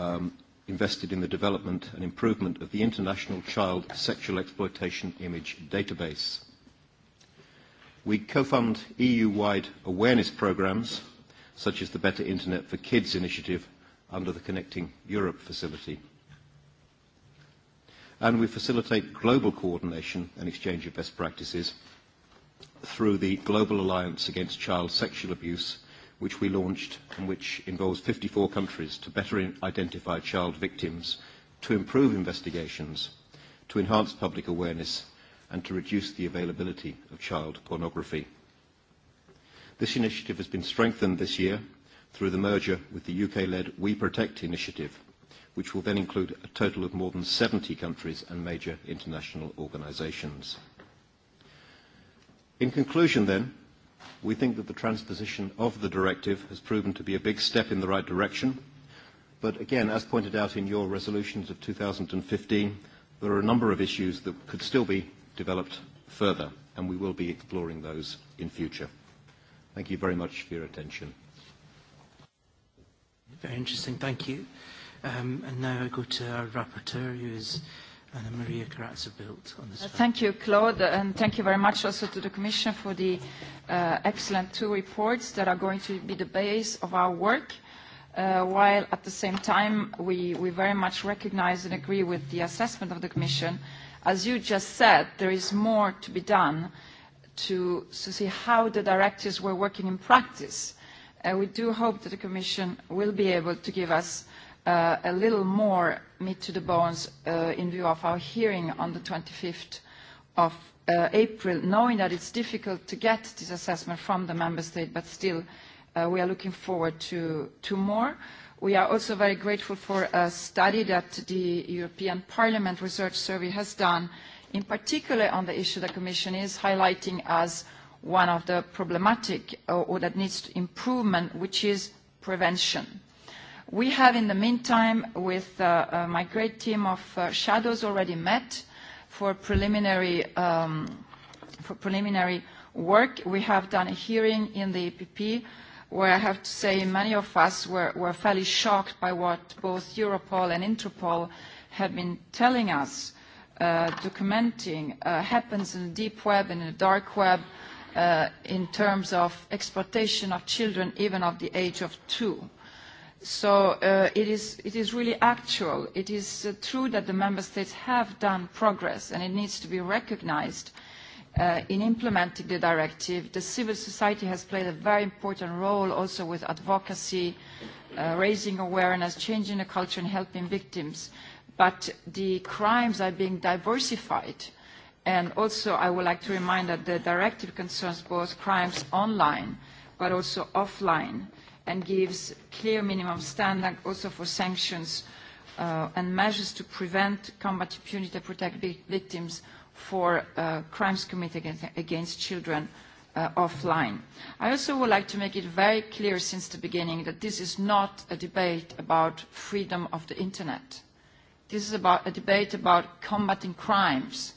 um, invested in the development and improvement of the International Child Sexual Exploitation Image Database. We co-fund EU-wide awareness programs, such as the Better Internet for Kids initiative under the Connecting Europe facility. And we facilitate global coordination and exchange of best practices through the Global Alliance Against Child Sexual Abuse which we launched and which involves 54 countries to better identify child victims, to improve investigations, to enhance public awareness and to reduce the availability of child pornography. This initiative has been strengthened this year through the merger with the UK-led We Protect initiative, which will then include a total of more than 70 countries and major international organisations. In conclusion then, We think that the transposition of the directive has proven to be a big step in the right direction. But again, as pointed out in your resolutions of 2015, there are a number of issues that could still be developed further, and we will be exploring those in future. Thank you very much for your attention. Very interesting, thank you. Um, and now I go to our rapporteur, who is Anna Maria Carazza built on this. Uh, thank you, Claude, and thank you very much also to the Commission for the uh, excellent two reports that are going to be the base of our work. Uh, while at the same time, we, we very much recognize and agree with the assessment of the Commission. As you just said, there is more to be done to, to see how the directives were working in practice. Uh, we do hope that the Commission will be able to give us uh, a little more meat to the bones uh, in view of our hearing on the 25th of uh, April, knowing that it's difficult to get this assessment from the member state, but still uh, we are looking forward to, to more. We are also very grateful for a study that the European Parliament Research Survey has done, in particular on the issue the Commission is highlighting as one of the problematic uh, or that needs improvement, which is prevention We have in the meantime with uh, uh, my great team of uh, shadows already met for preliminary, um, for preliminary work. We have done a hearing in the EPP where I have to say many of us were, were fairly shocked by what both Europol and Interpol have been telling us, uh, documenting uh, happens in the deep web and in the dark web uh, in terms of exploitation of children even of the age of two. So uh, it, is, it is really actual. It is uh, true that the member states have done progress and it needs to be recognized uh, in implementing the directive. The civil society has played a very important role also with advocacy, uh, raising awareness, changing the culture and helping victims. But the crimes are being diversified. And also I would like to remind that the directive concerns both crimes online but also offline and gives clear minimum standard also for sanctions uh, and measures to prevent, combat impunity, and protect victims for uh, crimes committed against children uh, offline. I also would like to make it very clear since the beginning that this is not a debate about freedom of the Internet. This is about a debate about combating crimes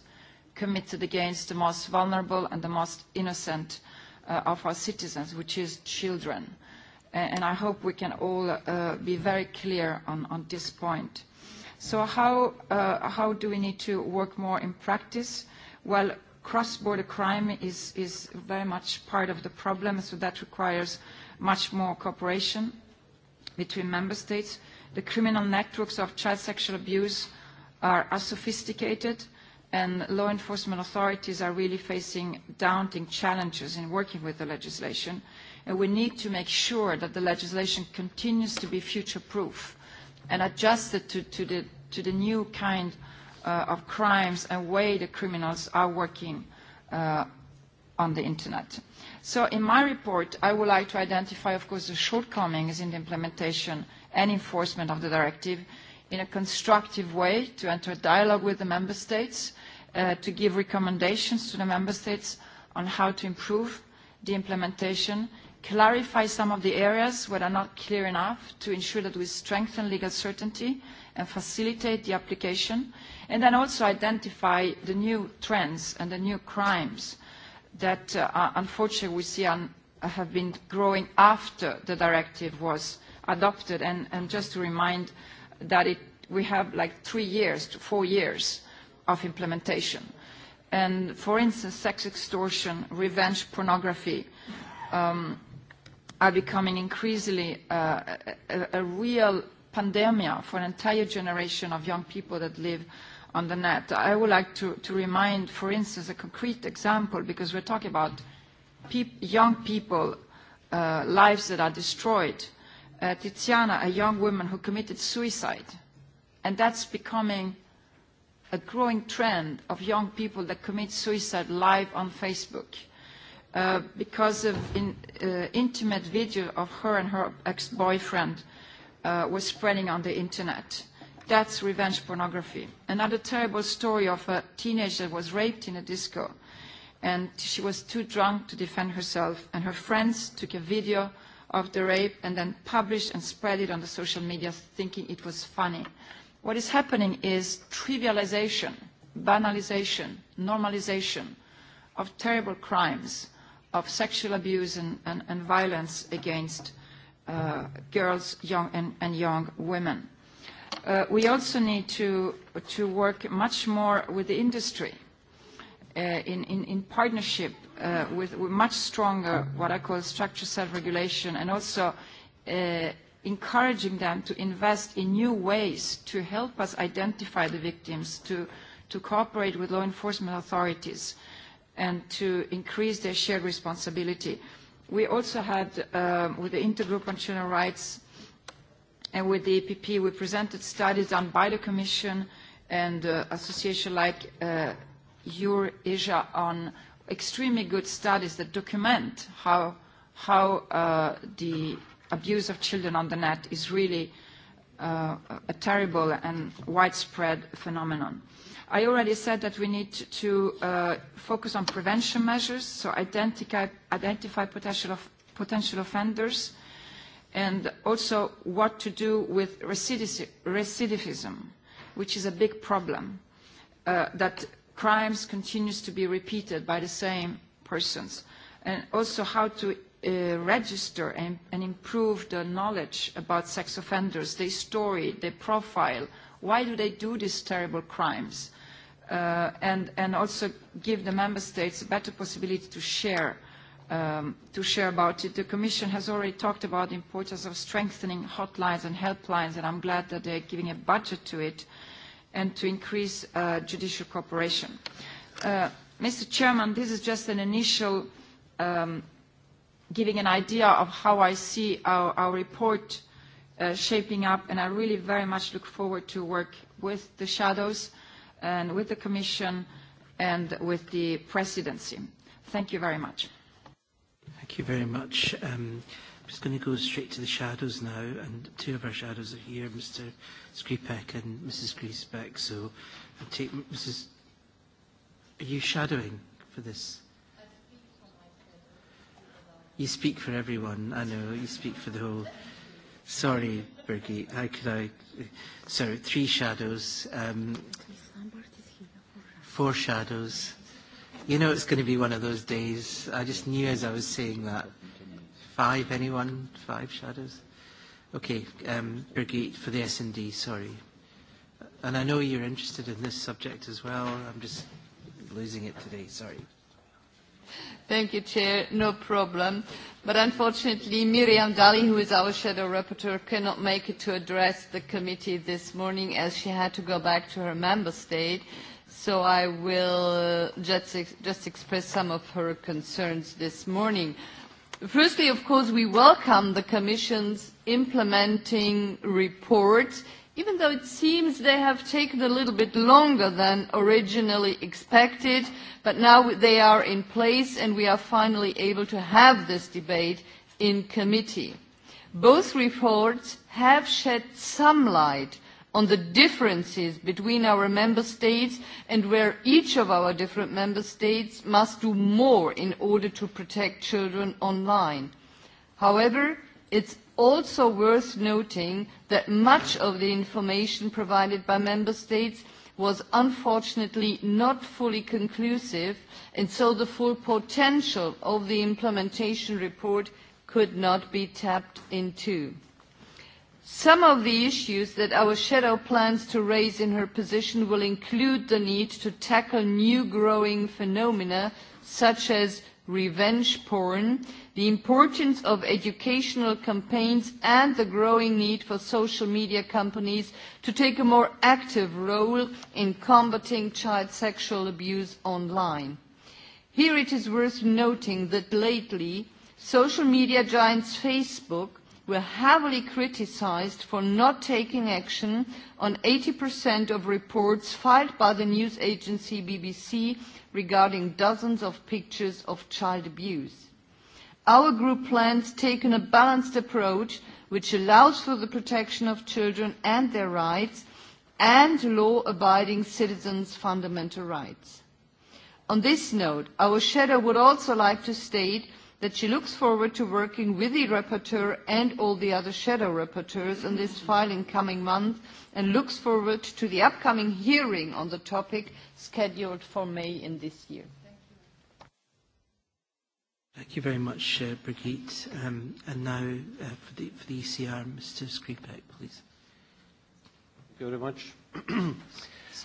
committed against the most vulnerable and the most innocent uh, of our citizens, which is children and I hope we can all uh, be very clear on, on this point. So how, uh, how do we need to work more in practice? Well, cross-border crime is, is very much part of the problem, so that requires much more cooperation between member states. The criminal networks of child sexual abuse are, are sophisticated, and law enforcement authorities are really facing daunting challenges in working with the legislation. Uh, and we need to make sure that the legislation continues to be future-proof and adjusted to, to, the, to the new kind uh, of crimes and way the criminals are working uh, on the Internet. So in my report, I would like to identify, of course, the shortcomings in the implementation and enforcement of the directive in a constructive way to enter dialogue with the Member States, uh, to give recommendations to the Member States on how to improve the implementation clarify some of the areas that are not clear enough to ensure that we strengthen legal certainty and facilitate the application, and then also identify the new trends and the new crimes that uh, uh unfortunately we see have been growing after the directive was adopted. And, and just to remind that it, we have like three years to four years of implementation. And for instance, sex extortion, revenge pornography, um, are becoming increasingly uh, a, a real pandemia for an entire generation of young people that live on the net. I would like to, to remind, for instance, a concrete example, because we're talking about peop young people, uh, lives that are destroyed. Uh, Tiziana, a young woman who committed suicide, and that's becoming a growing trend of young people that commit suicide live on Facebook. Uh, because of an in, uh, intimate video of her and her ex-boyfriend uh, was spreading on the internet. That's revenge pornography. Another terrible story of a teenager that was raped in a disco and she was too drunk to defend herself and her friends took a video of the rape and then published and spread it on the social media thinking it was funny. What is happening is trivialization, banalization, normalization of terrible crimes of sexual abuse and, and, and violence against uh, girls young and, and young women. Uh, we also need to, to work much more with the industry uh, in, in, in partnership uh, with, with much stronger what I call structure self-regulation and also uh, encouraging them to invest in new ways to help us identify the victims, to, to cooperate with law enforcement authorities, uh, and to increase their shared responsibility. We also had, uh, with the Intergroup on Children's Rights and with the EPP, we presented studies done by the Commission and uh, association like uh, Asia on extremely good studies that document how, how uh, the abuse of children on the net is really uh, a terrible and widespread phenomenon. I already said that we need to uh, focus on prevention measures, so identify, identify potential, of, potential offenders, and also what to do with recidivism, which is a big problem, uh, that crimes continues to be repeated by the same persons, and also how to uh, register and, and improve the knowledge about sex offenders, their story, their profile, Why do they do these terrible crimes? Uh, and, and also give the member states a better possibility to share, um, to share about it. The Commission has already talked about the importance of strengthening hotlines and helplines, and I'm glad that they're giving a budget to it and to increase uh, judicial cooperation. Uh, Mr. Chairman, this is just an initial um, giving an idea of how I see our, our report Uh, shaping up, and I really very much look forward to work with the shadows and with the Commission and with the presidency. Thank you very much. Thank you very much. Um, I'm just going to go straight to the shadows now, and two of our shadows are here, Mr. Skripek and Mrs. Griesbeck. So I take Mrs. Are you shadowing for this? You speak for everyone, I know, you speak for the whole. Sorry, Bergie. How could I? Sorry, three shadows. Um, four shadows. You know, it's going to be one of those days. I just knew as I was saying that. Five, anyone? Five shadows? Okay, um, Birgit, for the S&D, sorry. And I know you're interested in this subject as well. I'm just losing it today, sorry. Thank you, Chair. No problem. But unfortunately, Miriam Dali, who is our shadow rapporteur, cannot make it to address the committee this morning as she had to go back to her member state. So I will uh, just, ex just express some of her concerns this morning. Firstly, of course, we welcome the Commission's implementing report Even though it seems they have taken a little bit longer than originally expected, but now they are in place and we are finally able to have this debate in committee. Both reports have shed some light on the differences between our member states and where each of our different member states must do more in order to protect children online. However, it's also worth noting that much of the information provided by member states was unfortunately not fully conclusive and so the full potential of the implementation report could not be tapped into. Some of the issues that our shadow plans to raise in her position will include the need to tackle new growing phenomena such as revenge porn, the importance of educational campaigns and the growing need for social media companies to take a more active role in combating child sexual abuse online. Here it is worth noting that lately social media giants Facebook were heavily criticized for not taking action on 80% of reports filed by the news agency BBC regarding dozens of pictures of child abuse. Our group plans taken a balanced approach which allows for the protection of children and their rights and law-abiding citizens' fundamental rights. On this note, our shadow would also like to state that she looks forward to working with the rapporteur and all the other shadow rapporteurs on this file in coming months and looks forward to the upcoming hearing on the topic scheduled for May in this year. Thank you very much, uh, Brigitte. Um, and now uh, for, the, for the ECR, Mr. Skripek, please. Thank you very much.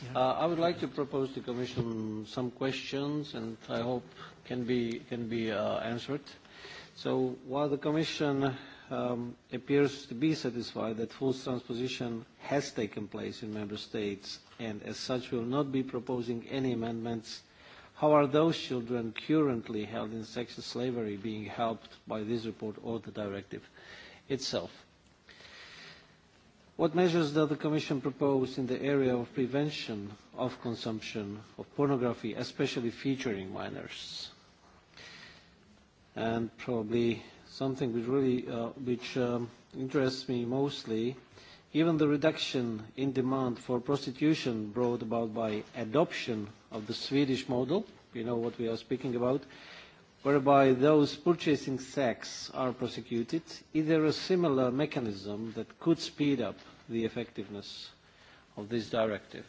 E uh, I would like to propose the Commission some questions, and I hope can be, can be uh, answered. So while the Commission um, appears to be satisfied that full transposition has taken place in Member States and as such will not be proposing any amendments, how are those children currently held in sexual slavery being helped by this report or the directive itself? What measures does the Commission propose in the area of prevention of consumption of pornography, especially featuring minors? and probably something which really uh, which um, interests me mostly even the reduction in demand for prostitution brought about by adoption of the Swedish model you know what we are speaking about whereby those purchasing sex are prosecuted is there a similar mechanism that could speed up the effectiveness of this directive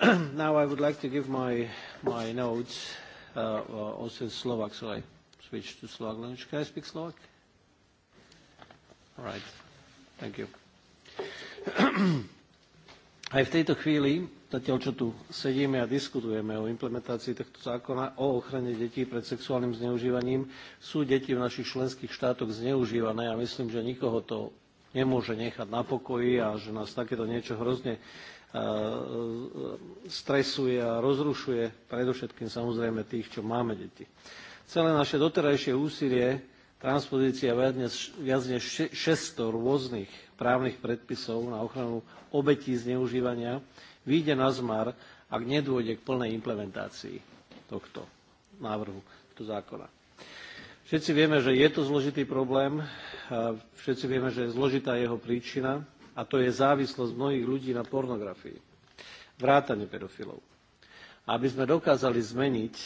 now I would like to give my my notes Uh, uh, also in Slovak, so I switched to Slovak language. Can I speak Slovak? All right. Thank you. Aj v tejto chvíli, zatiaľ čo tu sedíme a diskutujeme o implementácii tohto zákona o ochrane detí pred sexuálnym zneužívaním, sú deti v našich členských štátoch zneužívané a myslím, že nikoho to nemôže nechať na pokoji a že nás takéto niečo hrozne stresuje a rozrušuje predovšetkým samozrejme tých, čo máme deti. Celé naše doterajšie úsilie, transpozícia viac než 600 rôznych právnych predpisov na ochranu obetí zneužívania, vyjde na zmar, ak nedôjde k plnej implementácii tohto návrhu, tohto zákona. Všetci vieme, že je to zložitý problém, všetci vieme, že je zložitá jeho príčina, a to je závislosť mnohých ľudí na pornografii, vrátane pedofilov. Aby sme dokázali zmeniť e,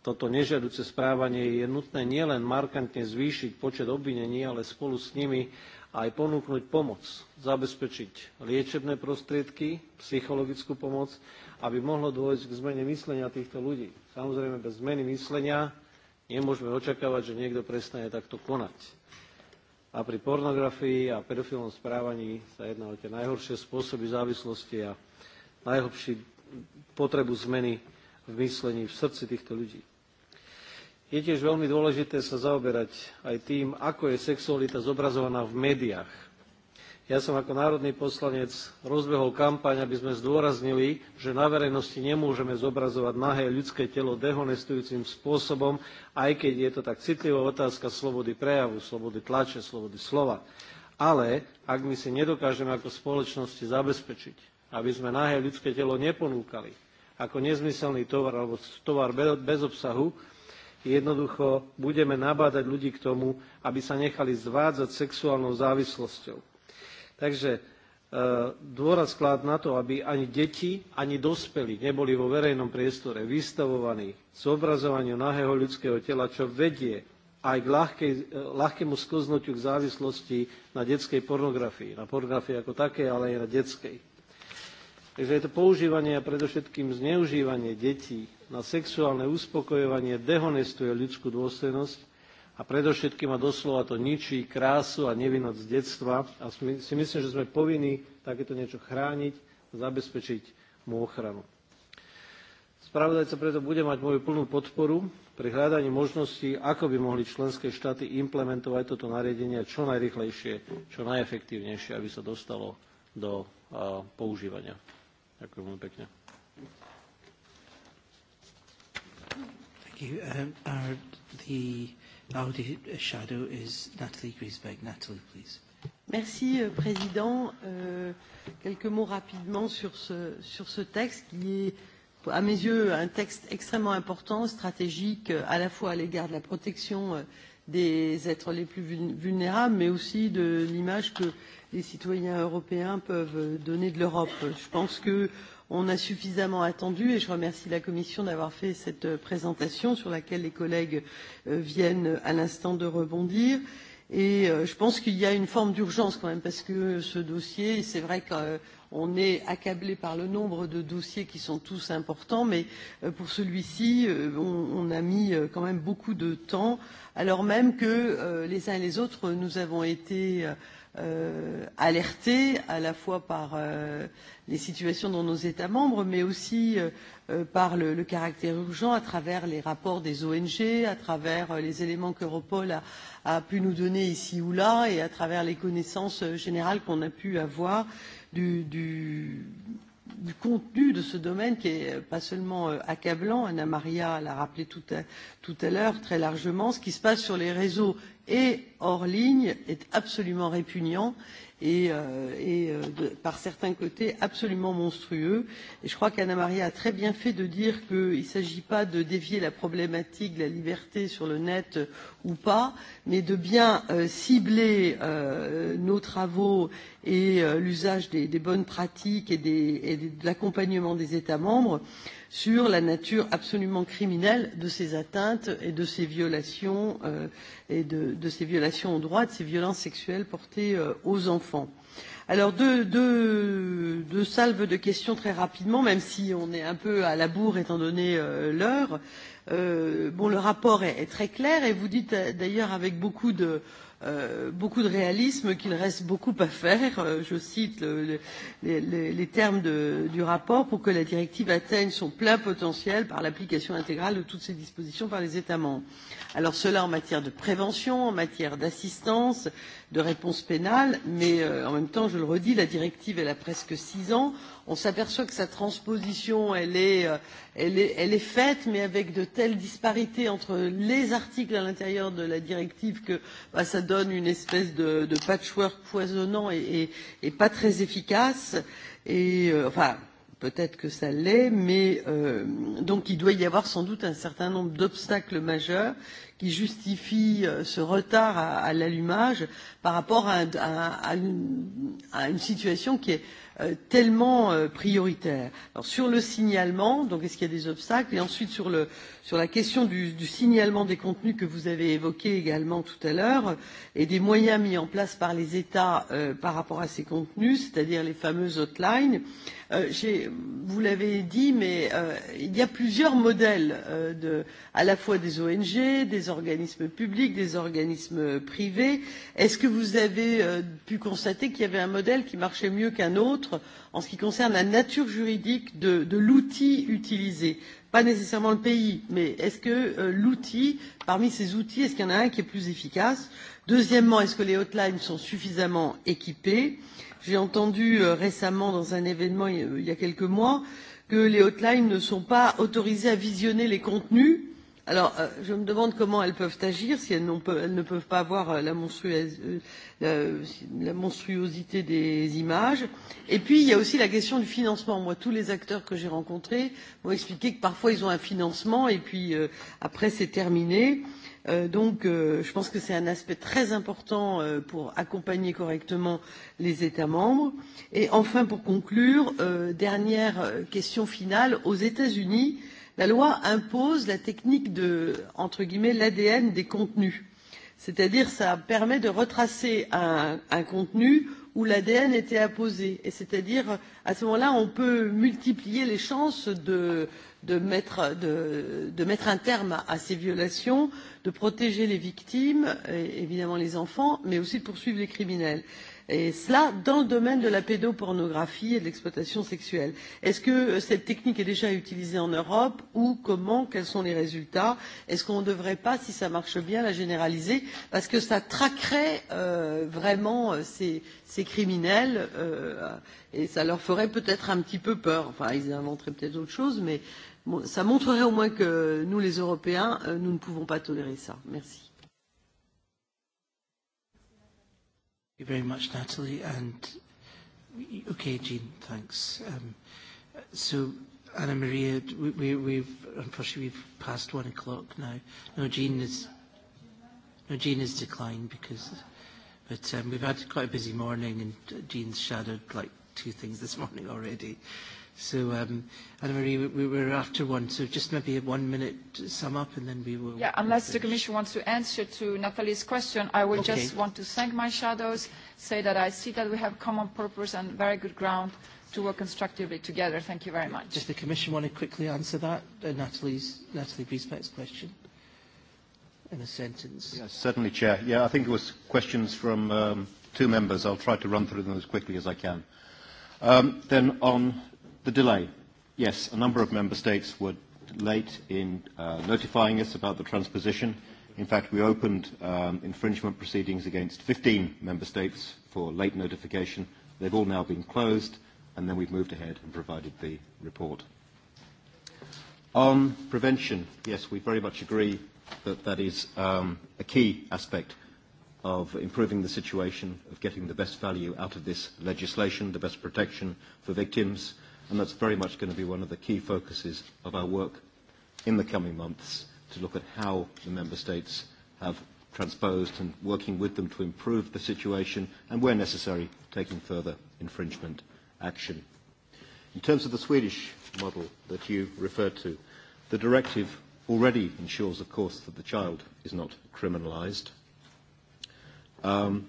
toto nežiaduce správanie, je nutné nielen markantne zvýšiť počet obvinení, ale spolu s nimi aj ponúknuť pomoc, zabezpečiť liečebné prostriedky, psychologickú pomoc, aby mohlo dôjsť k zmene myslenia týchto ľudí. Samozrejme, bez zmeny myslenia nemôžeme očakávať, že niekto prestane takto konať A pri pornografii a pedofilnom správaní sa jedná o tie najhoršie spôsoby závislosti a najhlbší potrebu zmeny v myslení, v srdci týchto ľudí. Je tiež veľmi dôležité sa zaoberať aj tým, ako je sexualita zobrazovaná v médiách Ja som ako národný poslanec rozbehol kampaň, aby sme zdôraznili, že na verejnosti nemôžeme zobrazovať nahé ľudské telo dehonestujúcim spôsobom, aj keď je to tak citlivá otázka slobody prejavu, slobody tlače, slobody slova. Ale ak my si nedokážeme ako spoločnosti zabezpečiť, aby sme nahé ľudské telo neponúkali ako nezmyselný tovar alebo tovar bez obsahu, jednoducho budeme nabádať ľudí k tomu, aby sa nechali zvádzať sexuálnou závislosťou Takže e, dôraz klad na to, aby ani deti, ani dospelí neboli vo verejnom priestore vystavovaní zobrazovaniu nahého ľudského tela, čo vedie aj k ľahkej, e, ľahkému sklznutiu k závislosti na detskej pornografii, na pornografii ako také, ale aj na detskej. Takže je to používanie a predovšetkým zneužívanie detí na sexuálne uspokojovanie dehonestuje ľudskú dôstojnosť a predovšetkým a doslova to ničí krásu a nevinnosť detstva a si myslím, že sme povinni takéto niečo chrániť, zabezpečiť mu ochranu. Spravodajca preto bude mať moju plnú podporu pri hľadaní možností, ako by mohli členské štáty implementovať toto nariadenie čo najrychlejšie, čo najefektívnejšie, aby sa dostalo do a, používania. Ďakujem veľmi pekne. Thank you. Um, uh, the Audi uh, Shadow is Natalie Griesbeck. Natalie, please. Merci, euh, Président. Euh, quelques mots rapidement sur ce, sur ce texte qui est, à mes yeux, un texte extrêmement important, stratégique, euh, à la fois à l'égard de la protection euh, des êtres les plus vulnérables, mais aussi de l'image que les citoyens européens peuvent euh, donner de l'Europe. Je pense que On a suffisamment attendu et je remercie la Commission d'avoir fait cette euh, présentation sur laquelle les collègues euh, viennent à l'instant de rebondir. Et euh, je pense qu'il y a une forme d'urgence quand même parce que ce dossier, c'est vrai qu'on est accablé par le nombre de dossiers qui sont tous importants, mais pour celui-ci, on a mis quand même beaucoup de temps, alors même que les uns et les autres, nous avons été euh, alertés à la fois par euh, les situations dans nos États membres, mais aussi euh, euh par le, le caractère urgent à travers les rapports des ONG, à travers euh, les éléments qu'Europol a, a pu nous donner ici ou là, et à travers les connaissances euh, générales qu'on a pu avoir du, du, du contenu de ce domaine qui est euh, pas seulement euh, accablant, Anna Maria l'a rappelé tout à, tout à l'heure très largement, ce qui se passe sur les réseaux et hors ligne est absolument répugnant et, euh, et euh, de, par certains côtés absolument monstrueux. Et je crois qu'Anna Maria a très bien fait de dire qu'il ne s'agit pas de dévier la problématique de la liberté sur le net euh, ou pas, mais de bien euh, cibler euh, nos travaux et euh, l'usage des, des bonnes pratiques et, des, et de l'accompagnement des États membres. Euh, sur la nature absolument criminelle de ces atteintes et de ces violations euh, et de, de ces violations aux droits, de ces violences sexuelles portées euh, aux enfants. Alors deux, deux, deux salves de questions très rapidement, même si on est un peu à la bourre étant donné euh, l'heure. Euh, bon, le rapport est, est très clair et vous dites euh, d'ailleurs avec beaucoup de euh, Euh, beaucoup de réalisme qu'il reste beaucoup à faire. Euh, je cite le, le, les, les termes de, du rapport pour que la directive atteigne son plein potentiel par l'application intégrale de toutes ses dispositions par les États membres. Alors cela en matière de prévention, en matière d'assistance, de réponse pénale, mais euh, en même temps, je le redis, la directive elle a presque six ans on s'aperçoit que sa transposition, elle est, euh, elle, est, elle est faite, mais avec de telles disparités entre les articles à l'intérieur de la directive que bah, ça donne une espèce de, de patchwork poisonnant et, et, et pas très efficace. Et, euh, enfin, peut-être que ça l'est, mais euh, donc il doit y avoir sans doute un certain nombre d'obstacles majeurs qui justifient euh, ce retard à, à l'allumage, par rapport à, à, à, une, à une situation qui est euh, tellement euh, prioritaire. Alors, sur le signalement, donc est-ce qu'il y a des obstacles Et ensuite sur, le, sur la question du, du signalement des contenus que vous avez évoqué également tout à l'heure et des moyens mis en place par les États euh, par rapport à ces contenus, c'est-à-dire les fameuses hotlines. Euh, vous l'avez dit, mais euh, il y a plusieurs modèles euh, de, à la fois des ONG, des organismes publics, des organismes privés. Est-ce que que vous avez euh, pu constater qu'il y avait un modèle qui marchait mieux qu'un autre en ce qui concerne la nature juridique de, de l'outil utilisé Pas nécessairement le pays, mais est-ce que euh, l'outil, parmi ces outils, est-ce qu'il y en a un qui est plus efficace Deuxièmement, est-ce que les hotlines sont suffisamment équipées J'ai entendu euh, récemment dans un événement il y a quelques mois que les hotlines ne sont pas autorisées à visionner les contenus Alors, euh, je me demande comment elles peuvent agir si elles, elles ne peuvent pas voir euh, la, monstru euh, la, la monstruosité des images. Et puis, il y a aussi la question du financement. Moi, tous les acteurs que j'ai rencontrés m'ont expliqué que parfois, ils ont un financement et puis euh, après, c'est terminé. Euh, donc, euh, je pense que c'est un aspect très important euh, pour accompagner correctement les États membres. Et enfin, pour conclure, euh, dernière euh, question finale, aux États-Unis, La loi impose la technique de, entre guillemets, l'ADN des contenus. C'est-à-dire, ça permet de retracer un, un contenu où l'ADN était apposé. Et c'est-à-dire, à ce moment-là, on peut multiplier les chances de, de, mettre, de, de mettre un terme à, ces violations, de protéger les victimes, et évidemment les enfants, mais aussi de poursuivre les criminels. Euh, et cela dans le domaine de la pédopornographie et de l'exploitation sexuelle. Est-ce que euh, cette technique est déjà utilisée en Europe ou comment Quels sont les résultats Est-ce qu'on ne devrait pas, si ça marche bien, la généraliser Parce que ça traquerait euh, vraiment euh, ces, ces criminels euh, et ça leur ferait peut-être un petit peu peur. Enfin, ils inventeraient peut-être autre chose, mais bon, ça montrerait au moins que nous, les Européens, euh, nous ne pouvons pas tolérer ça. Merci. you very much, Natalie. And okay, Jean, thanks. Um, so, Anna Maria, we, we, we've unfortunately we've passed one o'clock now. No, Jean is no, Jean is declined because, but um, we've had quite a busy morning, and Jean's shadowed like two things this morning already. So, um, Anna-Marie, we, we were after one, so just maybe a one-minute sum up and then we will... Yeah, unless finish. the Commission wants to answer to Natalie's question, I would okay. just want to thank my shadows, say that I see that we have common purpose and very good ground to work constructively together. Thank you very much. Does the Commission want to quickly answer that, uh, Natalie's, Natalie Biesbeck's question? In a sentence. Yes, certainly, Chair. Yeah, I think it was questions from um, two members. I'll try to run through them as quickly as I can. Um, then on The delay. Yes, a number of member states were late in uh, notifying us about the transposition. In fact, we opened um, infringement proceedings against 15 member states for late notification. They've all now been closed, and then we've moved ahead and provided the report. On prevention, yes, we very much agree that that is um, a key aspect of improving the situation, of getting the best value out of this legislation, the best protection for victims, and that's very much going to be one of the key focuses of our work in the coming months to look at how the Member States have transposed and working with them to improve the situation and, where necessary, taking further infringement action. In terms of the Swedish model that you referred to, the directive already ensures, of course, that the child is not criminalised. Um,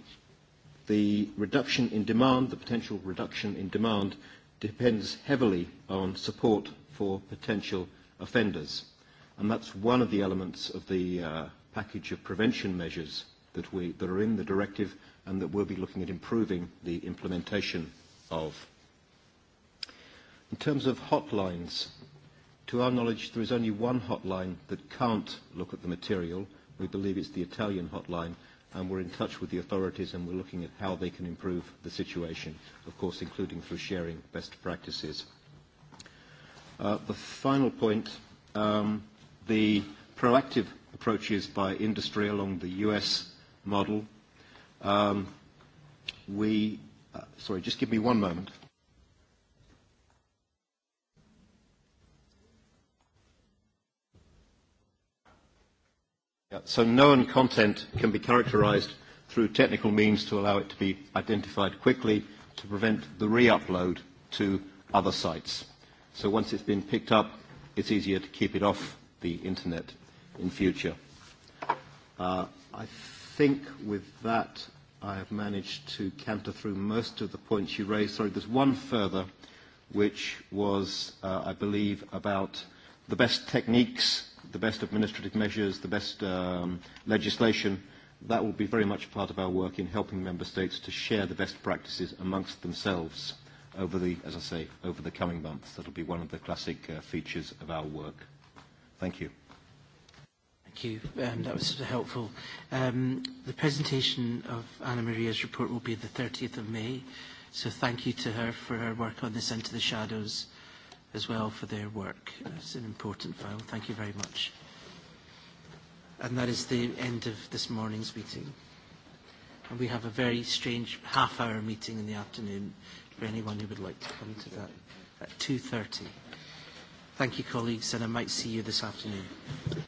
the reduction in demand, the potential reduction in demand depends heavily on support for potential offenders. And that's one of the elements of the uh, package of prevention measures that, we, that are in the directive and that we'll be looking at improving the implementation of. In terms of hotlines, to our knowledge, there is only one hotline that can't look at the material. We believe it's the Italian hotline, and we're in touch with the authorities and we're looking at how they can improve the situation, of course, including through sharing best practices. Uh, the final point, um, the proactive approaches by industry along the US model. Um, we, uh, sorry, just give me one moment. Yeah, so known content can be characterized through technical means to allow it to be identified quickly to prevent the re-upload to other sites. So once it's been picked up, it's easier to keep it off the internet in future. Uh, I think with that, I have managed to canter through most of the points you raised. Sorry, there's one further, which was, uh, I believe, about the best techniques the best administrative measures, the best um, legislation, that will be very much part of our work in helping member states to share the best practices amongst themselves over the, as I say, over the coming months. That will be one of the classic uh, features of our work. Thank you. Thank you. Um, that was helpful. Um, the presentation of Anna Maria's report will be the 30th of May. So thank you to her for her work on this and to the shadows as well for their work. It's an important file. Thank you very much. And that is the end of this morning's meeting. And we have a very strange half-hour meeting in the afternoon for anyone who would like to come to that at 2.30. Thank you, colleagues, and I might see you this afternoon.